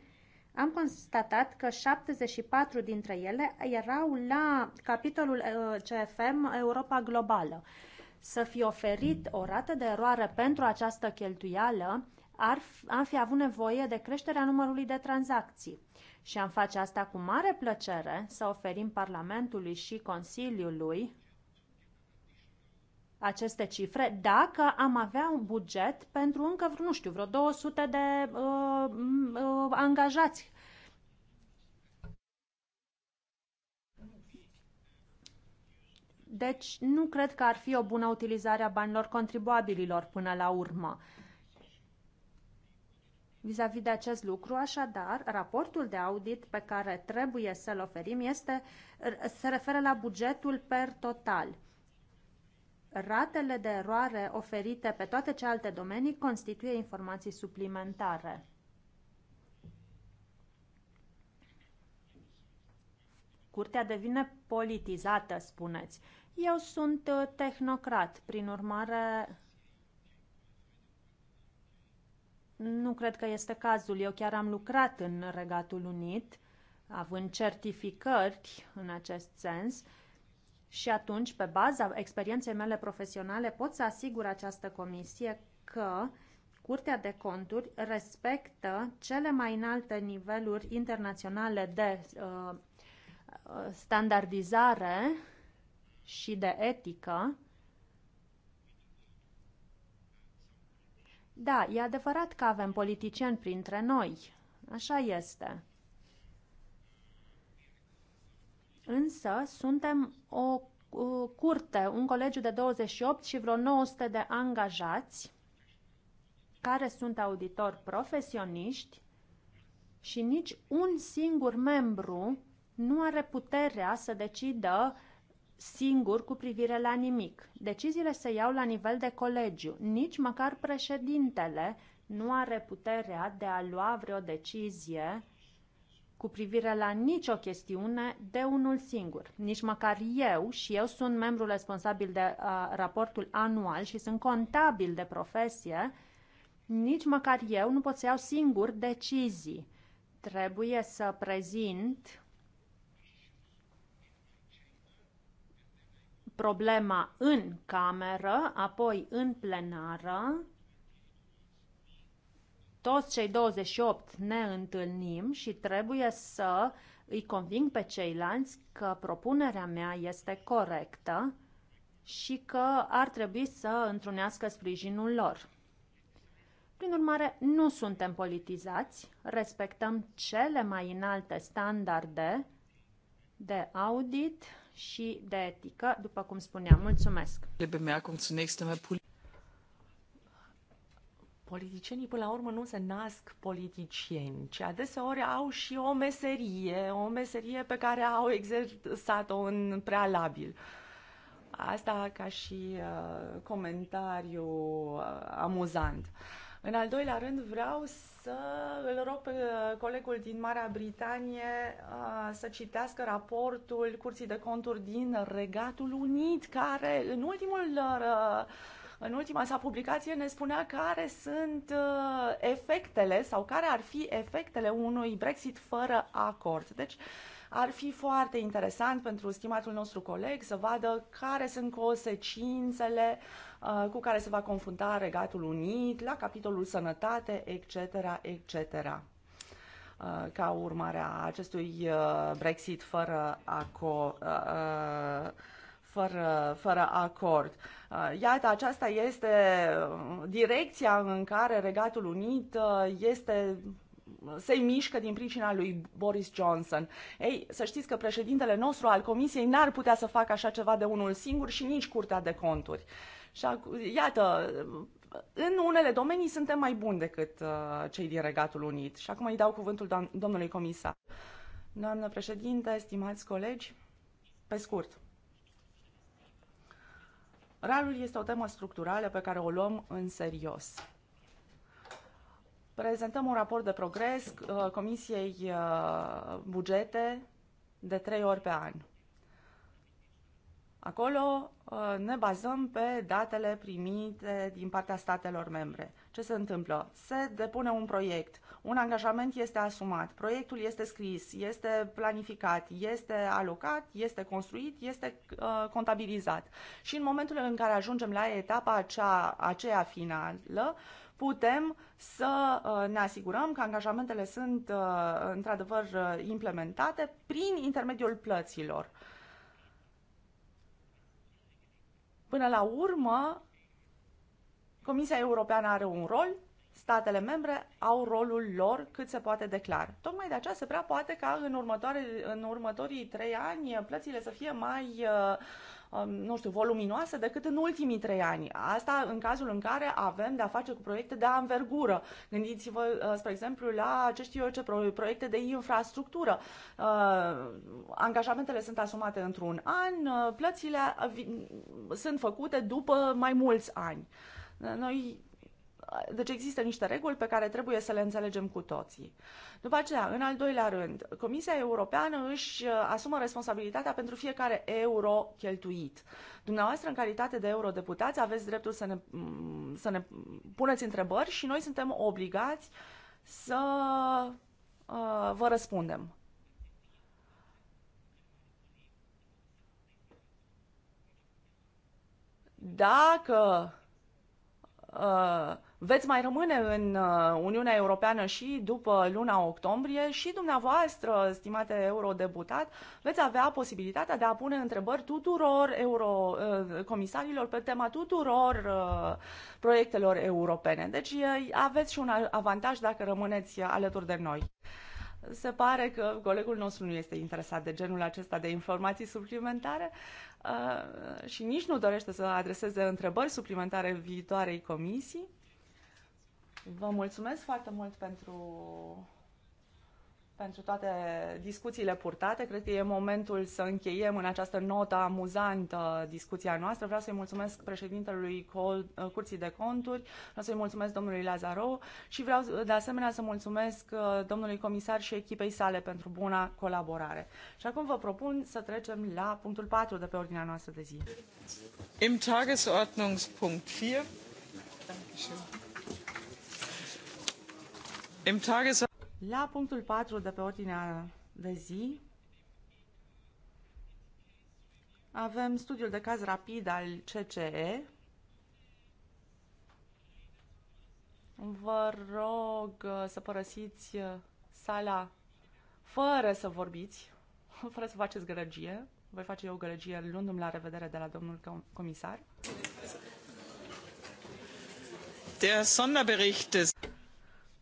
am constatat că 74 dintre ele erau la capitolul uh, CFM Europa Globală. Uh, să fi oferit o rată de eroare pentru această cheltuială, ar fi, am fi avut nevoie de creșterea numărului de tranzacții. Și am face asta cu mare plăcere să oferim Parlamentului și Consiliului aceste cifre dacă am avea un buget pentru încă, nu știu, vreo 200 de uh, uh, angajați Deci nu cred că ar fi o bună utilizare a banilor contribuabililor până la urmă. Vis-a-vis -vis de acest lucru, așadar, raportul de audit pe care trebuie să-l oferim este, se referă la bugetul per total. Ratele de eroare oferite pe toate celelalte domenii constituie informații suplimentare. Curtea devine politizată, spuneți. Eu sunt uh, tehnocrat, prin urmare nu cred că este cazul. Eu chiar am lucrat în Regatul Unit, având certificări în acest sens și atunci, pe baza experienței mele profesionale, pot să asigur această comisie că Curtea de Conturi respectă cele mai înalte niveluri internaționale de uh, uh standardizare și de etică. Da, e adevărat că avem politicieni printre noi. Așa este. Însă suntem o curte, un colegiu de 28 și vreo 900 de angajați care sunt auditori profesioniști și nici un singur membru nu are puterea să decidă singur cu privire la nimic. Deciziile se iau la nivel de colegiu. Nici măcar președintele nu are puterea de a lua vreo decizie cu privire la nicio chestiune de unul singur. Nici măcar eu, și eu sunt membru responsabil de uh, raportul anual și sunt contabil de profesie, nici măcar eu nu pot să iau singur decizii. Trebuie să prezint problema în cameră, apoi în plenară. Toți cei 28 ne întâlnim și trebuie să îi conving pe ceilalți că propunerea mea este corectă și că ar trebui să întrunească sprijinul lor. Prin urmare, nu suntem politizați, respectăm cele mai înalte standarde de audit și de etică, după cum spuneam. Mulțumesc! Politicienii, până la urmă, nu se nasc politicieni, ci adeseori au și o meserie, o meserie pe care au exersat-o în prealabil. Asta ca și uh, comentariu uh, amuzant. Uh, în al doilea rând, vreau să îl rog pe uh, colegul din Marea Britanie uh, să citească raportul Curții de Conturi din Regatul Unit, care în ultimul uh, în ultima sa publicație ne spunea care sunt efectele sau care ar fi efectele unui Brexit fără acord. Deci, ar fi foarte interesant pentru stimatul nostru coleg să vadă care sunt consecințele Uh, cu care se va confrunta Regatul Unit la capitolul sănătate, etc., etc. Uh, ca urmare a acestui uh, Brexit fără acord, fără, fără acord. Iată, aceasta este direcția în care Regatul Unit este se mișcă din pricina lui Boris Johnson. Ei, să știți că președintele nostru al Comisiei n-ar putea să facă așa ceva de unul singur și nici Curtea de Conturi. Uh, și iată, în unele domenii suntem mai buni decât uh, cei din Regatul Unit. Și acum îi dau cuvântul domnului comisar. Doamnă președinte, stimați colegi, pe scurt. Ralul este o temă structurală pe care o luăm în serios. Prezentăm un raport de progres uh, Comisiei uh, Bugete de trei ori pe an. Acolo uh, ne bazăm pe datele primite din partea statelor membre. Ce se întâmplă? Se depune un proiect, un angajament este asumat, proiectul este scris, este planificat, este alocat, este construit, este uh, contabilizat. Și în momentul în care ajungem la etapa acea, aceea finală, putem să uh, ne asigurăm că angajamentele sunt într-adevăr implementate prin intermediul plăților. Până la urmă, Comisia Europeană are un rol, statele membre au rolul lor cât se poate declar. Tocmai de aceea se prea poate ca în, următoare, în următorii trei ani plățile să fie mai uh, Um, nu știu, voluminoase decât în ultimii trei ani. Asta în cazul în care avem de-a face cu proiecte de anvergură. Gândiți-vă, uh, spre exemplu, la acești orice proiecte de infrastructură. Uh, angajamentele sunt asumate într-un an, uh, plățile sunt făcute după mai mulți ani. Noi deci există niște reguli pe care trebuie să le înțelegem cu toții. După aceea, în al doilea rând, Comisia Europeană își uh, asumă responsabilitatea pentru fiecare euro cheltuit. Dumneavoastră, în calitate de eurodeputați, aveți dreptul să ne, mm, să ne puneți întrebări și noi suntem obligați să uh, vă răspundem. Dacă uh, veți mai rămâne în uh, Uniunea Europeană și după luna octombrie și dumneavoastră, stimate eurodeputat, veți avea posibilitatea de a pune întrebări tuturor euro, uh, comisarilor pe tema tuturor uh, proiectelor europene. Deci aveți și un avantaj dacă rămâneți alături de noi. Se pare că colegul nostru nu este interesat de genul acesta de informații suplimentare și nici nu dorește să adreseze întrebări suplimentare viitoarei comisii. Vă mulțumesc foarte mult pentru, pentru toate discuțiile purtate. Cred că e momentul să încheiem în această notă amuzantă discuția noastră. Vreau să-i mulțumesc președintelui uh, Curții de Conturi, vreau să-i mulțumesc domnului Lazaro și vreau de asemenea să mulțumesc uh, domnului comisar și echipei sale pentru buna colaborare. Și acum vă propun să trecem la punctul 4 de pe ordinea noastră de zi. Im Tagesordnungspunkt 4. La punctul 4 de pe ordinea de zi avem studiul de caz rapid al CCE. Vă rog uh, să părăsiți uh, sala fără să vorbiți, fără să faceți gălăgie. Voi face eu gălăgie luându la revedere de la domnul comisar. Der Sonderbericht des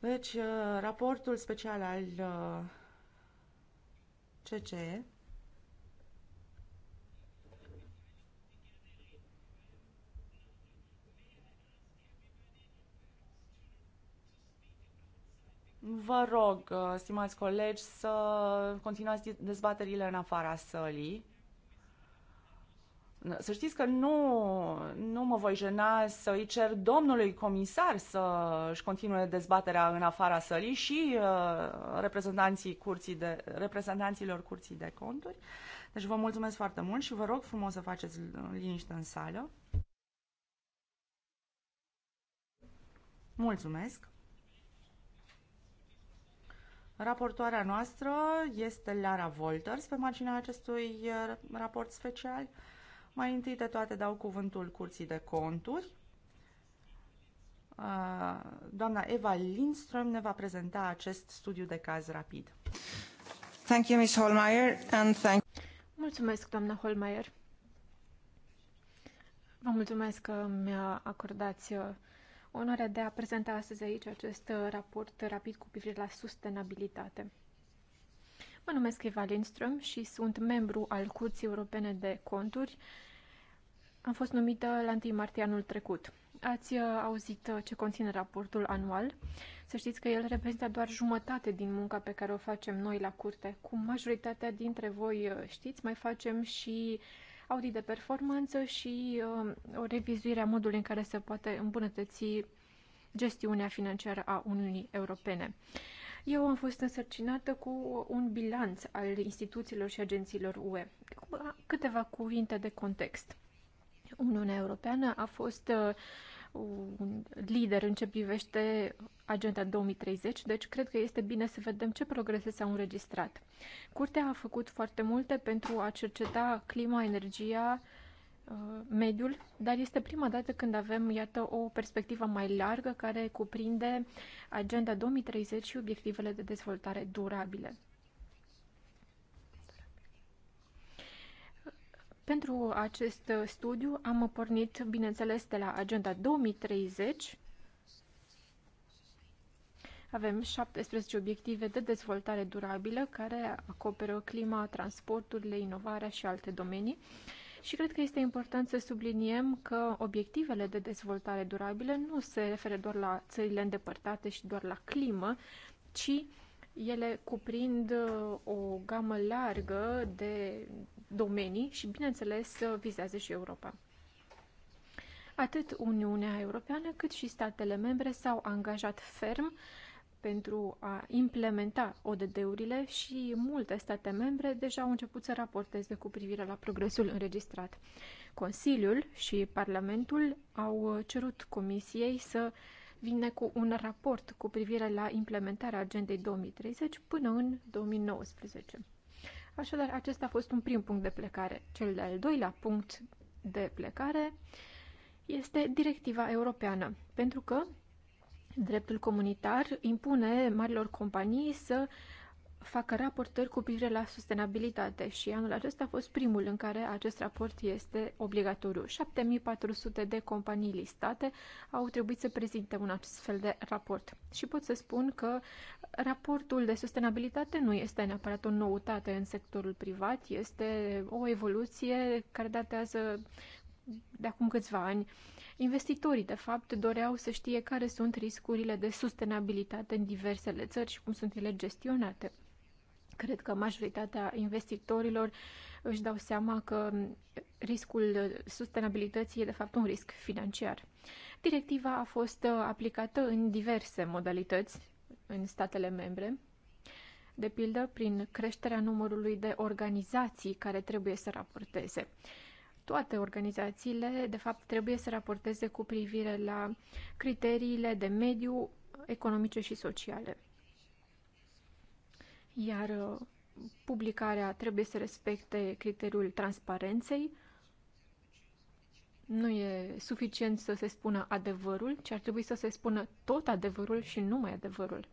deci, uh, raportul special al uh, CCE Vă rog, uh, stimați colegi, să continuați dezbaterile în afara sălii. Să știți că nu, nu mă voi jena să îi cer domnului comisar să își continue dezbaterea în afara sălii și uh, reprezentanții curții de, reprezentanților curții de conturi. Deci vă mulțumesc foarte mult și vă rog frumos să faceți liniște în sală. Mulțumesc! Raportoarea noastră este Lara Volters pe marginea acestui uh, raport special. Mai întâi de toate dau cuvântul Curții de Conturi. Uh, doamna Eva Lindström ne va prezenta acest studiu de caz rapid. Thank you, Ms. Holmeyer, and thank Mulțumesc, doamna Holmeyer. Vă mulțumesc că mi-a acordat uh, onoarea de a prezenta astăzi aici acest uh, raport rapid cu privire la sustenabilitate. Mă numesc Eva Lindström și sunt membru al Curții Europene de Conturi. Am fost numită la 1 martie anul trecut. Ați uh, auzit uh, ce conține raportul anual. Să știți că el reprezintă doar jumătate din munca pe care o facem noi la curte. Cu majoritatea dintre voi uh, știți, mai facem și audit de performanță și o revizuire a modului în care se poate îmbunătăți gestiunea financiară a Uniunii Europene. Eu am fost însărcinată cu un bilanț al instituțiilor și agențiilor UE. câteva cuvinte de context. Uniunea Europeană a fost uh, un lider în ce privește agenda 2030, deci cred că este bine să vedem ce progrese s-au înregistrat. Curtea a făcut foarte multe pentru a cerceta clima, energia, Uh, mediul, dar este prima dată când avem, iată, o perspectivă mai largă care cuprinde Agenda 2030 și obiectivele de dezvoltare durabile. Pentru acest studiu am pornit, bineînțeles, de la Agenda 2030. Avem 17 obiective de dezvoltare durabilă care acoperă clima, transporturile, inovarea și alte domenii. Uh, și cred că este important să subliniem că obiectivele de dezvoltare durabilă nu se referă doar la țările îndepărtate și doar la climă, ci ele cuprind uh, o gamă largă de domenii și, bineînțeles, uh, vizează și Europa. Atât Uniunea Europeană cât și statele membre s-au angajat ferm pentru a implementa ODD-urile și multe state membre deja au început să raporteze cu privire la progresul înregistrat. Consiliul și Parlamentul au cerut Comisiei să vină cu un raport cu privire la implementarea agendei 2030 până în 2019. Așadar, acesta a fost un prim punct de plecare. Cel de-al doilea punct de plecare este directiva europeană, pentru că Dreptul comunitar impune marilor companii să facă raportări cu privire la sustenabilitate și anul acesta a fost primul în care acest raport este obligatoriu. 7400 de companii listate au trebuit să prezinte un astfel de raport. Și pot să spun că raportul de sustenabilitate nu este neapărat o noutate în sectorul privat, este o evoluție care datează de acum câțiva ani, investitorii, de fapt, doreau să știe care sunt riscurile de sustenabilitate în diversele țări și cum sunt ele gestionate. Cred că majoritatea investitorilor își dau seama că riscul sustenabilității e, de fapt, un risc financiar. Directiva a fost uh, aplicată în diverse modalități în statele membre, de pildă prin creșterea numărului de organizații care trebuie să raporteze toate organizațiile, de fapt, trebuie să raporteze cu privire la criteriile de mediu, economice și sociale. Iar uh, publicarea trebuie să respecte criteriul transparenței. Nu e suficient să se spună adevărul, ci ar trebui să se spună tot adevărul și numai adevărul.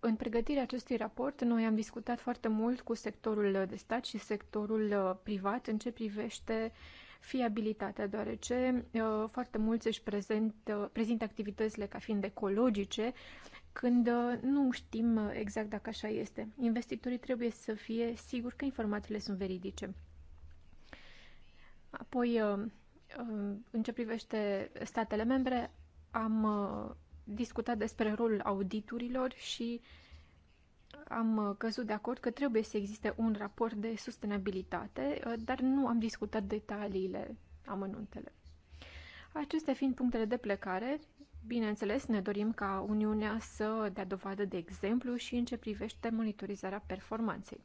În pregătirea acestui raport, noi am discutat foarte mult cu sectorul de stat și sectorul uh, privat în ce privește fiabilitatea, deoarece uh, foarte mulți își prezent, uh, prezintă activitățile ca fiind ecologice, când nu știm exact dacă așa este. Investitorii trebuie să fie siguri că informațiile sunt veridice. Apoi, în ce privește statele membre, am discutat despre rolul auditurilor și am uh, căzut de acord că trebuie să existe un raport de sustenabilitate, uh, dar nu am discutat detaliile, amănuntele. Acestea fiind punctele de plecare, bineînțeles, ne dorim ca Uniunea să dea dovadă de exemplu și în ce privește monitorizarea performanței.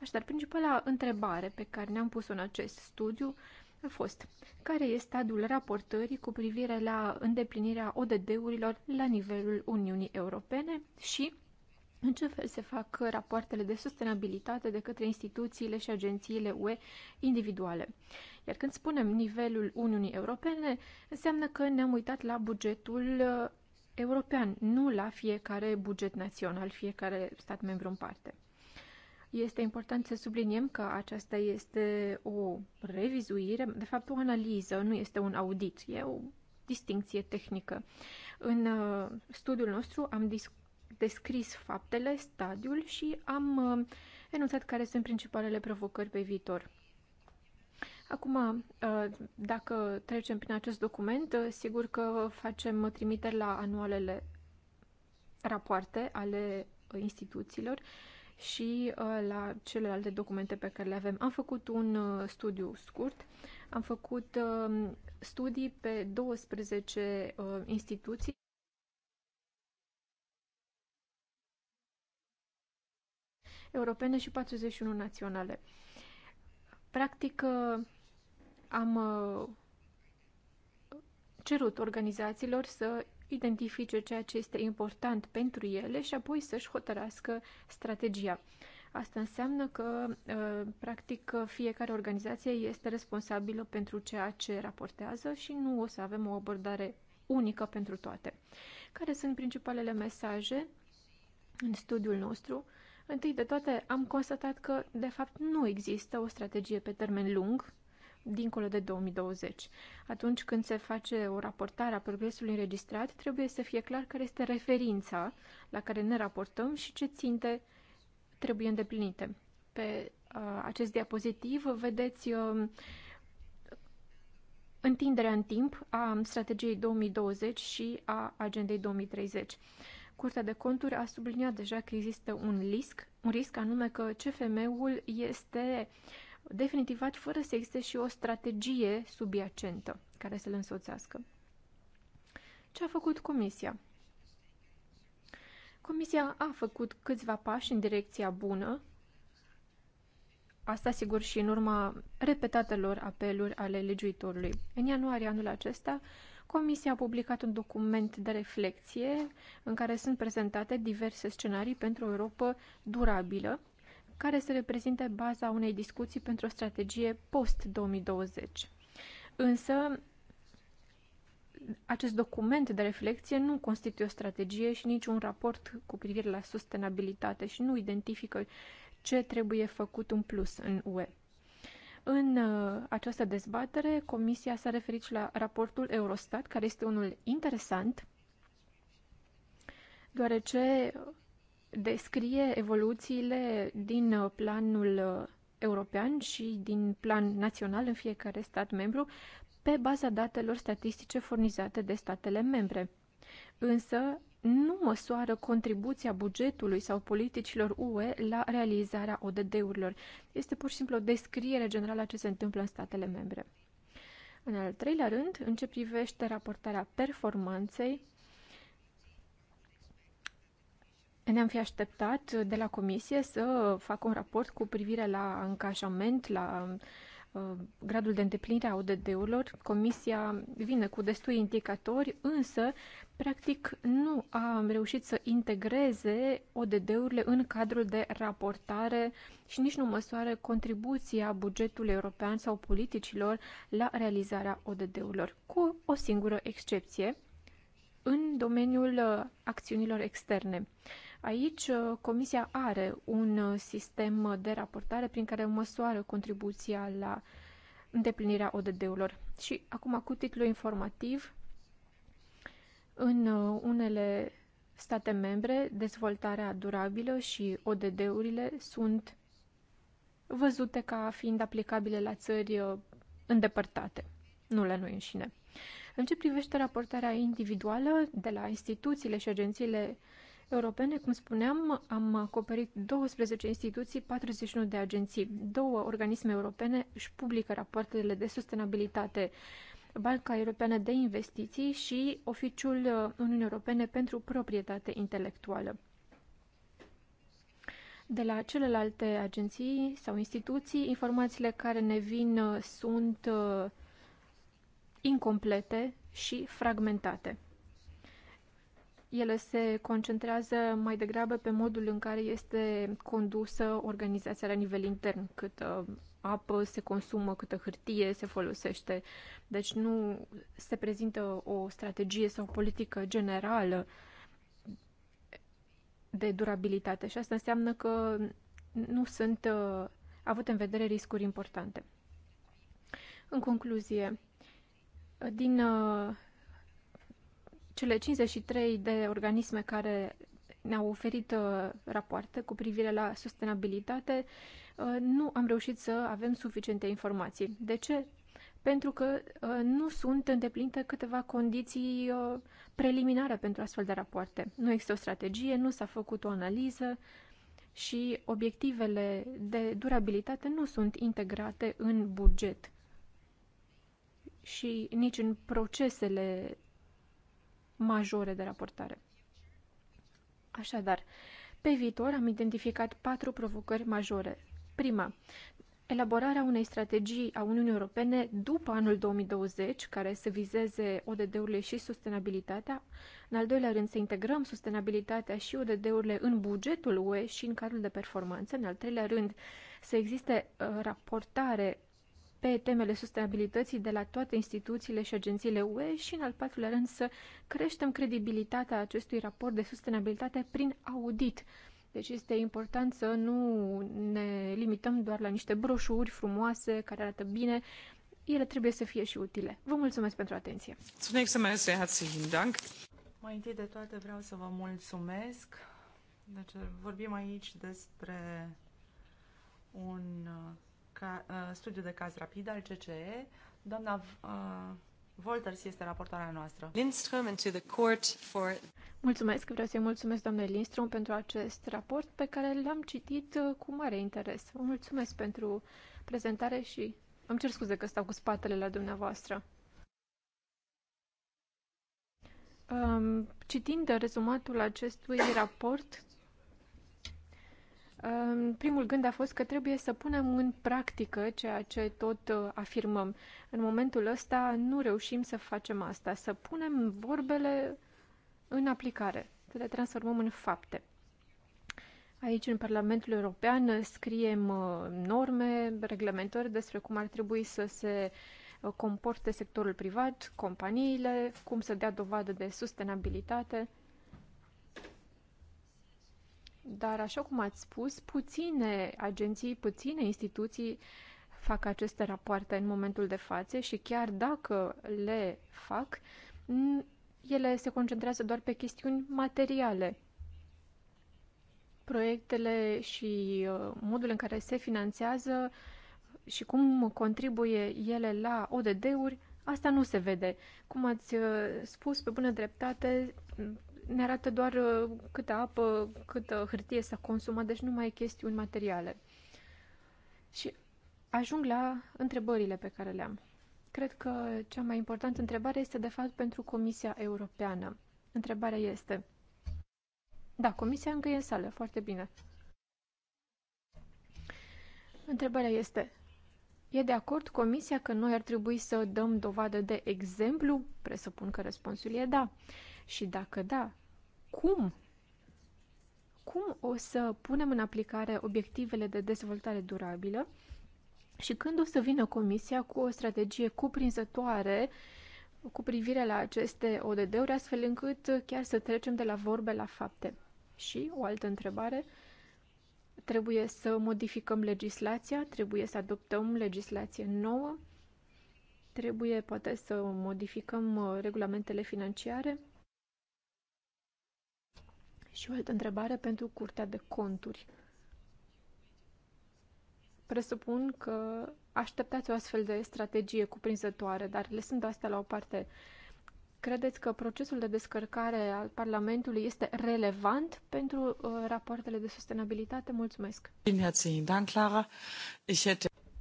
Așadar, principala întrebare pe care ne-am pus-o în acest studiu a fost care este stadiul raportării cu privire la îndeplinirea ODD-urilor la nivelul Uniunii Europene și în ce fel se fac rapoartele de sustenabilitate de către instituțiile și agențiile UE individuale? Iar când spunem nivelul Uniunii Europene, înseamnă că ne-am uitat la bugetul uh, european, nu la fiecare buget național, fiecare stat membru în parte. Este important să subliniem că aceasta este o revizuire, de fapt o analiză, nu este un audit, e o distinție tehnică. În uh, studiul nostru am descris faptele, stadiul și am uh, enunțat care sunt principalele provocări pe viitor. Acum, uh, dacă trecem prin acest document, sigur că facem trimiteri la anualele rapoarte ale instituțiilor, și uh, la celelalte documente pe care le avem. Am făcut un uh, studiu scurt, am făcut um, studii pe 12 uh, instituții. europene și 41 naționale. Practic, am cerut organizațiilor să identifice ceea ce este important pentru ele și apoi să-și hotărască strategia. Asta înseamnă că, uh, practic, fiecare organizație este responsabilă pentru ceea ce raportează și nu o să avem o abordare unică pentru toate. Care sunt principalele mesaje în studiul nostru? Întâi de toate, am constatat că, de fapt, nu există o strategie pe termen lung dincolo de 2020. Atunci când se face o raportare a progresului înregistrat, trebuie să fie clar care este referința la care ne raportăm și ce ținte trebuie îndeplinite. Pe uh, acest diapozitiv vedeți uh, întinderea în timp a strategiei 2020 și a agendei 2030. Curtea de conturi a subliniat deja că există un risc, un risc anume că CFM-ul este uh, definitivat fără să existe și o strategie subiacentă care să le însoțească. Ce a făcut Comisia? Comisia a făcut câțiva pași în direcția bună, asta sigur și în urma repetatelor apeluri ale legiuitorului. În ianuarie anul acesta, Comisia a publicat un document de reflexie în care sunt prezentate diverse scenarii pentru o Europa durabilă, care să reprezinte baza unei discuții pentru o strategie post-2020. Însă, acest document de reflexie nu constituie o strategie și nici un raport cu privire la sustenabilitate și nu identifică ce trebuie făcut în plus în UE. În uh, această dezbatere, Comisia s-a referit și la raportul Eurostat, care este unul interesant, deoarece descrie evoluțiile din planul european și din plan național în fiecare stat membru pe baza datelor statistice furnizate de statele membre. Însă, nu măsoară contribuția bugetului sau politicilor UE la realizarea ODD-urilor. Este pur și simplu o descriere generală a ce se întâmplă în statele membre. În al treilea rând, în ce privește raportarea performanței, Ne-am fi așteptat de la comisie să facă un raport cu privire la angajament, la uh, gradul de îndeplinire a ODD-urilor. Comisia vine cu destui indicatori, însă, practic, nu a reușit să integreze ODD-urile în cadrul de raportare și nici nu măsoară contribuția bugetului european sau politicilor la realizarea ODD-urilor, cu o singură excepție, în domeniul uh, acțiunilor externe. Aici uh, Comisia are un uh, sistem de raportare prin care măsoară contribuția la îndeplinirea ODD-urilor. Și acum, cu titlu informativ, în uh, unele state membre, dezvoltarea durabilă și ODD-urile sunt văzute ca fiind aplicabile la țări îndepărtate, nu la noi înșine. În ce privește raportarea individuală de la instituțiile și agențiile europene. Cum spuneam, am acoperit 12 instituții, 41 de agenții. Două organisme europene își publică rapoartele de sustenabilitate. Banca Europeană de Investiții și Oficiul Uniunii Europene pentru Proprietate Intelectuală. De la celelalte agenții sau instituții, informațiile care ne vin uh, sunt uh, incomplete și fragmentate. Ele se concentrează mai degrabă pe modul în care este condusă organizația la nivel intern, câtă uh, apă se consumă, câtă hârtie se folosește. Deci nu se prezintă o strategie sau o politică generală de durabilitate și asta înseamnă că nu sunt uh, avut în vedere riscuri importante. În concluzie, din uh, cele 53 de organisme care ne-au oferit uh, rapoarte cu privire la sustenabilitate, uh, nu am reușit să avem suficiente informații. De ce? Pentru că uh, nu sunt îndeplinite câteva condiții preliminare pentru astfel de rapoarte. Nu există o strategie, nu s-a făcut o analiză și obiectivele de durabilitate nu sunt integrate în buget și nici în procesele majore de raportare. Așadar, pe viitor am identificat patru provocări majore. Prima, elaborarea unei strategii a Uniunii Europene după anul 2020, care să vizeze ODD-urile și sustenabilitatea. În al doilea rând, să integrăm sustenabilitatea și ODD-urile în bugetul UE și în cadrul de performanță. În al treilea rând, să existe uh, raportare pe temele sustenabilității de la toate instituțiile și agențiile UE și, în al patrulea rând, să creștem credibilitatea acestui raport de sustenabilitate prin audit. Deci este important să nu ne limităm doar la niște broșuri frumoase care arată bine, ele trebuie să fie și utile. Vă mulțumesc pentru atenție. Mai întâi de toate vreau să vă mulțumesc. Deci vorbim aici despre un ca, uh, studiu de caz rapid al CCE. Doamna uh, Wolters este raportoarea noastră. Lindström into the court for... Mulțumesc, vreau să-i mulțumesc doamnei Lindström pentru acest raport pe care l-am citit uh, cu mare interes. Vă mulțumesc pentru prezentare și îmi cer scuze că stau cu spatele la dumneavoastră. Um, citind rezumatul acestui raport, primul gând a fost că trebuie să punem în practică ceea ce tot uh, afirmăm. În momentul ăsta nu reușim să facem asta, să punem vorbele în aplicare, să le transformăm în fapte. Aici, în Parlamentul European, scriem uh, norme, reglementări despre cum ar trebui să se uh, comporte sectorul privat, companiile, cum să dea dovadă de sustenabilitate. Dar, așa cum ați spus, puține agenții, puține instituții fac aceste rapoarte în momentul de față și chiar dacă le fac, ele se concentrează doar pe chestiuni materiale. Proiectele și uh, modul în care se finanțează și cum contribuie ele la ODD-uri, asta nu se vede. Cum ați uh, spus, pe bună dreptate, ne arată doar uh, câtă apă, câtă hârtie s-a consumat, deci e chestiuni materiale. Și ajung la întrebările pe care le-am. Cred că cea mai importantă întrebare este, de fapt, pentru Comisia Europeană. Întrebarea este... Da, Comisia încă e în sală, foarte bine. Întrebarea este, e de acord Comisia că noi ar trebui să dăm dovadă de exemplu? Presupun că răspunsul e da. Și dacă da, cum? Cum o să punem în aplicare obiectivele de dezvoltare durabilă și când o să vină Comisia cu o strategie cuprinzătoare cu privire la aceste ODD-uri, astfel încât chiar să trecem de la vorbe la fapte? Și o altă întrebare, trebuie să modificăm legislația, trebuie să adoptăm legislație nouă, trebuie poate să modificăm uh, regulamentele financiare. Și o altă întrebare pentru Curtea de Conturi. Presupun că așteptați o astfel de strategie cuprinzătoare, dar lăsând astea la o parte, credeți că procesul de descărcare al Parlamentului este relevant pentru uh, rapoartele de sustenabilitate? Mulțumesc!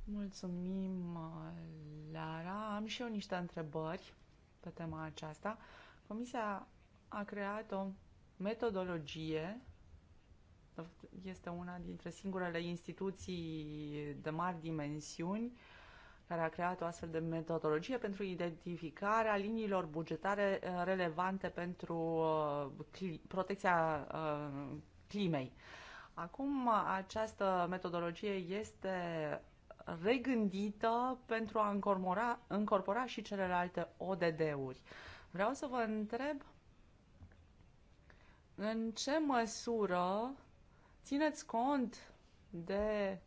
Mulțumim, Lara. Am și eu niște întrebări pe tema aceasta. Comisia a creat o metodologie este una dintre singurele instituții de mari dimensiuni care a creat o astfel de metodologie pentru identificarea liniilor bugetare uh, relevante pentru uh, protecția uh, climei. Acum această metodologie este regândită pentru a încorpora, încorpora și celelalte ODD-uri. Vreau să vă întreb în ce măsură țineți cont de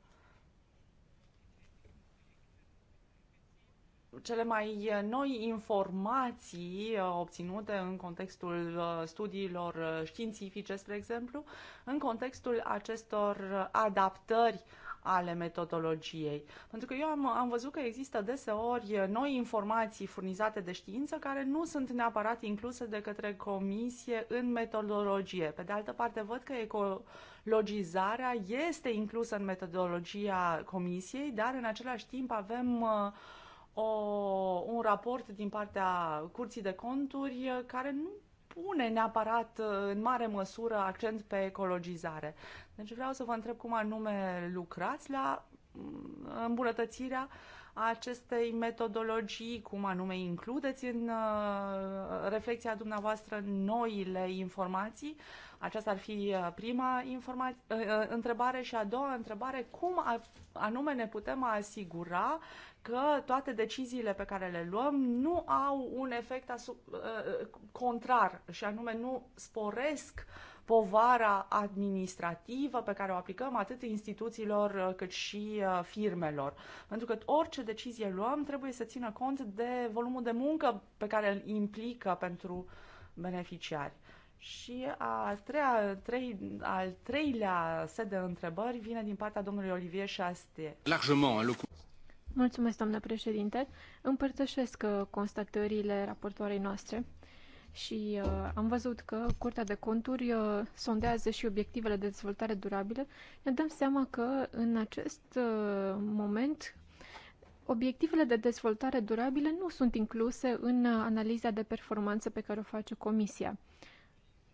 cele mai noi informații uh, obținute în contextul uh, studiilor uh, științifice, spre exemplu, în contextul acestor adaptări ale metodologiei. Pentru că eu am, am văzut că există deseori noi informații furnizate de știință care nu sunt neapărat incluse de către comisie în metodologie. Pe de altă parte, văd că ecologizarea este inclusă în metodologia comisiei, dar în același timp avem uh, o, un raport din partea Curții de Conturi uh, care nu pune neapărat uh, în mare măsură accent pe ecologizare. Deci vreau să vă întreb cum anume lucrați la mm, îmbunătățirea acestei metodologii, cum anume includeți în uh, reflexia dumneavoastră noile informații. Aceasta ar fi uh, prima întrebare și a doua întrebare, cum anume ne putem asigura că toate deciziile pe care le luăm nu au un efect asupra, uh, contrar și anume nu sporesc povara administrativă pe care o aplicăm atât instituțiilor uh, cât și uh, firmelor. Pentru că orice decizie luăm trebuie să țină cont de volumul de muncă pe care îl implică pentru beneficiari. Și a treia, trei, al treilea set de întrebări vine din partea domnului Olivier Șaste. Largement, Mulțumesc, doamnă președinte. Împărtășesc uh, constatările raportoarei noastre și uh, am văzut că Curtea de Conturi uh, sondează și obiectivele de dezvoltare durabilă. Ne dăm seama că în acest uh, moment obiectivele de dezvoltare durabilă nu sunt incluse în uh, analiza de performanță pe care o face Comisia.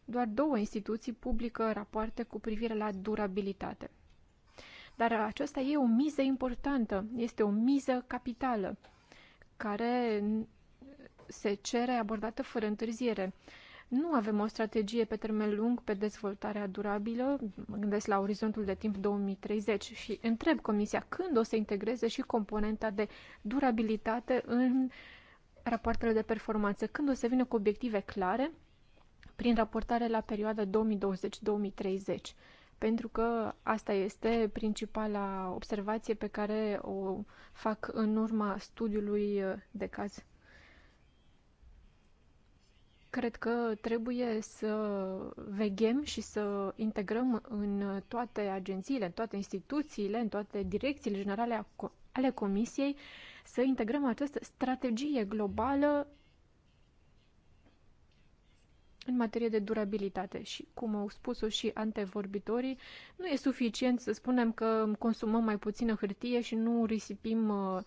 Doar două instituții publică rapoarte cu privire la durabilitate. Dar aceasta e o miză importantă, este o miză capitală care se cere abordată fără întârziere. Nu avem o strategie pe termen lung pe dezvoltarea durabilă, mă gândesc la orizontul de timp 2030 și întreb Comisia când o să integreze și componenta de durabilitate în rapoartele de performanță, când o să vină cu obiective clare prin raportare la perioada 2020-2030 pentru că asta este principala observație pe care o fac în urma studiului de caz. Cred că trebuie să veghem și să integrăm în toate agențiile, în toate instituțiile, în toate direcțiile generale ale Comisiei, să integrăm această strategie globală în materie de durabilitate și, cum au spus-o și antevorbitorii, nu e suficient să spunem că consumăm mai puțină hârtie și nu risipim uh,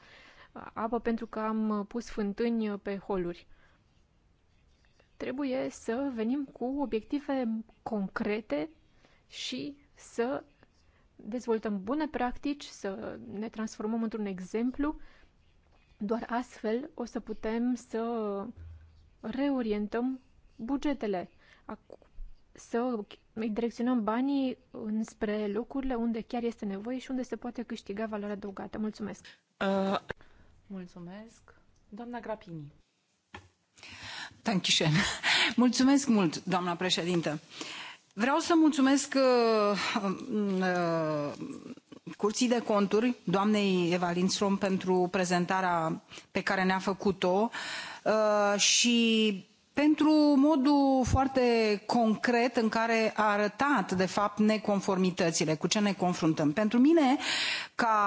apă pentru că am uh, pus fântâni pe holuri. Trebuie să venim cu obiective concrete și să dezvoltăm bune practici, să ne transformăm într-un exemplu. Doar astfel o să putem să reorientăm bugetele, să îi direcționăm banii înspre locurile unde chiar este nevoie și unde se poate câștiga valoare adăugată. Mulțumesc! Uh. Mulțumesc! Doamna Grapini. Tanchișen. Mulțumesc mult, doamna președintă. Vreau să mulțumesc uh, uh, Curții de Conturi, doamnei Eva Lindstrom, pentru prezentarea pe care ne-a făcut-o uh, și pentru modul foarte concret în care a arătat, de fapt, neconformitățile, cu ce ne confruntăm. Pentru mine, ca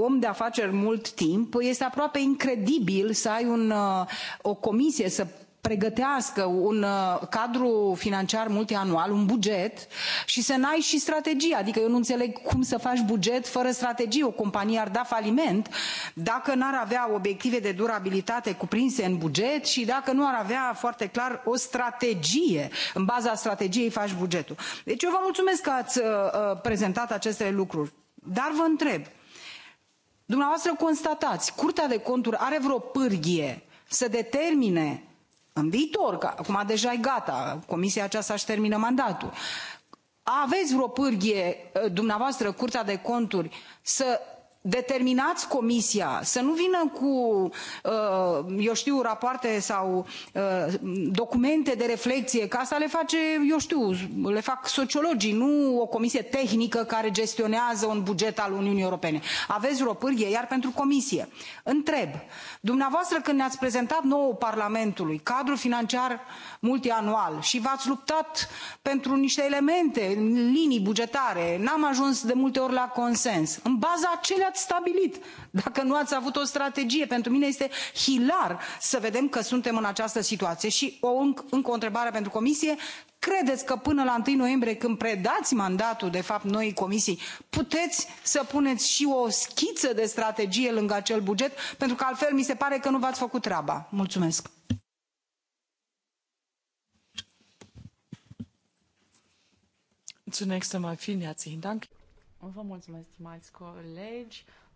om de afaceri mult timp, este aproape incredibil să ai un, uh, o comisie să pregătească un uh, cadru financiar multianual, un buget și să n-ai și strategie. Adică eu nu înțeleg cum să faci buget fără strategie. O companie ar da faliment dacă n-ar avea obiective de durabilitate cuprinse în buget și dacă nu ar avea foarte clar o strategie. În baza strategiei faci bugetul. Deci eu vă mulțumesc că ați uh, uh, prezentat aceste lucruri. Dar vă întreb, dumneavoastră constatați, Curtea de Conturi are vreo pârghie să determine în viitor, că acum deja e gata, comisia aceasta își termină mandatul, aveți vreo pârghie ă, dumneavoastră, Curtea de Conturi, să determinați comisia să nu vină cu, ă, eu știu, rapoarte sau ă, documente de reflexie, că asta le face, eu știu, le fac sociologii, nu o comisie tehnică care gestionează un buget al Uniunii Europene. Aveți vreo pârghie, iar pentru comisie. Întreb, dumneavoastră când ne ați prezentat nouă parlamentului cadrul financiar multianual și v ați luptat pentru niște elemente linii bugetare n am ajuns de multe ori la consens în baza a ce le ați stabilit? dacă nu ați avut o strategie. Pentru mine este hilar să vedem că suntem în această situație. Și o, încă o întrebare pentru Comisie. Credeți că până la 1 noiembrie, când predați mandatul, de fapt, noii comisii, puteți să puneți și o schiță de strategie lângă acel buget? Pentru că altfel mi se pare că nu v-ați făcut treaba. Mulțumesc. Zunächst einmal vielen herzlichen Dank. Vă mulțumesc,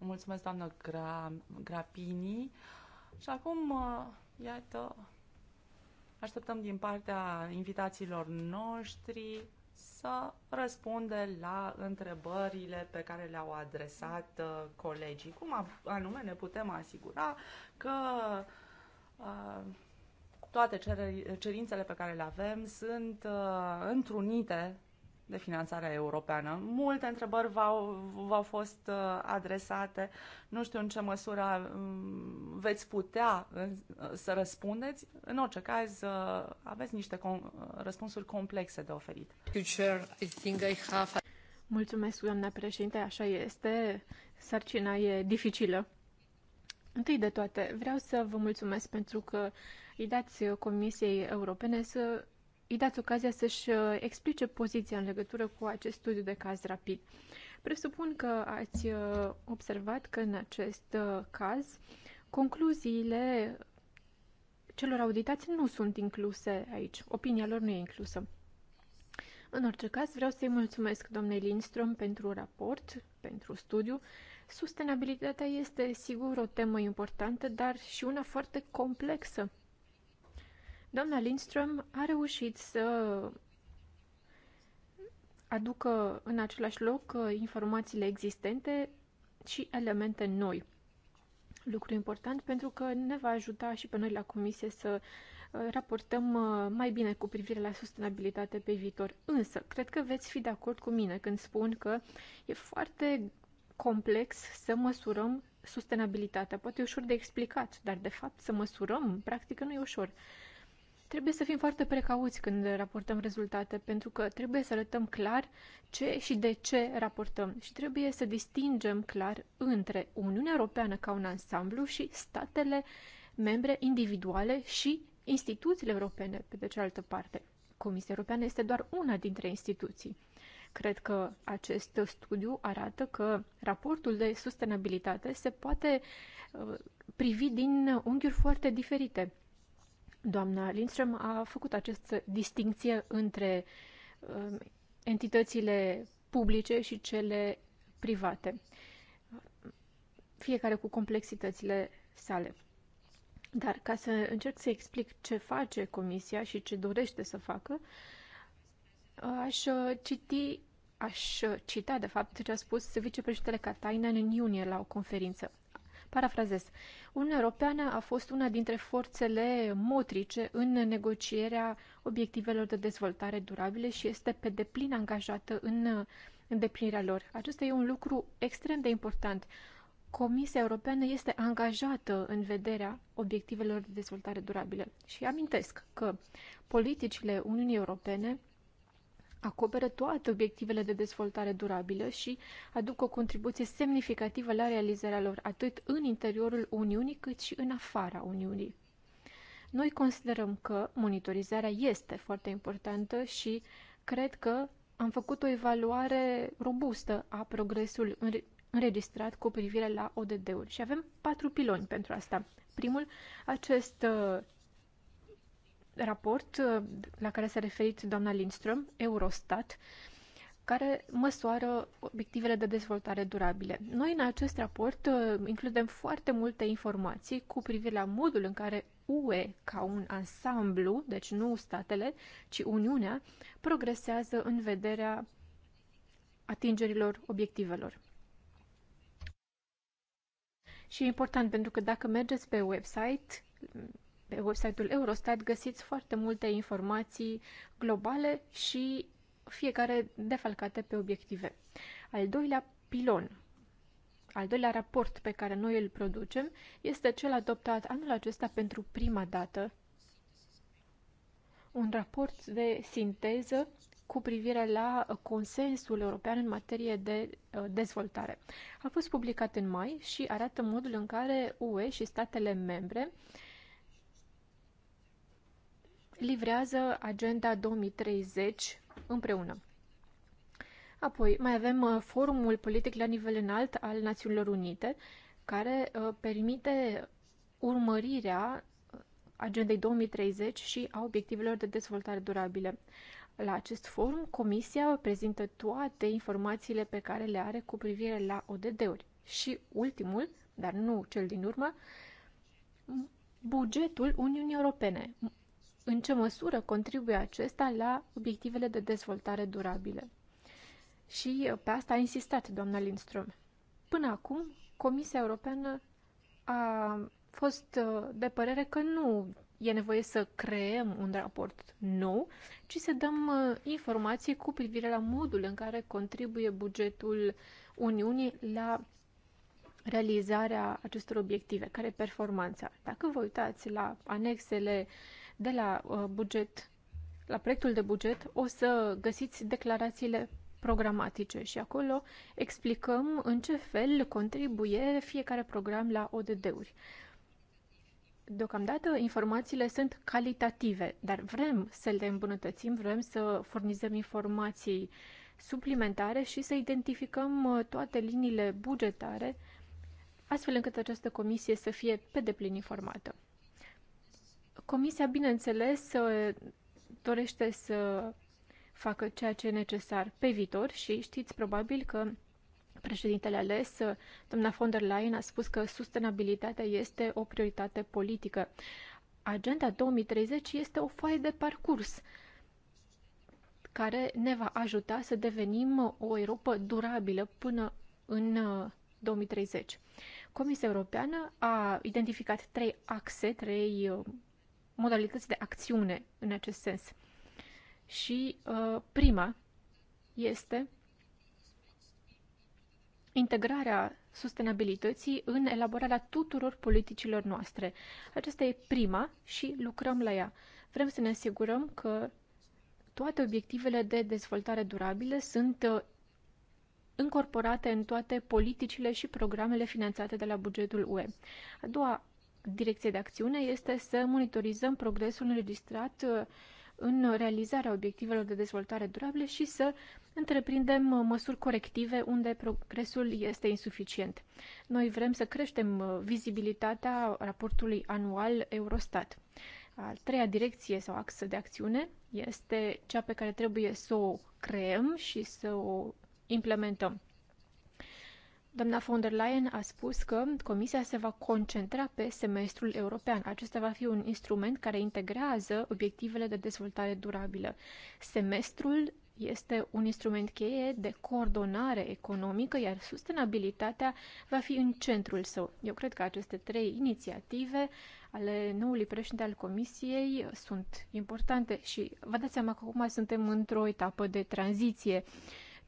Mulțumesc, doamnă Gra- Grapini. Și acum, uh, iată, așteptăm din partea invitațiilor noștri să răspunde la întrebările pe care le-au adresat uh, colegii. Cum anume ne putem asigura că uh, toate cerințele pe care le avem sunt întrunite de finanțare europeană. Multe întrebări v-au fost uh, adresate. Nu știu în ce măsură mm, veți putea uh, să răspundeți. În orice caz, uh, aveți niște com răspunsuri complexe de oferit. Mulțumesc, doamna președinte, așa este. Sarcina e dificilă. Întâi de toate, vreau să vă mulțumesc pentru că îi dați Comisiei Europene să îi dați ocazia să-și uh, explice poziția în legătură cu acest studiu de caz rapid. Presupun că ați uh, observat că în acest uh, caz concluziile celor auditați nu sunt incluse aici. Opinia lor nu e inclusă. În orice caz, vreau să-i mulțumesc doamnei Lindström pentru raport, pentru studiu. Sustenabilitatea este sigur o temă importantă, dar și una foarte complexă. Doamna Lindström a reușit să aducă în același loc uh, informațiile existente și elemente noi. Lucru important pentru că ne va ajuta și pe noi la comisie să uh, raportăm uh, mai bine cu privire la sustenabilitate pe viitor. Însă, cred că veți fi de acord cu mine când spun că e foarte complex să măsurăm sustenabilitatea. Poate e ușor de explicat, dar de fapt să măsurăm, practic, nu e ușor. Trebuie să fim foarte precauți când raportăm rezultate, pentru că trebuie să arătăm clar ce și de ce raportăm și trebuie să distingem clar între Uniunea Europeană ca un ansamblu și statele membre individuale și instituțiile europene, pe de cealaltă parte. Comisia Europeană este doar una dintre instituții. Cred că acest studiu arată că raportul de sustenabilitate se poate uh, privi din unghiuri foarte diferite. Doamna Lindström a făcut această distinție între uh, entitățile publice și cele private, fiecare cu complexitățile sale. Dar ca să încerc să explic ce face Comisia și ce dorește să facă, aș citi, aș cita, de fapt, ce a spus vicepreședintele Katainen în iunie la o conferință. Parafrazez. Uniunea Europeană a fost una dintre forțele motrice în negocierea obiectivelor de dezvoltare durabile și este pe deplin angajată în îndeplinirea lor. Acesta e un lucru extrem de important. Comisia Europeană este angajată în vederea obiectivelor de dezvoltare durabile. Și amintesc că politicile Uniunii Europene acoperă toate obiectivele de dezvoltare durabilă și aduc o contribuție semnificativă la realizarea lor, atât în interiorul Uniunii, cât și în afara Uniunii. Noi considerăm că monitorizarea este foarte importantă și cred că am făcut o evaluare robustă a progresului înregistrat cu privire la ODD-uri și avem patru piloni pentru asta. Primul, acest uh, raport uh, la care s-a referit doamna Lindström, Eurostat, care măsoară obiectivele de dezvoltare durabile. Noi în acest raport uh, includem foarte multe informații cu privire la modul în care UE ca un ansamblu, deci nu statele, ci Uniunea, progresează în vederea atingerilor obiectivelor. Și e important pentru că dacă mergeți pe website, pe website-ul Eurostat găsiți foarte multe informații globale și fiecare defalcate pe obiective. Al doilea pilon, al doilea raport pe care noi îl producem, este cel adoptat anul acesta pentru prima dată. Un raport de sinteză cu privire la consensul european în materie de uh, dezvoltare. A fost publicat în mai și arată modul în care UE și statele membre uh, livrează Agenda 2030 împreună. Apoi, mai avem uh, Forumul Politic la nivel înalt al Națiunilor Unite, care uh, permite urmărirea uh, Agendei 2030 și a obiectivelor de dezvoltare durabile. La acest forum, Comisia prezintă toate informațiile pe care le are cu privire la ODD-uri. Și ultimul, dar nu cel din urmă, bugetul Uniunii Europene, în ce măsură contribuie acesta la obiectivele de dezvoltare durabile. Și uh, pe asta a insistat doamna Lindström. Până acum, Comisia Europeană a fost uh, de părere că nu e nevoie să creăm un raport nou, ci să dăm uh, informații cu privire la modul în care contribuie bugetul Uniunii la realizarea acestor obiective, care e performanța. Dacă vă uitați la anexele uh, de la uh, buget, la proiectul de buget, o să găsiți declarațiile programatice și acolo explicăm în ce fel contribuie fiecare program la ODD-uri. Deocamdată informațiile sunt calitative, dar vrem să le îmbunătățim, vrem să furnizăm informații suplimentare și să identificăm uh, toate liniile bugetare, astfel încât această comisie să fie pe deplin informată. Comisia, bineînțeles, dorește să facă ceea ce e necesar pe viitor și știți probabil că președintele ales, doamna von der Leyen, a spus că sustenabilitatea este o prioritate politică. Agenda 2030 este o foaie de parcurs care ne va ajuta să devenim o Europa durabilă până în 2030. Uh, Comisia Europeană a identificat trei axe, trei uh, modalități de acțiune în acest sens. Și uh, prima este integrarea sustenabilității în elaborarea tuturor politicilor noastre. Aceasta e prima și lucrăm la ea. Vrem să ne asigurăm că toate obiectivele de dezvoltare durabile sunt încorporate uh, în toate politicile și programele finanțate de la bugetul UE. A doua direcție de acțiune este să monitorizăm progresul înregistrat uh, în realizarea obiectivelor de dezvoltare durabile și să întreprindem uh, măsuri corective unde progresul este insuficient. Noi vrem să creștem uh, vizibilitatea raportului anual Eurostat. A treia direcție sau axă de acțiune este cea pe care trebuie să o creăm și să o implementăm. Doamna von der Leyen a spus că Comisia se va concentra pe semestrul european. Acesta va fi un instrument care integrează obiectivele de dezvoltare durabilă. Semestrul este un instrument cheie de coordonare economică, iar sustenabilitatea va fi în centrul său. Eu cred că aceste trei inițiative ale noului președinte al Comisiei sunt importante și vă dați seama că acum suntem într-o etapă de tranziție.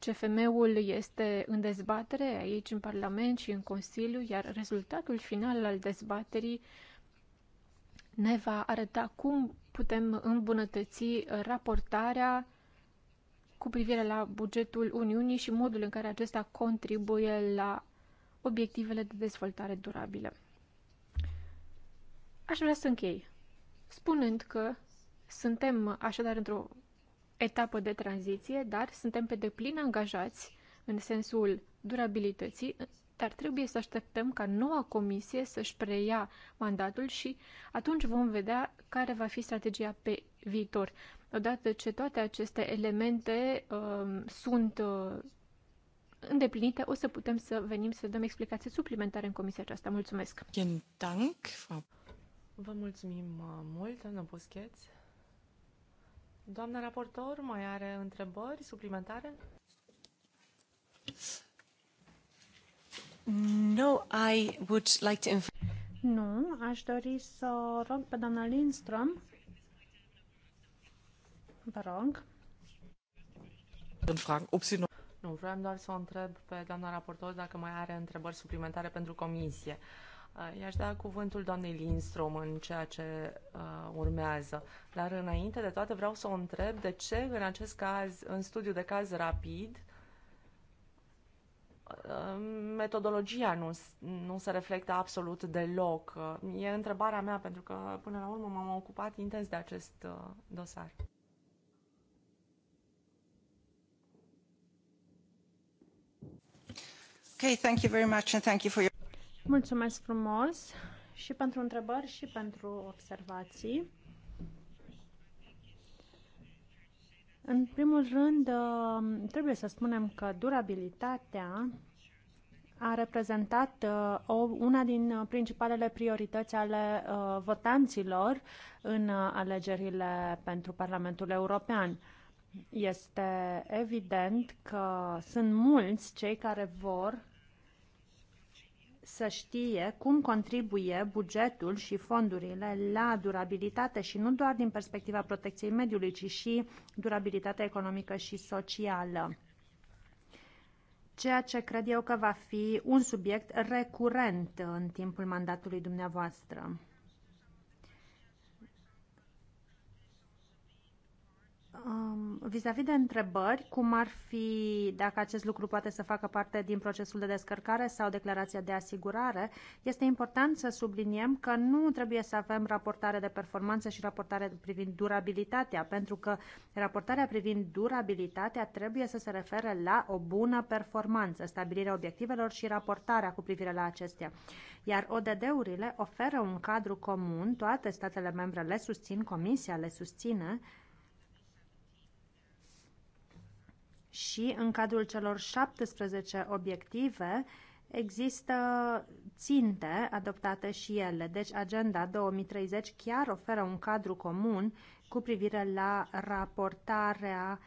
CFM-ul este în dezbatere aici în Parlament și în Consiliu, iar rezultatul final al dezbaterii ne va arăta cum putem îmbunătăți raportarea cu privire la bugetul Uniunii și modul în care acesta contribuie la obiectivele de dezvoltare durabilă. Aș vrea să închei spunând că suntem așadar într-o etapă de tranziție, dar suntem pe deplin angajați în sensul durabilității, dar trebuie să așteptăm ca noua comisie să-și preia mandatul și atunci vom vedea care va fi strategia pe viitor. Odată ce toate aceste elemente uh, sunt uh, îndeplinite, o să putem să venim să dăm explicații suplimentare în comisia aceasta. Mulțumesc! Vă mulțumim uh, mult, doamna Boscheți! Doamna raportor, mai are întrebări suplimentare? No, I would like to nu, aș dori să rog pe doamna Lindström. Vă rog. Nu, vreau doar să o întreb pe doamna raportor dacă mai are întrebări suplimentare pentru comisie. Uh, Uh, i-aș da cuvântul doamnei Lindstrom în ceea ce uh, urmează. Dar înainte de toate vreau să o întreb de ce în acest caz, în studiu de caz rapid, uh, metodologia nu, nu se reflectă absolut deloc. Uh, e întrebarea mea, pentru că până la urmă m-am ocupat intens de acest dosar. Okay, thank you very much and thank you for your Mulțumesc frumos și pentru întrebări și pentru observații. În primul rând, um, trebuie să spunem că durabilitatea a reprezentat uh, una din principalele priorități ale uh, votanților în alegerile pentru Parlamentul European. Este evident că sunt mulți cei care vor să știe cum contribuie bugetul și fondurile la durabilitate și nu doar din perspectiva protecției mediului, ci și durabilitatea economică și socială. Ceea ce cred eu că va fi un subiect recurent în timpul mandatului dumneavoastră. Vis-a-vis -vis de întrebări, cum ar fi dacă acest lucru poate să facă parte din procesul de descărcare sau declarația de asigurare, este important să subliniem că nu trebuie să avem raportare de performanță și raportare privind durabilitatea, pentru că raportarea privind durabilitatea trebuie să se refere la o bună performanță, stabilirea obiectivelor și raportarea cu privire la acestea. Iar ODD-urile oferă un cadru comun, toate statele membre le susțin, Comisia le susține, și în cadrul celor 17 obiective există ținte adoptate și ele. Deci Agenda 2030 chiar oferă un cadru comun cu privire la raportarea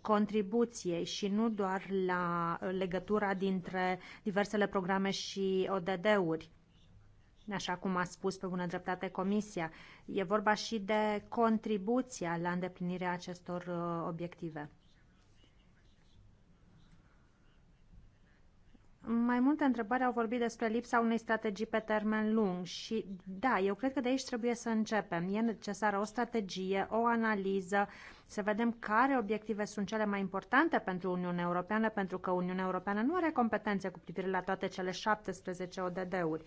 contribuției și nu doar la legătura dintre diversele programe și ODD-uri așa cum a spus pe bună dreptate Comisia. E vorba și de contribuția la îndeplinirea acestor uh, obiective. Mai multe întrebări au vorbit despre lipsa unei strategii pe termen lung și da, eu cred că de aici trebuie să începem. E necesară o strategie, o analiză, să vedem care obiective sunt cele mai importante pentru Uniunea Europeană, pentru că Uniunea Europeană nu are competențe cu privire la toate cele 17 ODD-uri.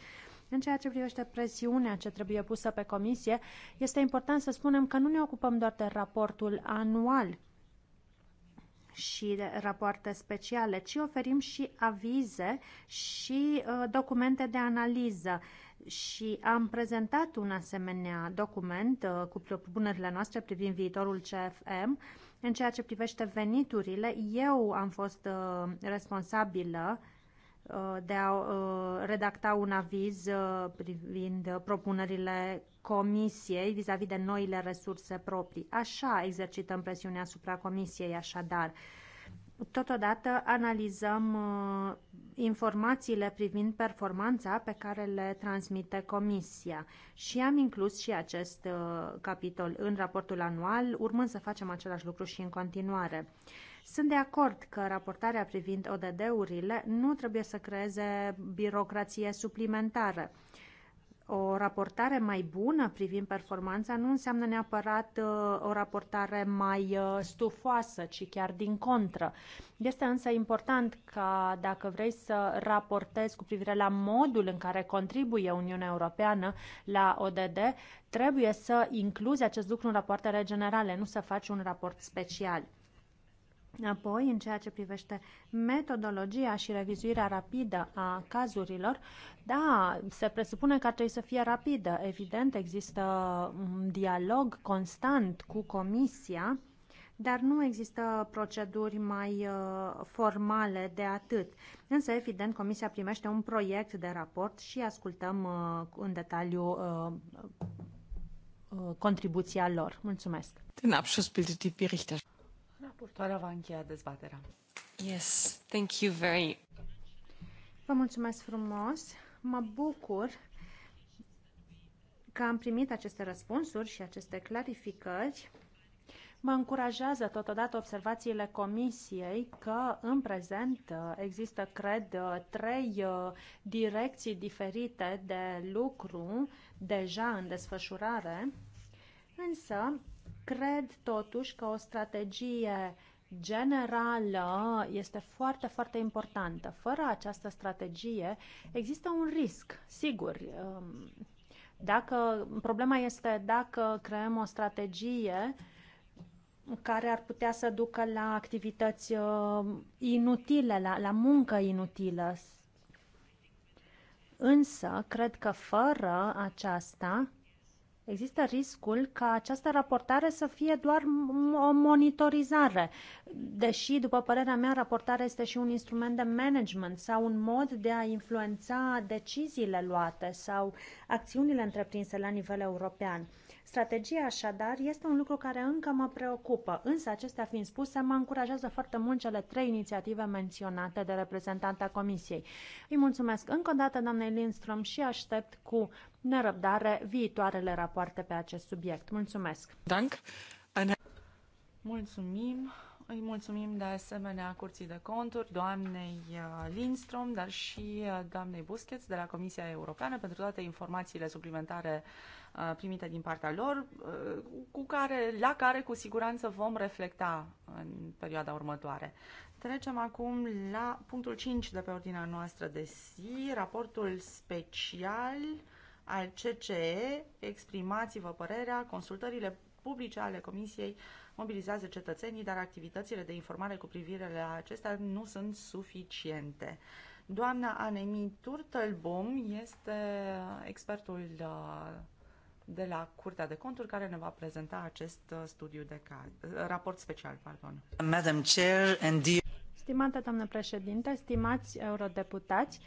În ceea ce privește presiunea ce trebuie pusă pe comisie, este important să spunem că nu ne ocupăm doar de raportul anual și rapoarte speciale, ci oferim și avize și uh, documente de analiză. Și am prezentat un asemenea document uh, cu propunerile noastre privind viitorul CFM. În ceea ce privește veniturile, eu am fost uh, responsabilă Uh, de a uh, redacta un aviz uh, privind propunerile Comisiei vis-a-vis -vis de noile resurse proprii. Așa exercităm presiunea asupra Comisiei, așadar. Totodată analizăm informațiile privind performanța pe care le transmite Comisia și am inclus și acest capitol în raportul anual, urmând să facem același lucru și în continuare. Sunt de acord că raportarea privind ODD-urile nu trebuie să creeze birocrație suplimentară. O raportare mai bună privind performanța nu înseamnă neapărat uh, o raportare mai uh, stufoasă, ci chiar din contră. Este însă important ca dacă vrei să raportezi cu privire la modul în care contribuie Uniunea Europeană la ODD, trebuie să incluzi acest lucru în rapoartele generale, nu să faci un raport special. Apoi, în ceea ce privește metodologia și revizuirea rapidă a cazurilor, da, se presupune că ar trebui să fie rapidă. Evident, există un dialog constant cu Comisia, dar nu există proceduri mai uh, formale de atât. Însă, evident, Comisia primește un proiect de raport și ascultăm uh, în detaliu uh, contribuția lor. Mulțumesc! bildet die Berichterstattung. Raportoarea va încheia dezbaterea. Yes, thank you very Vă mulțumesc frumos. Mă bucur că am primit aceste răspunsuri și aceste clarificări. Mă încurajează totodată observațiile comisiei că în prezent există, cred, trei uh, direcții diferite de lucru deja în desfășurare, însă Cred totuși că o strategie generală este foarte, foarte importantă. Fără această strategie există un risc, sigur. Um, dacă, problema este dacă creăm o strategie care ar putea să ducă la activități uh, inutile, la, la muncă inutilă. Însă, cred că fără aceasta, Există riscul ca această raportare să fie doar o monitorizare, deși, după părerea mea, raportarea este și un instrument de management sau un mod de a influența deciziile luate sau acțiunile întreprinse la nivel european. Strategia așadar este un lucru care încă mă preocupă, însă acestea fiind spuse, mă încurajează foarte mult cele trei inițiative menționate de reprezentanta Comisiei. Îi mulțumesc încă o dată doamnei Lindström și aștept cu nerăbdare viitoarele rapoarte pe acest subiect. Mulțumesc! Dank. Mulțumim! Îi mulțumim de asemenea Curții de Conturi, doamnei uh, Lindström, dar și uh, doamnei Busquets de la Comisia Europeană pentru toate informațiile suplimentare uh, primite din partea lor, cu care, la care cu siguranță vom reflecta în perioada următoare. Trecem acum la punctul 5 de pe ordinea noastră de zi, raportul special al CCE, exprimați-vă părerea, consultările publice ale Comisiei mobilizează cetățenii, dar activitățile de informare cu privire la acestea nu sunt suficiente. Doamna Anemi Turtelbom este expertul uh, de la Curtea de Conturi care ne va prezenta acest uh, studiu de caz, uh, raport special. Pardon. Madam Chair and dear... Stimată doamnă președinte, stimați eurodeputați,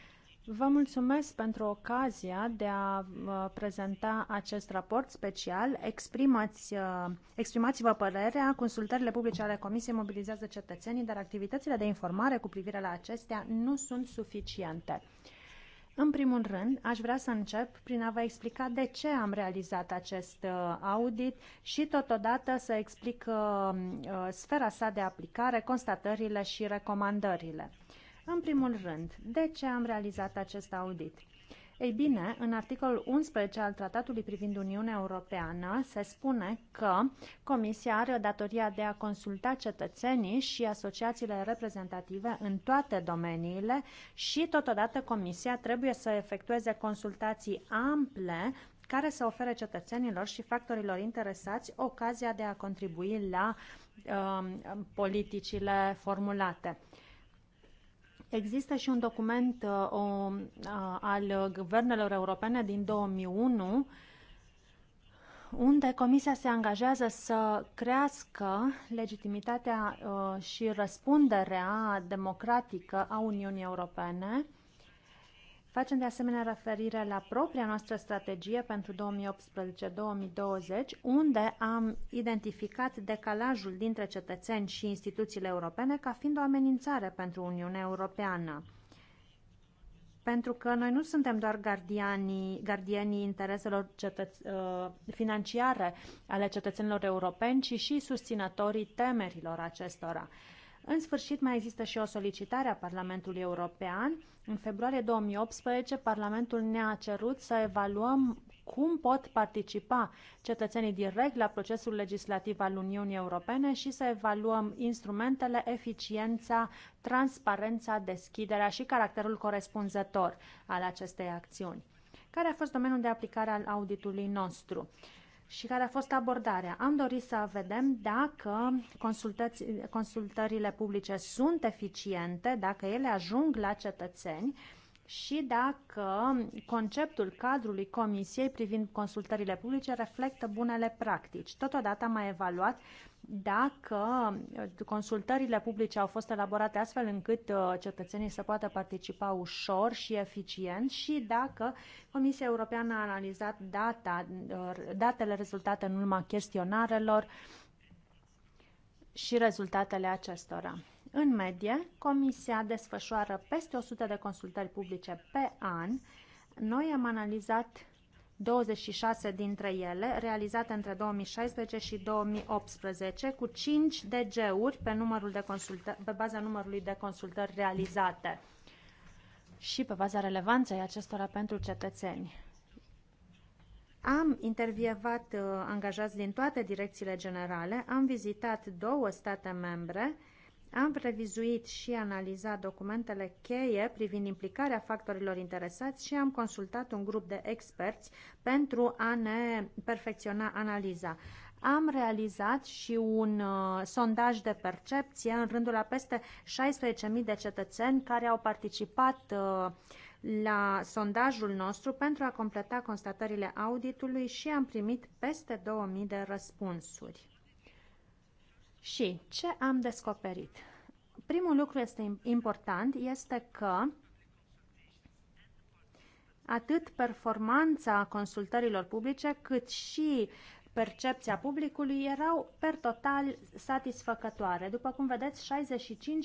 Vă mulțumesc pentru ocazia de a uh, prezenta acest raport special. Exprimați, exprimați-vă părerea. Consultările publice ale Comisiei mobilizează cetățenii, dar activitățile de informare cu privire la acestea nu sunt suficiente. În primul rând, aș vrea să încep prin a vă explica de ce am realizat acest uh, audit și totodată să explic uh, uh, sfera sa de aplicare, constatările și recomandările. În primul rând, de ce am realizat acest audit? Ei bine, în articolul 11 al Tratatului privind Uniunea Europeană se spune că Comisia are datoria de a consulta cetățenii și asociațiile reprezentative în toate domeniile și totodată Comisia trebuie să efectueze consultații ample care să ofere cetățenilor și factorilor interesați ocazia de a contribui la uh, politicile formulate. Există și un document uh, o, uh, al guvernelor europene din 2001 unde Comisia se angajează să crească legitimitatea uh, și răspunderea democratică a Uniunii Europene Facem de asemenea referire la propria noastră strategie pentru 2018-2020, unde am identificat decalajul dintre cetățeni și instituțiile europene ca fiind o amenințare pentru Uniunea Europeană. Pentru că noi nu suntem doar gardianii, gardienii intereselor cetăț- uh, financiare ale cetățenilor europeni, ci și susținătorii temerilor acestora. În sfârșit, mai există și o solicitare a Parlamentului European. În februarie 2018, Parlamentul ne-a cerut să evaluăm cum pot participa cetățenii direct la procesul legislativ al Uniunii Europene și să evaluăm instrumentele, eficiența, transparența, deschiderea și caracterul corespunzător al acestei acțiuni. Care a fost domeniul de aplicare al auditului nostru? Uh, și care a fost abordarea. Am dorit să vedem dacă consultările publice sunt eficiente, dacă ele ajung la cetățeni și dacă conceptul cadrului Comisiei privind consultările publice reflectă bunele practici. Totodată am mai evaluat dacă consultările publice au fost elaborate astfel încât uh, cetățenii să poată participa ușor și eficient și dacă Comisia Europeană a analizat data, uh, datele rezultate în urma chestionarelor și rezultatele acestora. În medie, Comisia desfășoară peste 100 de consultări publice pe an. Noi am analizat 26 dintre ele, realizate între 2016 și 2018, cu 5 DG-uri pe, numărul de consultă- pe baza numărului de consultări realizate și pe baza relevanței acestora pentru cetățeni. Am intervievat uh, angajați din toate direcțiile generale, am vizitat două state membre, am revizuit și analizat documentele cheie privind implicarea factorilor interesați și am consultat un grup de experți pentru a ne perfecționa analiza. Am realizat și un uh, sondaj de percepție în rândul a peste 16.000 de cetățeni care au participat uh, la sondajul nostru pentru a completa constatările auditului și am primit peste 2000 de răspunsuri. Și ce am descoperit? Primul lucru este important este că atât performanța consultărilor publice, cât și percepția publicului erau per total satisfăcătoare. După cum vedeți,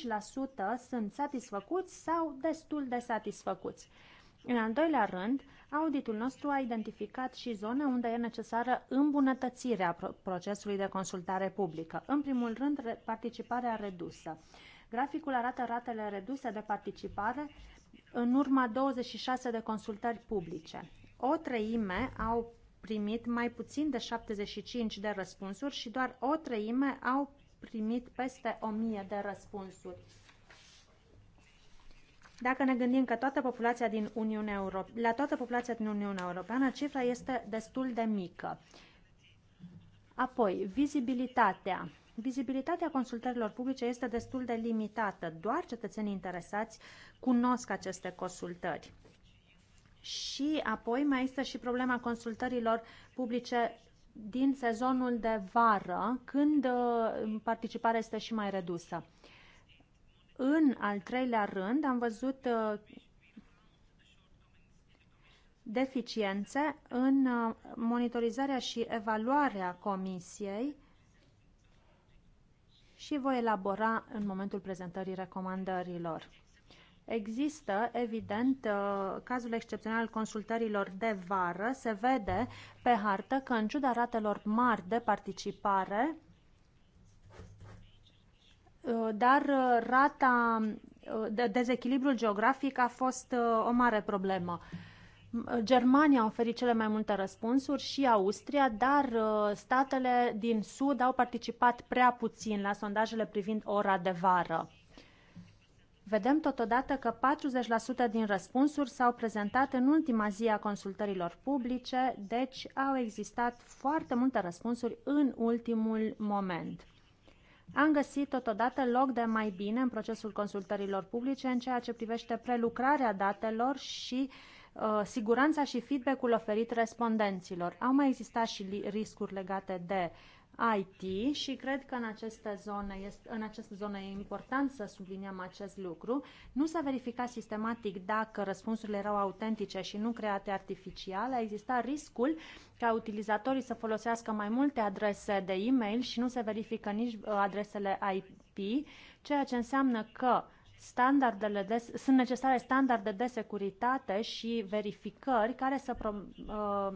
65% sunt satisfăcuți sau destul de satisfăcuți. În al doilea rând, Auditul nostru a identificat și zone unde e necesară îmbunătățirea procesului de consultare publică. În primul rând, participarea redusă. Graficul arată ratele reduse de participare în urma 26 de consultări publice. O treime au primit mai puțin de 75 de răspunsuri și doar o treime au primit peste 1000 de răspunsuri. Dacă ne gândim că toată populația din Uniunea Europeană, la toată populația din Uniunea Europeană, cifra este destul de mică. Apoi, vizibilitatea. Vizibilitatea consultărilor publice este destul de limitată. Doar cetățenii interesați cunosc aceste consultări. Și apoi mai este și problema consultărilor publice din sezonul de vară, când uh, participarea este și mai redusă. În al treilea rând, am văzut uh, deficiențe în uh, monitorizarea și evaluarea comisiei și voi elabora în momentul prezentării recomandărilor. Există, evident, uh, cazul excepțional al consultărilor de vară. Se vede pe hartă că, în ciuda ratelor mari de participare, Uh, dar uh, rata, uh, dezechilibrul geografic a fost o mare problemă. Germania a oferit cele mai multe răspunsuri și Austria, dar statele din Sud au participat prea puțin la sondajele privind ora de vară. Vedem totodată că 40% din răspunsuri s-au prezentat în ultima zi a consultărilor publice, deci au existat foarte multe răspunsuri în ultimul moment. Am găsit totodată loc de mai bine în procesul consultărilor publice în ceea ce privește prelucrarea datelor și uh, siguranța și feedback-ul oferit respondenților. Au mai existat și riscuri legate de uh, IT și cred că în această zonă este, în această zonă e important să subliniem acest lucru. Nu s-a verificat sistematic dacă răspunsurile erau autentice și nu create artificial. A existat riscul ca utilizatorii să folosească mai multe adrese de e-mail și nu se verifică nici uh, adresele IP, ceea ce înseamnă că standardele de, sunt necesare standarde de securitate și verificări care să pro, uh,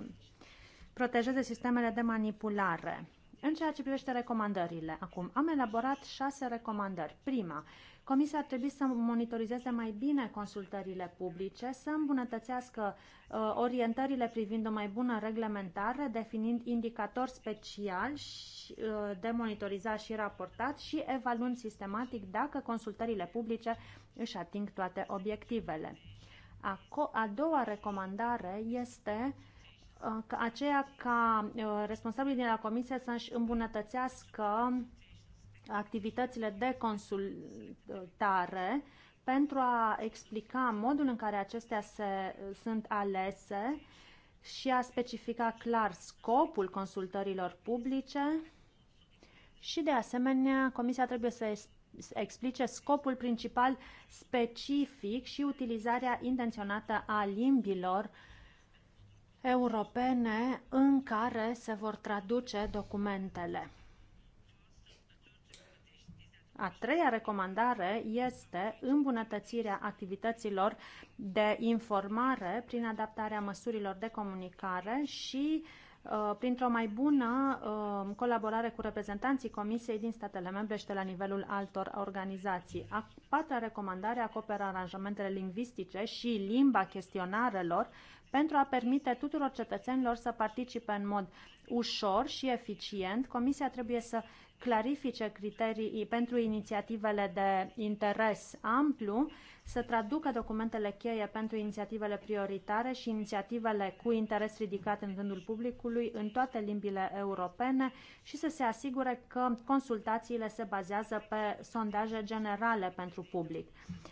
protejeze sistemele de manipulare. În ceea ce privește recomandările, acum am elaborat șase recomandări. Prima, Comisia ar trebui să monitorizeze mai bine consultările publice, să îmbunătățească uh, orientările privind o mai bună reglementare, definind indicatori speciali uh, de monitorizat și raportat și evaluând sistematic dacă consultările publice își ating toate obiectivele. A, a doua recomandare este uh, Uh, aceea ca uh, responsabilii din la Comisie să-și îmbunătățească activitățile de consultare pentru a explica modul în care acestea se, sunt alese și a specifica clar scopul consultărilor publice și, de asemenea, Comisia trebuie să explice scopul principal specific și utilizarea intenționată a limbilor uh, europene în care se vor traduce documentele. A treia recomandare este îmbunătățirea activităților de informare prin adaptarea măsurilor de comunicare și uh, Uh, printr-o mai bună uh, colaborare cu reprezentanții Comisiei din statele membre și de la nivelul altor organizații. A patra recomandare acoperă aranjamentele lingvistice și limba chestionarelor pentru a permite tuturor cetățenilor să participe în mod ușor și eficient. Comisia trebuie să clarifice criterii pentru inițiativele de interes amplu să traducă documentele cheie pentru inițiativele prioritare și inițiativele cu interes ridicat în rândul publicului în toate limbile europene și să se asigure că consultațiile se bazează pe sondaje generale pentru public.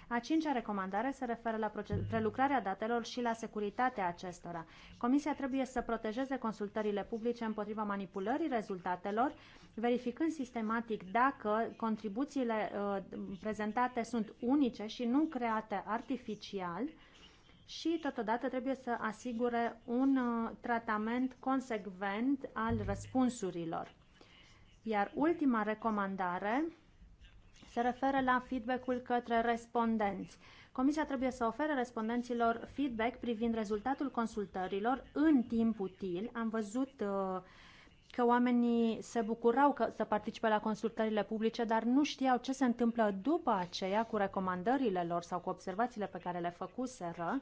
A cincea recomandare se referă la prelucrarea datelor și la securitatea acestora. Comisia trebuie să protejeze consultările publice împotriva manipulării rezultatelor, verificând sistematic dacă contribuțiile uh, prezentate sunt unice și nu create artificial și totodată trebuie să asigure un uh, tratament consecvent al răspunsurilor. Iar ultima recomandare se referă la feedback-ul către respondenți. Comisia trebuie să ofere respondenților feedback privind rezultatul consultărilor în timp util. Am văzut uh, că oamenii se bucurau că, să participe la consultările publice, dar nu știau ce se întâmplă după aceea cu recomandările lor sau cu observațiile pe care le făcuseră.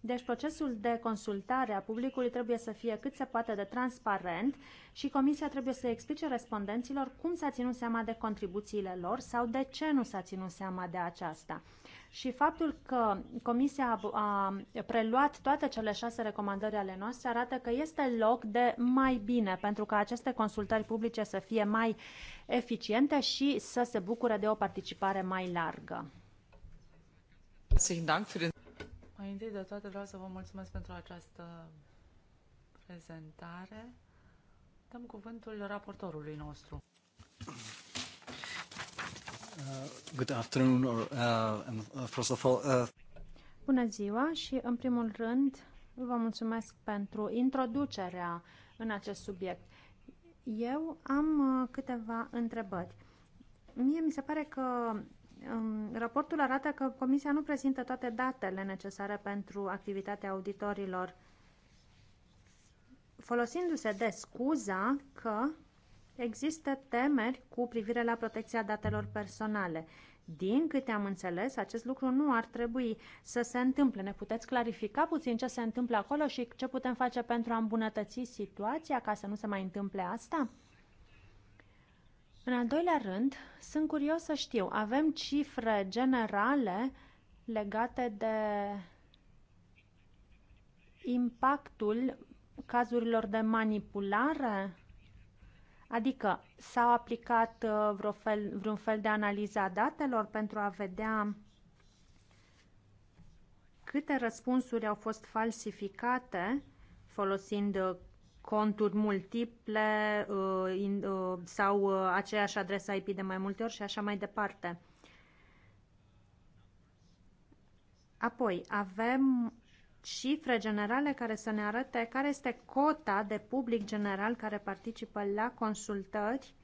Deci procesul de consultare a publicului trebuie să fie cât se poate de transparent și comisia trebuie să explice respondenților cum s-a ținut seama de contribuțiile lor sau de ce nu s-a ținut seama de aceasta. Și faptul că Comisia a preluat toate cele șase recomandări ale noastre arată că este loc de mai bine, pentru ca aceste consultări publice să fie mai eficiente și să se bucure de o participare mai largă. Mai întâi de toate vreau să vă mulțumesc pentru această prezentare. Dăm cuvântul raportorului nostru. Uh, good afternoon, or, uh, uh, first of all, uh... Bună ziua și, în primul rând, vă mulțumesc pentru introducerea în acest subiect. Eu am uh, câteva întrebări. Mie mi se pare că um, raportul arată că Comisia nu prezintă toate datele necesare pentru activitatea auditorilor, folosindu-se de scuza că Există temeri cu privire la protecția datelor personale. Din câte am înțeles, acest lucru nu ar trebui să se întâmple. Ne puteți clarifica puțin ce se întâmplă acolo și ce putem face pentru a îmbunătăți situația ca să nu se mai întâmple asta? În al doilea rând, sunt curios să știu, avem cifre generale legate de impactul cazurilor de manipulare? Adică s-au aplicat uh, vreo fel, vreun fel de analiză a datelor pentru a vedea câte răspunsuri au fost falsificate folosind uh, conturi multiple uh, sau aceeași adresă IP de mai multe ori și așa mai departe. Apoi avem cifre generale care să ne arate care este cota de public general care participă la consultări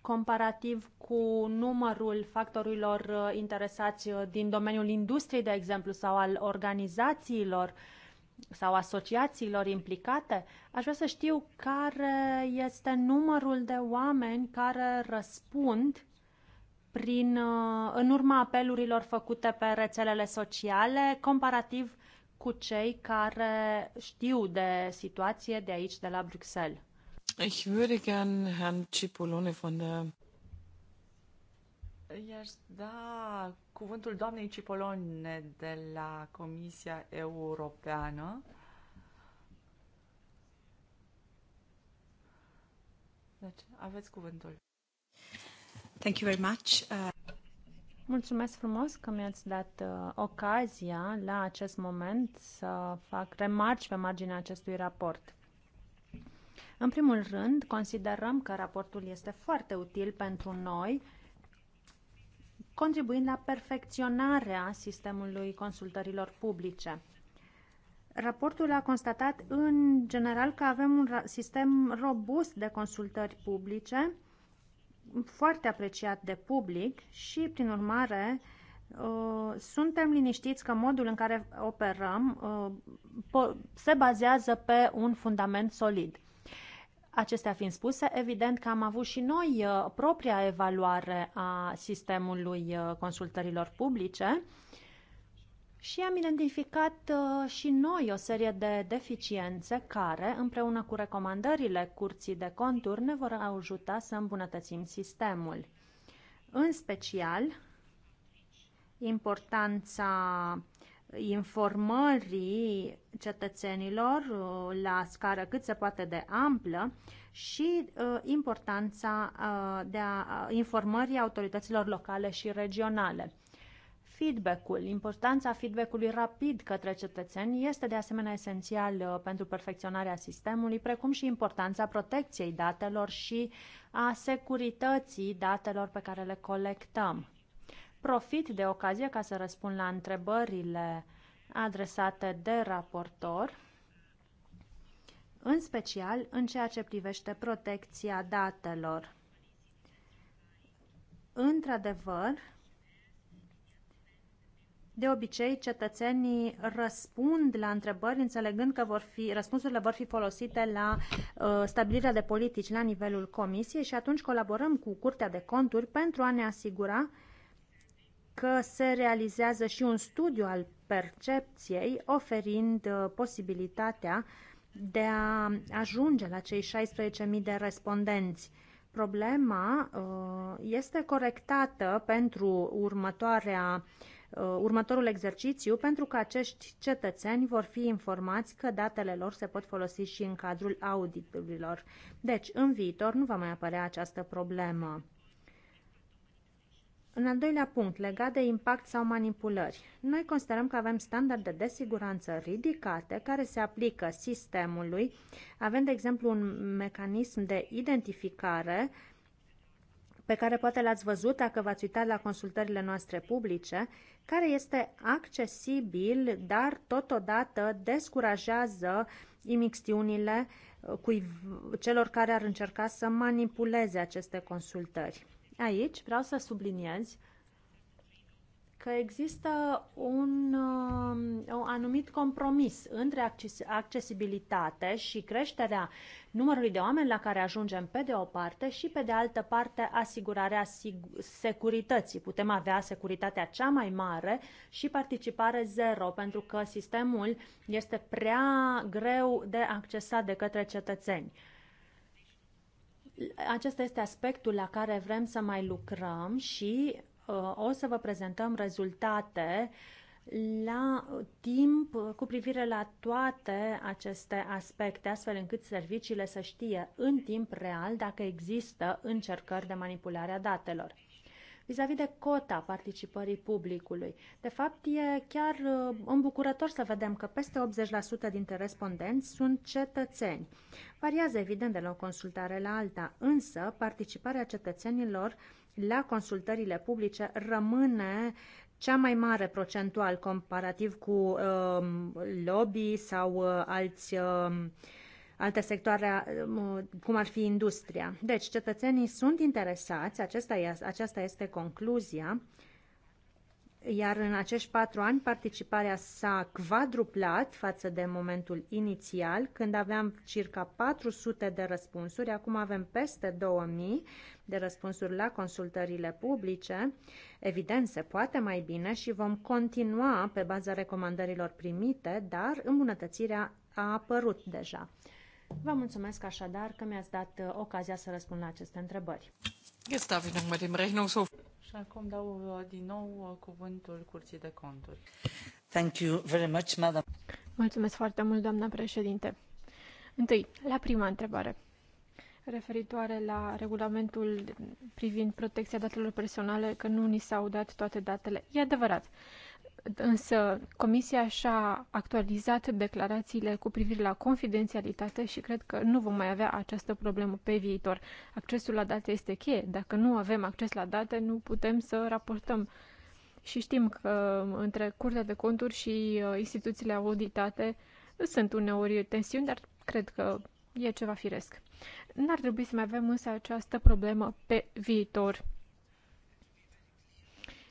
comparativ cu numărul factorilor uh, interesați uh, din domeniul industriei, de exemplu, sau al organizațiilor uh, sau asociațiilor implicate, aș vrea să știu care este numărul de oameni care răspund prin, uh, în urma apelurilor făcute pe rețelele sociale, comparativ cu cei care știu de situație de aici, de la Bruxelles. Ich würde gern Herrn Cipollone von der I-aș da cuvântul doamnei Cipolone de la Comisia Europeană. Deci, aveți cuvântul. Thank you very much. Uh... Mulțumesc frumos că mi-ați dat uh, ocazia la acest moment să fac remarci pe marginea acestui raport. În primul rând, considerăm că raportul este foarte util pentru noi contribuind la perfecționarea sistemului consultărilor publice. Raportul a constatat în general că avem un sistem robust de consultări publice, foarte apreciat de public și, prin urmare, ă, suntem liniștiți că modul în care operăm ă, se bazează pe un fundament solid. Acestea fiind spuse, evident că am avut și noi uh, propria evaluare a sistemului uh, consultărilor publice și am identificat uh, și noi o serie de deficiențe care, împreună cu recomandările Curții de Conturi, ne vor ajuta să îmbunătățim sistemul. În special, importanța informării cetățenilor uh, la scară cât se poate de amplă și uh, importanța uh, de a informării autorităților locale și regionale. Feedback-ul, importanța feedback-ului rapid către cetățeni este de asemenea esențial pentru perfecționarea sistemului, precum și importanța protecției datelor și a securității datelor pe care le colectăm. Profit de ocazie ca să răspund la întrebările adresate de raportor, în special în ceea ce privește protecția datelor. Într-adevăr, de obicei, cetățenii răspund la întrebări înțelegând că vor fi, răspunsurile vor fi folosite la uh, stabilirea de politici la nivelul comisiei și atunci colaborăm cu Curtea de Conturi pentru a ne asigura că se realizează și un studiu al percepției, oferind uh, posibilitatea de a ajunge la cei 16.000 de respondenți. Problema uh, este corectată pentru următoarea uh, următorul exercițiu pentru că acești cetățeni vor fi informați că datele lor se pot folosi și în cadrul auditurilor. Deci, în viitor nu va mai apărea această problemă. În al doilea punct, legat de impact sau manipulări, noi considerăm că avem standarde de siguranță ridicate care se aplică sistemului. Avem, de exemplu, un mecanism de identificare pe care poate l-ați văzut dacă v-ați uitat la consultările noastre publice, care este accesibil, dar totodată descurajează imixtiunile uh, celor care ar încerca să manipuleze aceste consultări. Aici vreau să subliniez că există un, uh, un anumit compromis între accesibilitate și creșterea numărului de oameni la care ajungem pe de o parte și pe de altă parte asigurarea securității. Putem avea securitatea cea mai mare și participare zero pentru că sistemul este prea greu de accesat de către cetățeni acesta este aspectul la care vrem să mai lucrăm și uh, o să vă prezentăm rezultate la timp cu privire la toate aceste aspecte, astfel încât serviciile să știe în timp real dacă există încercări de manipulare a datelor vis-a-vis -vis de cota participării publicului. De fapt, e chiar uh, îmbucurător să vedem că peste 80% dintre respondenți sunt cetățeni. Variază evident de la o consultare la alta, însă participarea cetățenilor la consultările publice rămâne cea mai mare procentual comparativ cu uh, lobby sau uh, alți uh, alte sectoare, uh, cum ar fi industria. Deci, cetățenii sunt interesați, acesta este, aceasta este concluzia, iar în acești patru ani participarea s-a quadruplat față de momentul inițial, când aveam circa 400 de răspunsuri, acum avem peste 2000 de răspunsuri la consultările publice. Evident, se poate mai bine și vom continua pe baza recomandărilor primite, dar îmbunătățirea a apărut deja. Vă mulțumesc așadar că mi-ați dat uh, ocazia să răspund la aceste întrebări. Și acum dau uh, din nou uh, cuvântul Curții de Conturi. Thank you very much, madam. Mulțumesc foarte mult, doamna președinte. Întâi, la prima întrebare, referitoare la regulamentul privind protecția datelor personale, că nu ni s-au dat toate datele. E adevărat. Însă Comisia și-a actualizat declarațiile cu privire la confidențialitate și cred că nu vom mai avea această problemă pe viitor. Accesul la date este cheie. Dacă nu avem acces la date, nu putem să raportăm. Și știm că între Curtea de Conturi și uh, instituțiile auditate sunt uneori tensiuni, dar cred că e ceva firesc. N-ar trebui să mai avem însă această problemă pe viitor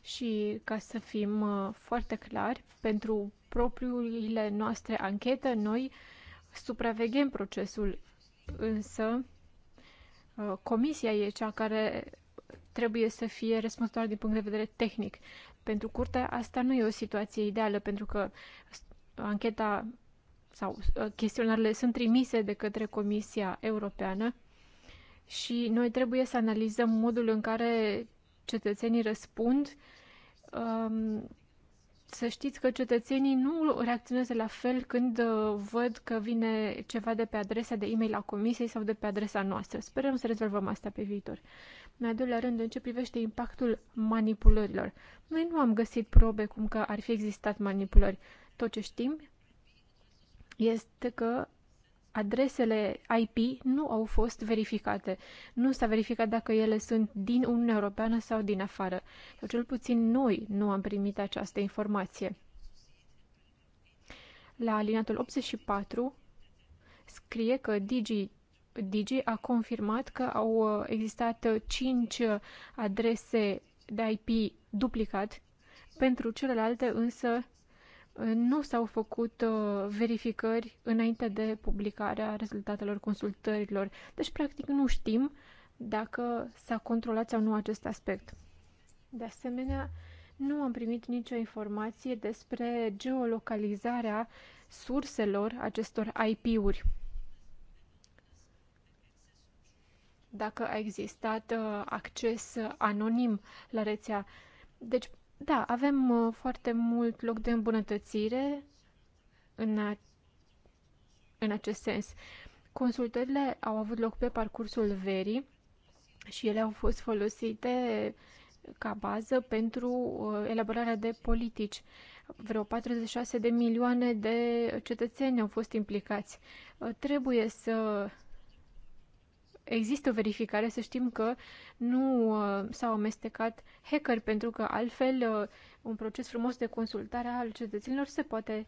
și ca să fim uh, foarte clari, pentru propriile noastre anchete, noi supraveghem procesul, însă uh, comisia e cea care trebuie să fie responsabilă din punct de vedere tehnic. Pentru curtea asta nu e o situație ideală, pentru că ancheta sau uh, chestionarele sunt trimise de către Comisia Europeană și noi trebuie să analizăm modul în care cetățenii răspund, um, să știți că cetățenii nu reacționează la fel când uh, văd că vine ceva de pe adresa de e-mail a comisiei sau de pe adresa noastră. Sperăm să rezolvăm asta pe viitor. În al doilea rând, în ce privește impactul manipulărilor. Noi nu am găsit probe cum că ar fi existat manipulări. Tot ce știm este că adresele IP nu au fost verificate. Nu s-a verificat dacă ele sunt din Uniunea Europeană sau din afară. Sau cel puțin noi nu am primit această informație. La alinatul 84 scrie că Digi, Digi a confirmat că au uh, existat 5 uh, adrese de IP duplicat, pentru celelalte însă nu s-au făcut uh, verificări înainte de publicarea rezultatelor consultărilor. Deci, practic, nu știm dacă s-a controlat sau nu acest aspect. De asemenea, nu am primit nicio informație despre geolocalizarea surselor acestor IP-uri. Dacă a existat uh, acces anonim la rețea. Deci, da, avem uh, foarte mult loc de îmbunătățire în, a, în acest sens. Consultările au avut loc pe parcursul verii și ele au fost folosite ca bază pentru uh, elaborarea de politici. Vreo 46 de milioane de cetățeni au fost implicați. Uh, trebuie să există o verificare, să știm că nu uh, s-au amestecat hacker, pentru că altfel uh, un proces frumos de consultare al cetățenilor se poate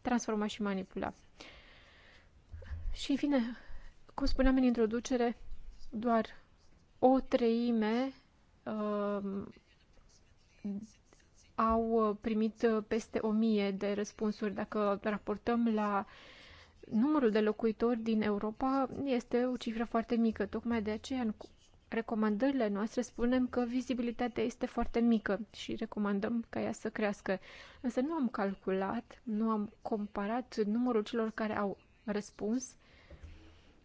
transforma și manipula. Și, în fine, cum spuneam în introducere, doar o treime uh, au uh, primit peste o mie de răspunsuri. Dacă raportăm la uh, numărul de locuitori din Europa este o cifră foarte mică. Tocmai de aceea, în recomandările noastre, spunem că vizibilitatea este foarte mică și recomandăm ca ea să crească. Însă nu am calculat, nu am comparat numărul celor care au răspuns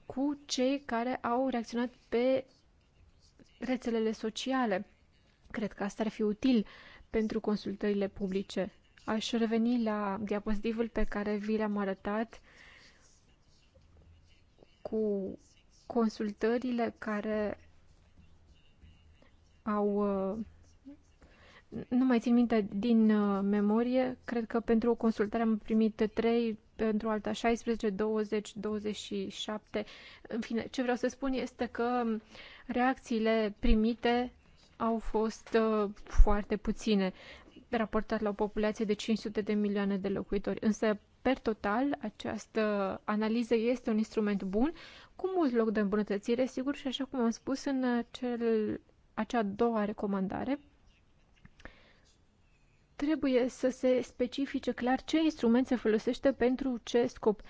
cu cei care au reacționat pe rețelele sociale. Cred că asta ar fi util pentru consultările publice. Aș reveni la diapozitivul pe care vi l-am arătat cu consultările care au. Nu mai țin minte din uh, memorie, cred că pentru o consultare am primit 3, pentru alta 16, 20, 27. În fine, ce vreau să spun este că reacțiile primite au fost uh, foarte puține raportat la o populație de 500 de milioane de locuitori. Însă per total, această analiză este un instrument bun, cu mult loc de îmbunătățire, sigur, și așa cum am spus în cel, acea doua recomandare, trebuie să se specifice clar ce instrument se folosește pentru ce scop.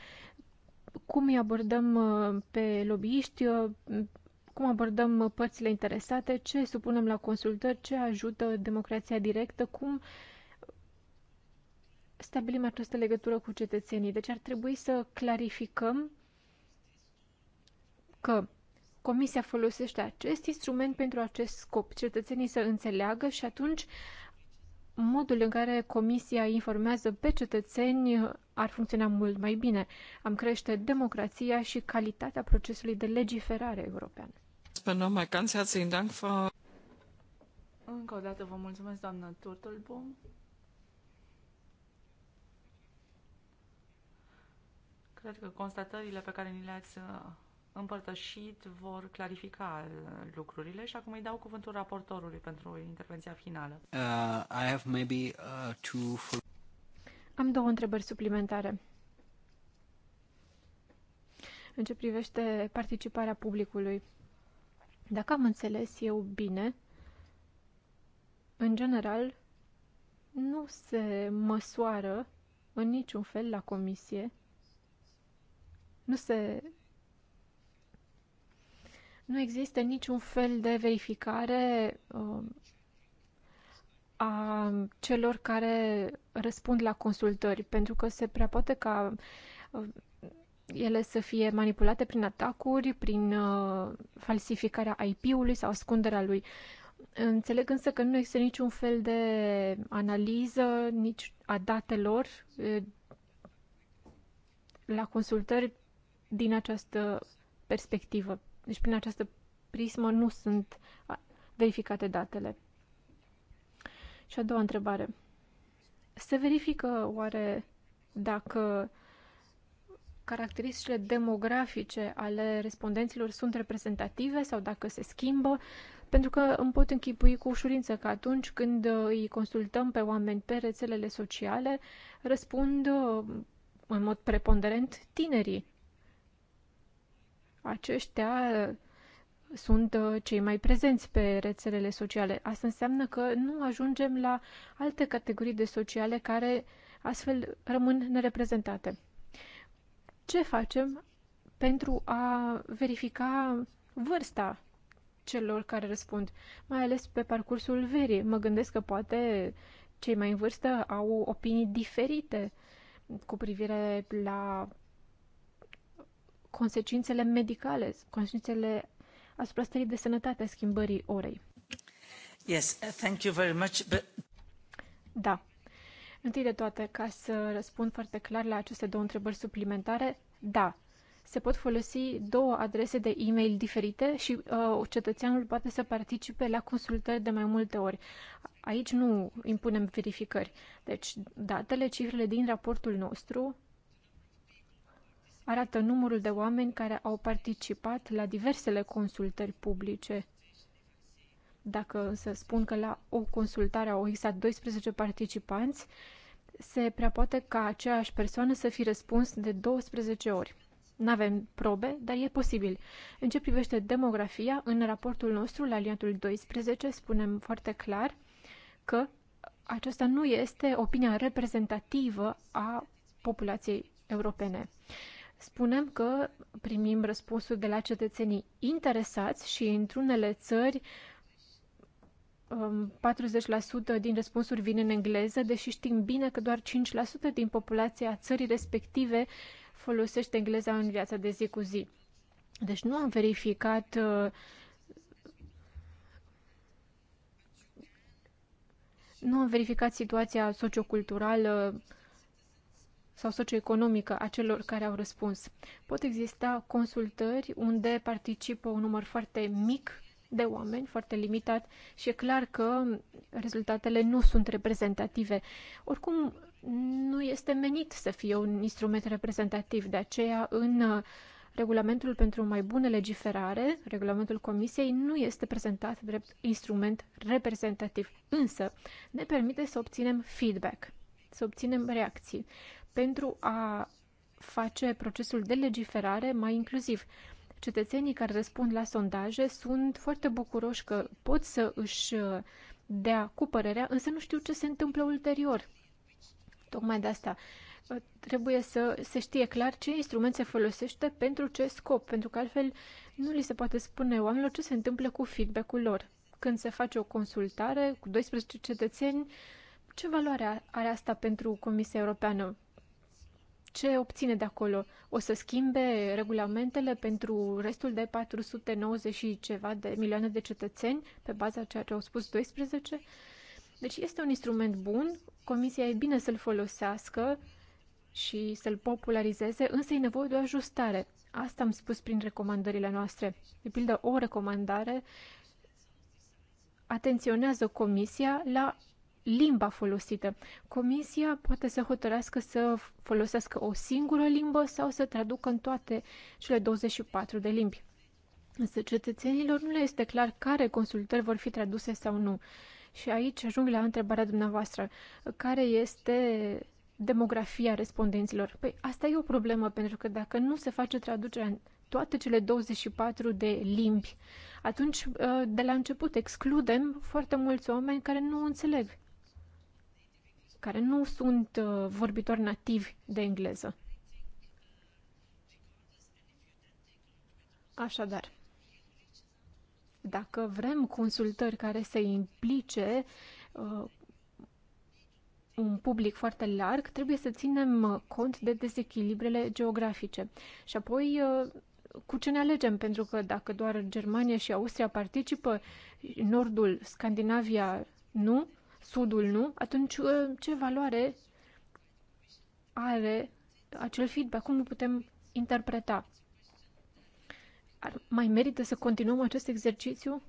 Cum îi abordăm uh, pe lobbyiști, uh, cum abordăm uh, părțile interesate, ce supunem la consultări, ce ajută democrația directă, cum uh, stabilim această legătură cu cetățenii. Deci ar trebui să clarificăm că Comisia folosește acest instrument pentru acest scop, cetățenii să înțeleagă și atunci modul în care Comisia informează pe cetățeni ar funcționa mult mai bine. Am crește democrația și calitatea procesului de legiferare european. Încă o dată vă mulțumesc, doamnă Turtelbaum. Cred că constatările pe care ni le-ați uh, împărtășit vor clarifica uh, lucrurile și acum îi dau cuvântul raportorului pentru intervenția finală. Uh, I have maybe, uh, two... Am două întrebări suplimentare. În ce privește participarea publicului, dacă am înțeles eu bine, în general, nu se măsoară în niciun fel la comisie nu se nu există niciun fel de verificare um, a celor care răspund la consultări, pentru că se prea poate ca um, ele să fie manipulate prin atacuri, prin uh, falsificarea IP-ului sau ascunderea lui. Înțeleg însă că nu există niciun fel de analiză nici a datelor uh, la consultări din această perspectivă. Deci, prin această prismă nu sunt verificate datele. Și a doua întrebare. Se verifică oare dacă caracteristicile demografice ale respondenților sunt reprezentative sau dacă se schimbă? Pentru că îmi pot închipui cu ușurință că atunci când îi consultăm pe oameni pe rețelele sociale, răspund uh, în mod preponderent tinerii aceștia uh, sunt uh, cei mai prezenți pe rețelele sociale. Asta înseamnă că nu ajungem la alte categorii de sociale care astfel rămân nereprezentate. Ce facem pentru a verifica vârsta celor care răspund, mai ales pe parcursul verii? Mă gândesc că poate cei mai în vârstă au opinii diferite cu privire la consecințele medicale, consecințele asupra stării de sănătate a schimbării orei. Yes, thank you very much, but... Da. Întâi de toate, ca să răspund foarte clar la aceste două întrebări suplimentare, da, se pot folosi două adrese de e-mail diferite și uh, cetățeanul poate să participe la consultări de mai multe ori. Aici nu impunem verificări. Deci, datele, cifrele din raportul nostru arată numărul de oameni care au participat la diversele consultări publice. Dacă să spun că la o consultare au existat 12 participanți, se prea poate ca aceeași persoană să fi răspuns de 12 ori. Nu avem probe, dar e posibil. În ce privește demografia, în raportul nostru, la aliatul 12, spunem foarte clar că aceasta nu este opinia reprezentativă a populației europene spunem că primim răspunsuri de la cetățenii interesați și într-unele țări 40% um, din răspunsuri vin în engleză, deși știm bine că doar 5% din populația țării respective folosește engleza în viața de zi cu zi. Deci nu am verificat uh, nu am verificat situația socioculturală sau socioeconomică a celor care au răspuns. Pot exista consultări unde participă un număr foarte mic de oameni, foarte limitat și e clar că rezultatele nu sunt reprezentative. Oricum, nu este menit să fie un instrument reprezentativ, de aceea în uh, regulamentul pentru o mai bună legiferare, regulamentul Comisiei, nu este prezentat drept instrument reprezentativ, însă ne permite să obținem feedback, să obținem reacții pentru a face procesul de legiferare mai inclusiv. Cetățenii care răspund la sondaje sunt foarte bucuroși că pot să își uh, dea cu părerea, însă nu știu ce se întâmplă ulterior. Tocmai de asta uh, trebuie să se știe clar ce instrument se folosește pentru ce scop, pentru că altfel nu li se poate spune oamenilor ce se întâmplă cu feedback-ul lor. Când se face o consultare cu 12 cetățeni, ce valoare are asta pentru Comisia Europeană? ce obține de acolo? O să schimbe regulamentele pentru restul de 490 și ceva de milioane de cetățeni pe baza ceea ce au spus 12? Deci este un instrument bun, comisia e bine să-l folosească și să-l popularizeze, însă e nevoie de o ajustare. Asta am spus prin recomandările noastre. De pildă, o recomandare atenționează comisia la limba folosită. Comisia poate să hotărească să folosească o singură limbă sau să traducă în toate cele 24 de limbi. Însă cetățenilor nu le este clar care consultări vor fi traduse sau nu. Și aici ajung la întrebarea dumneavoastră. Care este demografia respondenților? Păi asta e o problemă, pentru că dacă nu se face traducerea în toate cele 24 de limbi, atunci uh, de la început excludem foarte mulți oameni care nu înțeleg care nu sunt uh, vorbitori nativi de engleză. Așadar, dacă vrem consultări care să implice uh, un public foarte larg, trebuie să ținem uh, cont de dezechilibrele geografice. Și apoi, uh, cu ce ne alegem? Pentru că dacă doar Germania și Austria participă, Nordul, Scandinavia nu, sudul nu, atunci uh, ce valoare are acel feedback? Cum putem interpreta? Ar mai merită să continuăm acest exercițiu?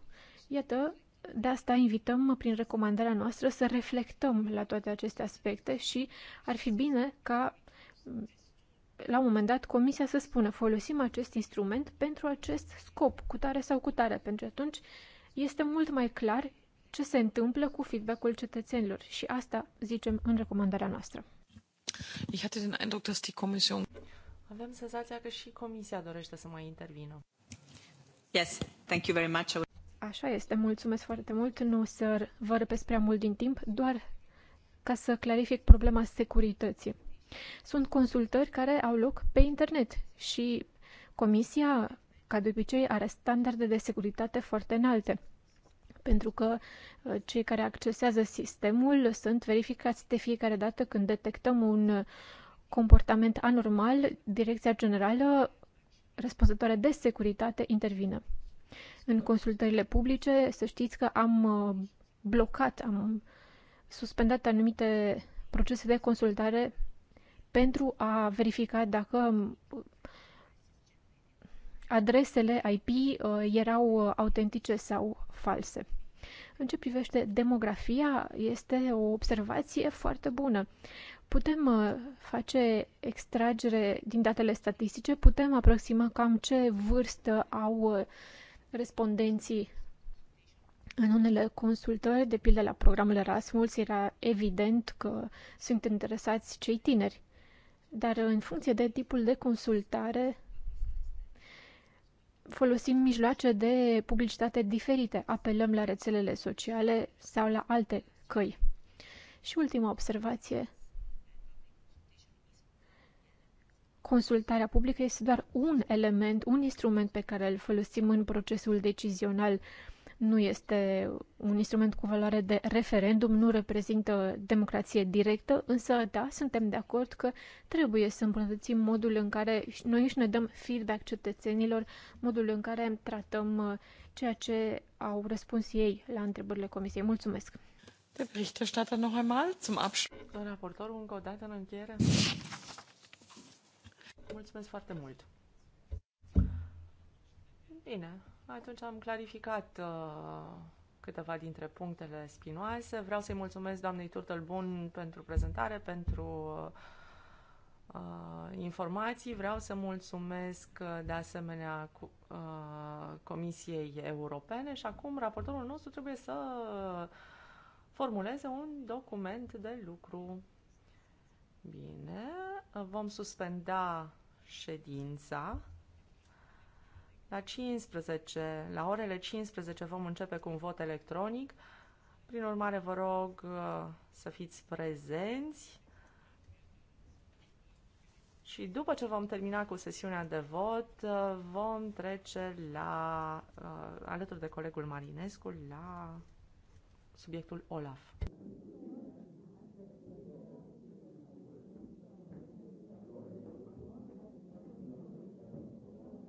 Iată, de asta invităm prin recomandarea noastră să reflectăm la toate aceste aspecte și ar fi bine ca la un moment dat comisia să spună folosim acest instrument pentru acest scop, cu tare sau cu tare, pentru atunci este mult mai clar ce se întâmplă cu feedback-ul cetățenilor și asta zicem în recomandarea noastră. Ich hatte den Eindruck, dass die Kommission Avem senzația că și comisia dorește să mai intervină. Yes, thank you very much. Așa este, mulțumesc foarte mult. Nu o să vă răpesc prea mult din timp, doar ca să clarific problema securității. Sunt consultări care au loc pe internet și comisia, ca de obicei, are standarde de securitate foarte înalte pentru că uh, cei care accesează sistemul sunt verificați de fiecare dată când detectăm un uh, comportament anormal, Direcția Generală răspunzătoare de securitate intervine. În consultările publice, să știți că am uh, blocat, am suspendat anumite procese de consultare pentru a verifica dacă adresele IP uh, erau uh, autentice sau false. În ce privește demografia, este o observație foarte bună. Putem uh, face extragere din datele statistice, putem aproxima cam ce vârstă au respondenții în unele consultări, de pildă la programul Erasmus, era evident că sunt interesați cei tineri. Dar în funcție de tipul de consultare, folosim mijloace de publicitate diferite, apelăm la rețelele sociale sau la alte căi. Și ultima observație. Consultarea publică este doar un element, un instrument pe care îl folosim în procesul decizional uh, nu este un instrument cu valoare de referendum, nu reprezintă democrație directă, însă da, suntem de acord că trebuie să îmbunătățim modul în care noi își ne dăm feedback cetățenilor, modul în care tratăm uh, ceea ce au răspuns ei la întrebările comisiei. Mulțumesc! Der Berichterstatter noch einmal zum Abschluss. Raportorul încă un godat în încheiere. Mulțumesc foarte mult! Bine, atunci am clarificat uh, câteva dintre punctele spinoase. Vreau să-i mulțumesc doamnei Turtelbun pentru prezentare, pentru uh, informații. Vreau să mulțumesc uh, de asemenea cu, uh, Comisiei Europene și acum raportorul nostru trebuie să formuleze un document de lucru. Bine, vom suspenda ședința. La 15, la orele 15 vom începe cu un vot electronic. Prin urmare, vă rog uh, să fiți prezenți. Și după ce vom termina cu sesiunea de vot, uh, vom trece la, uh, alături de colegul Marinescu la subiectul OLAF.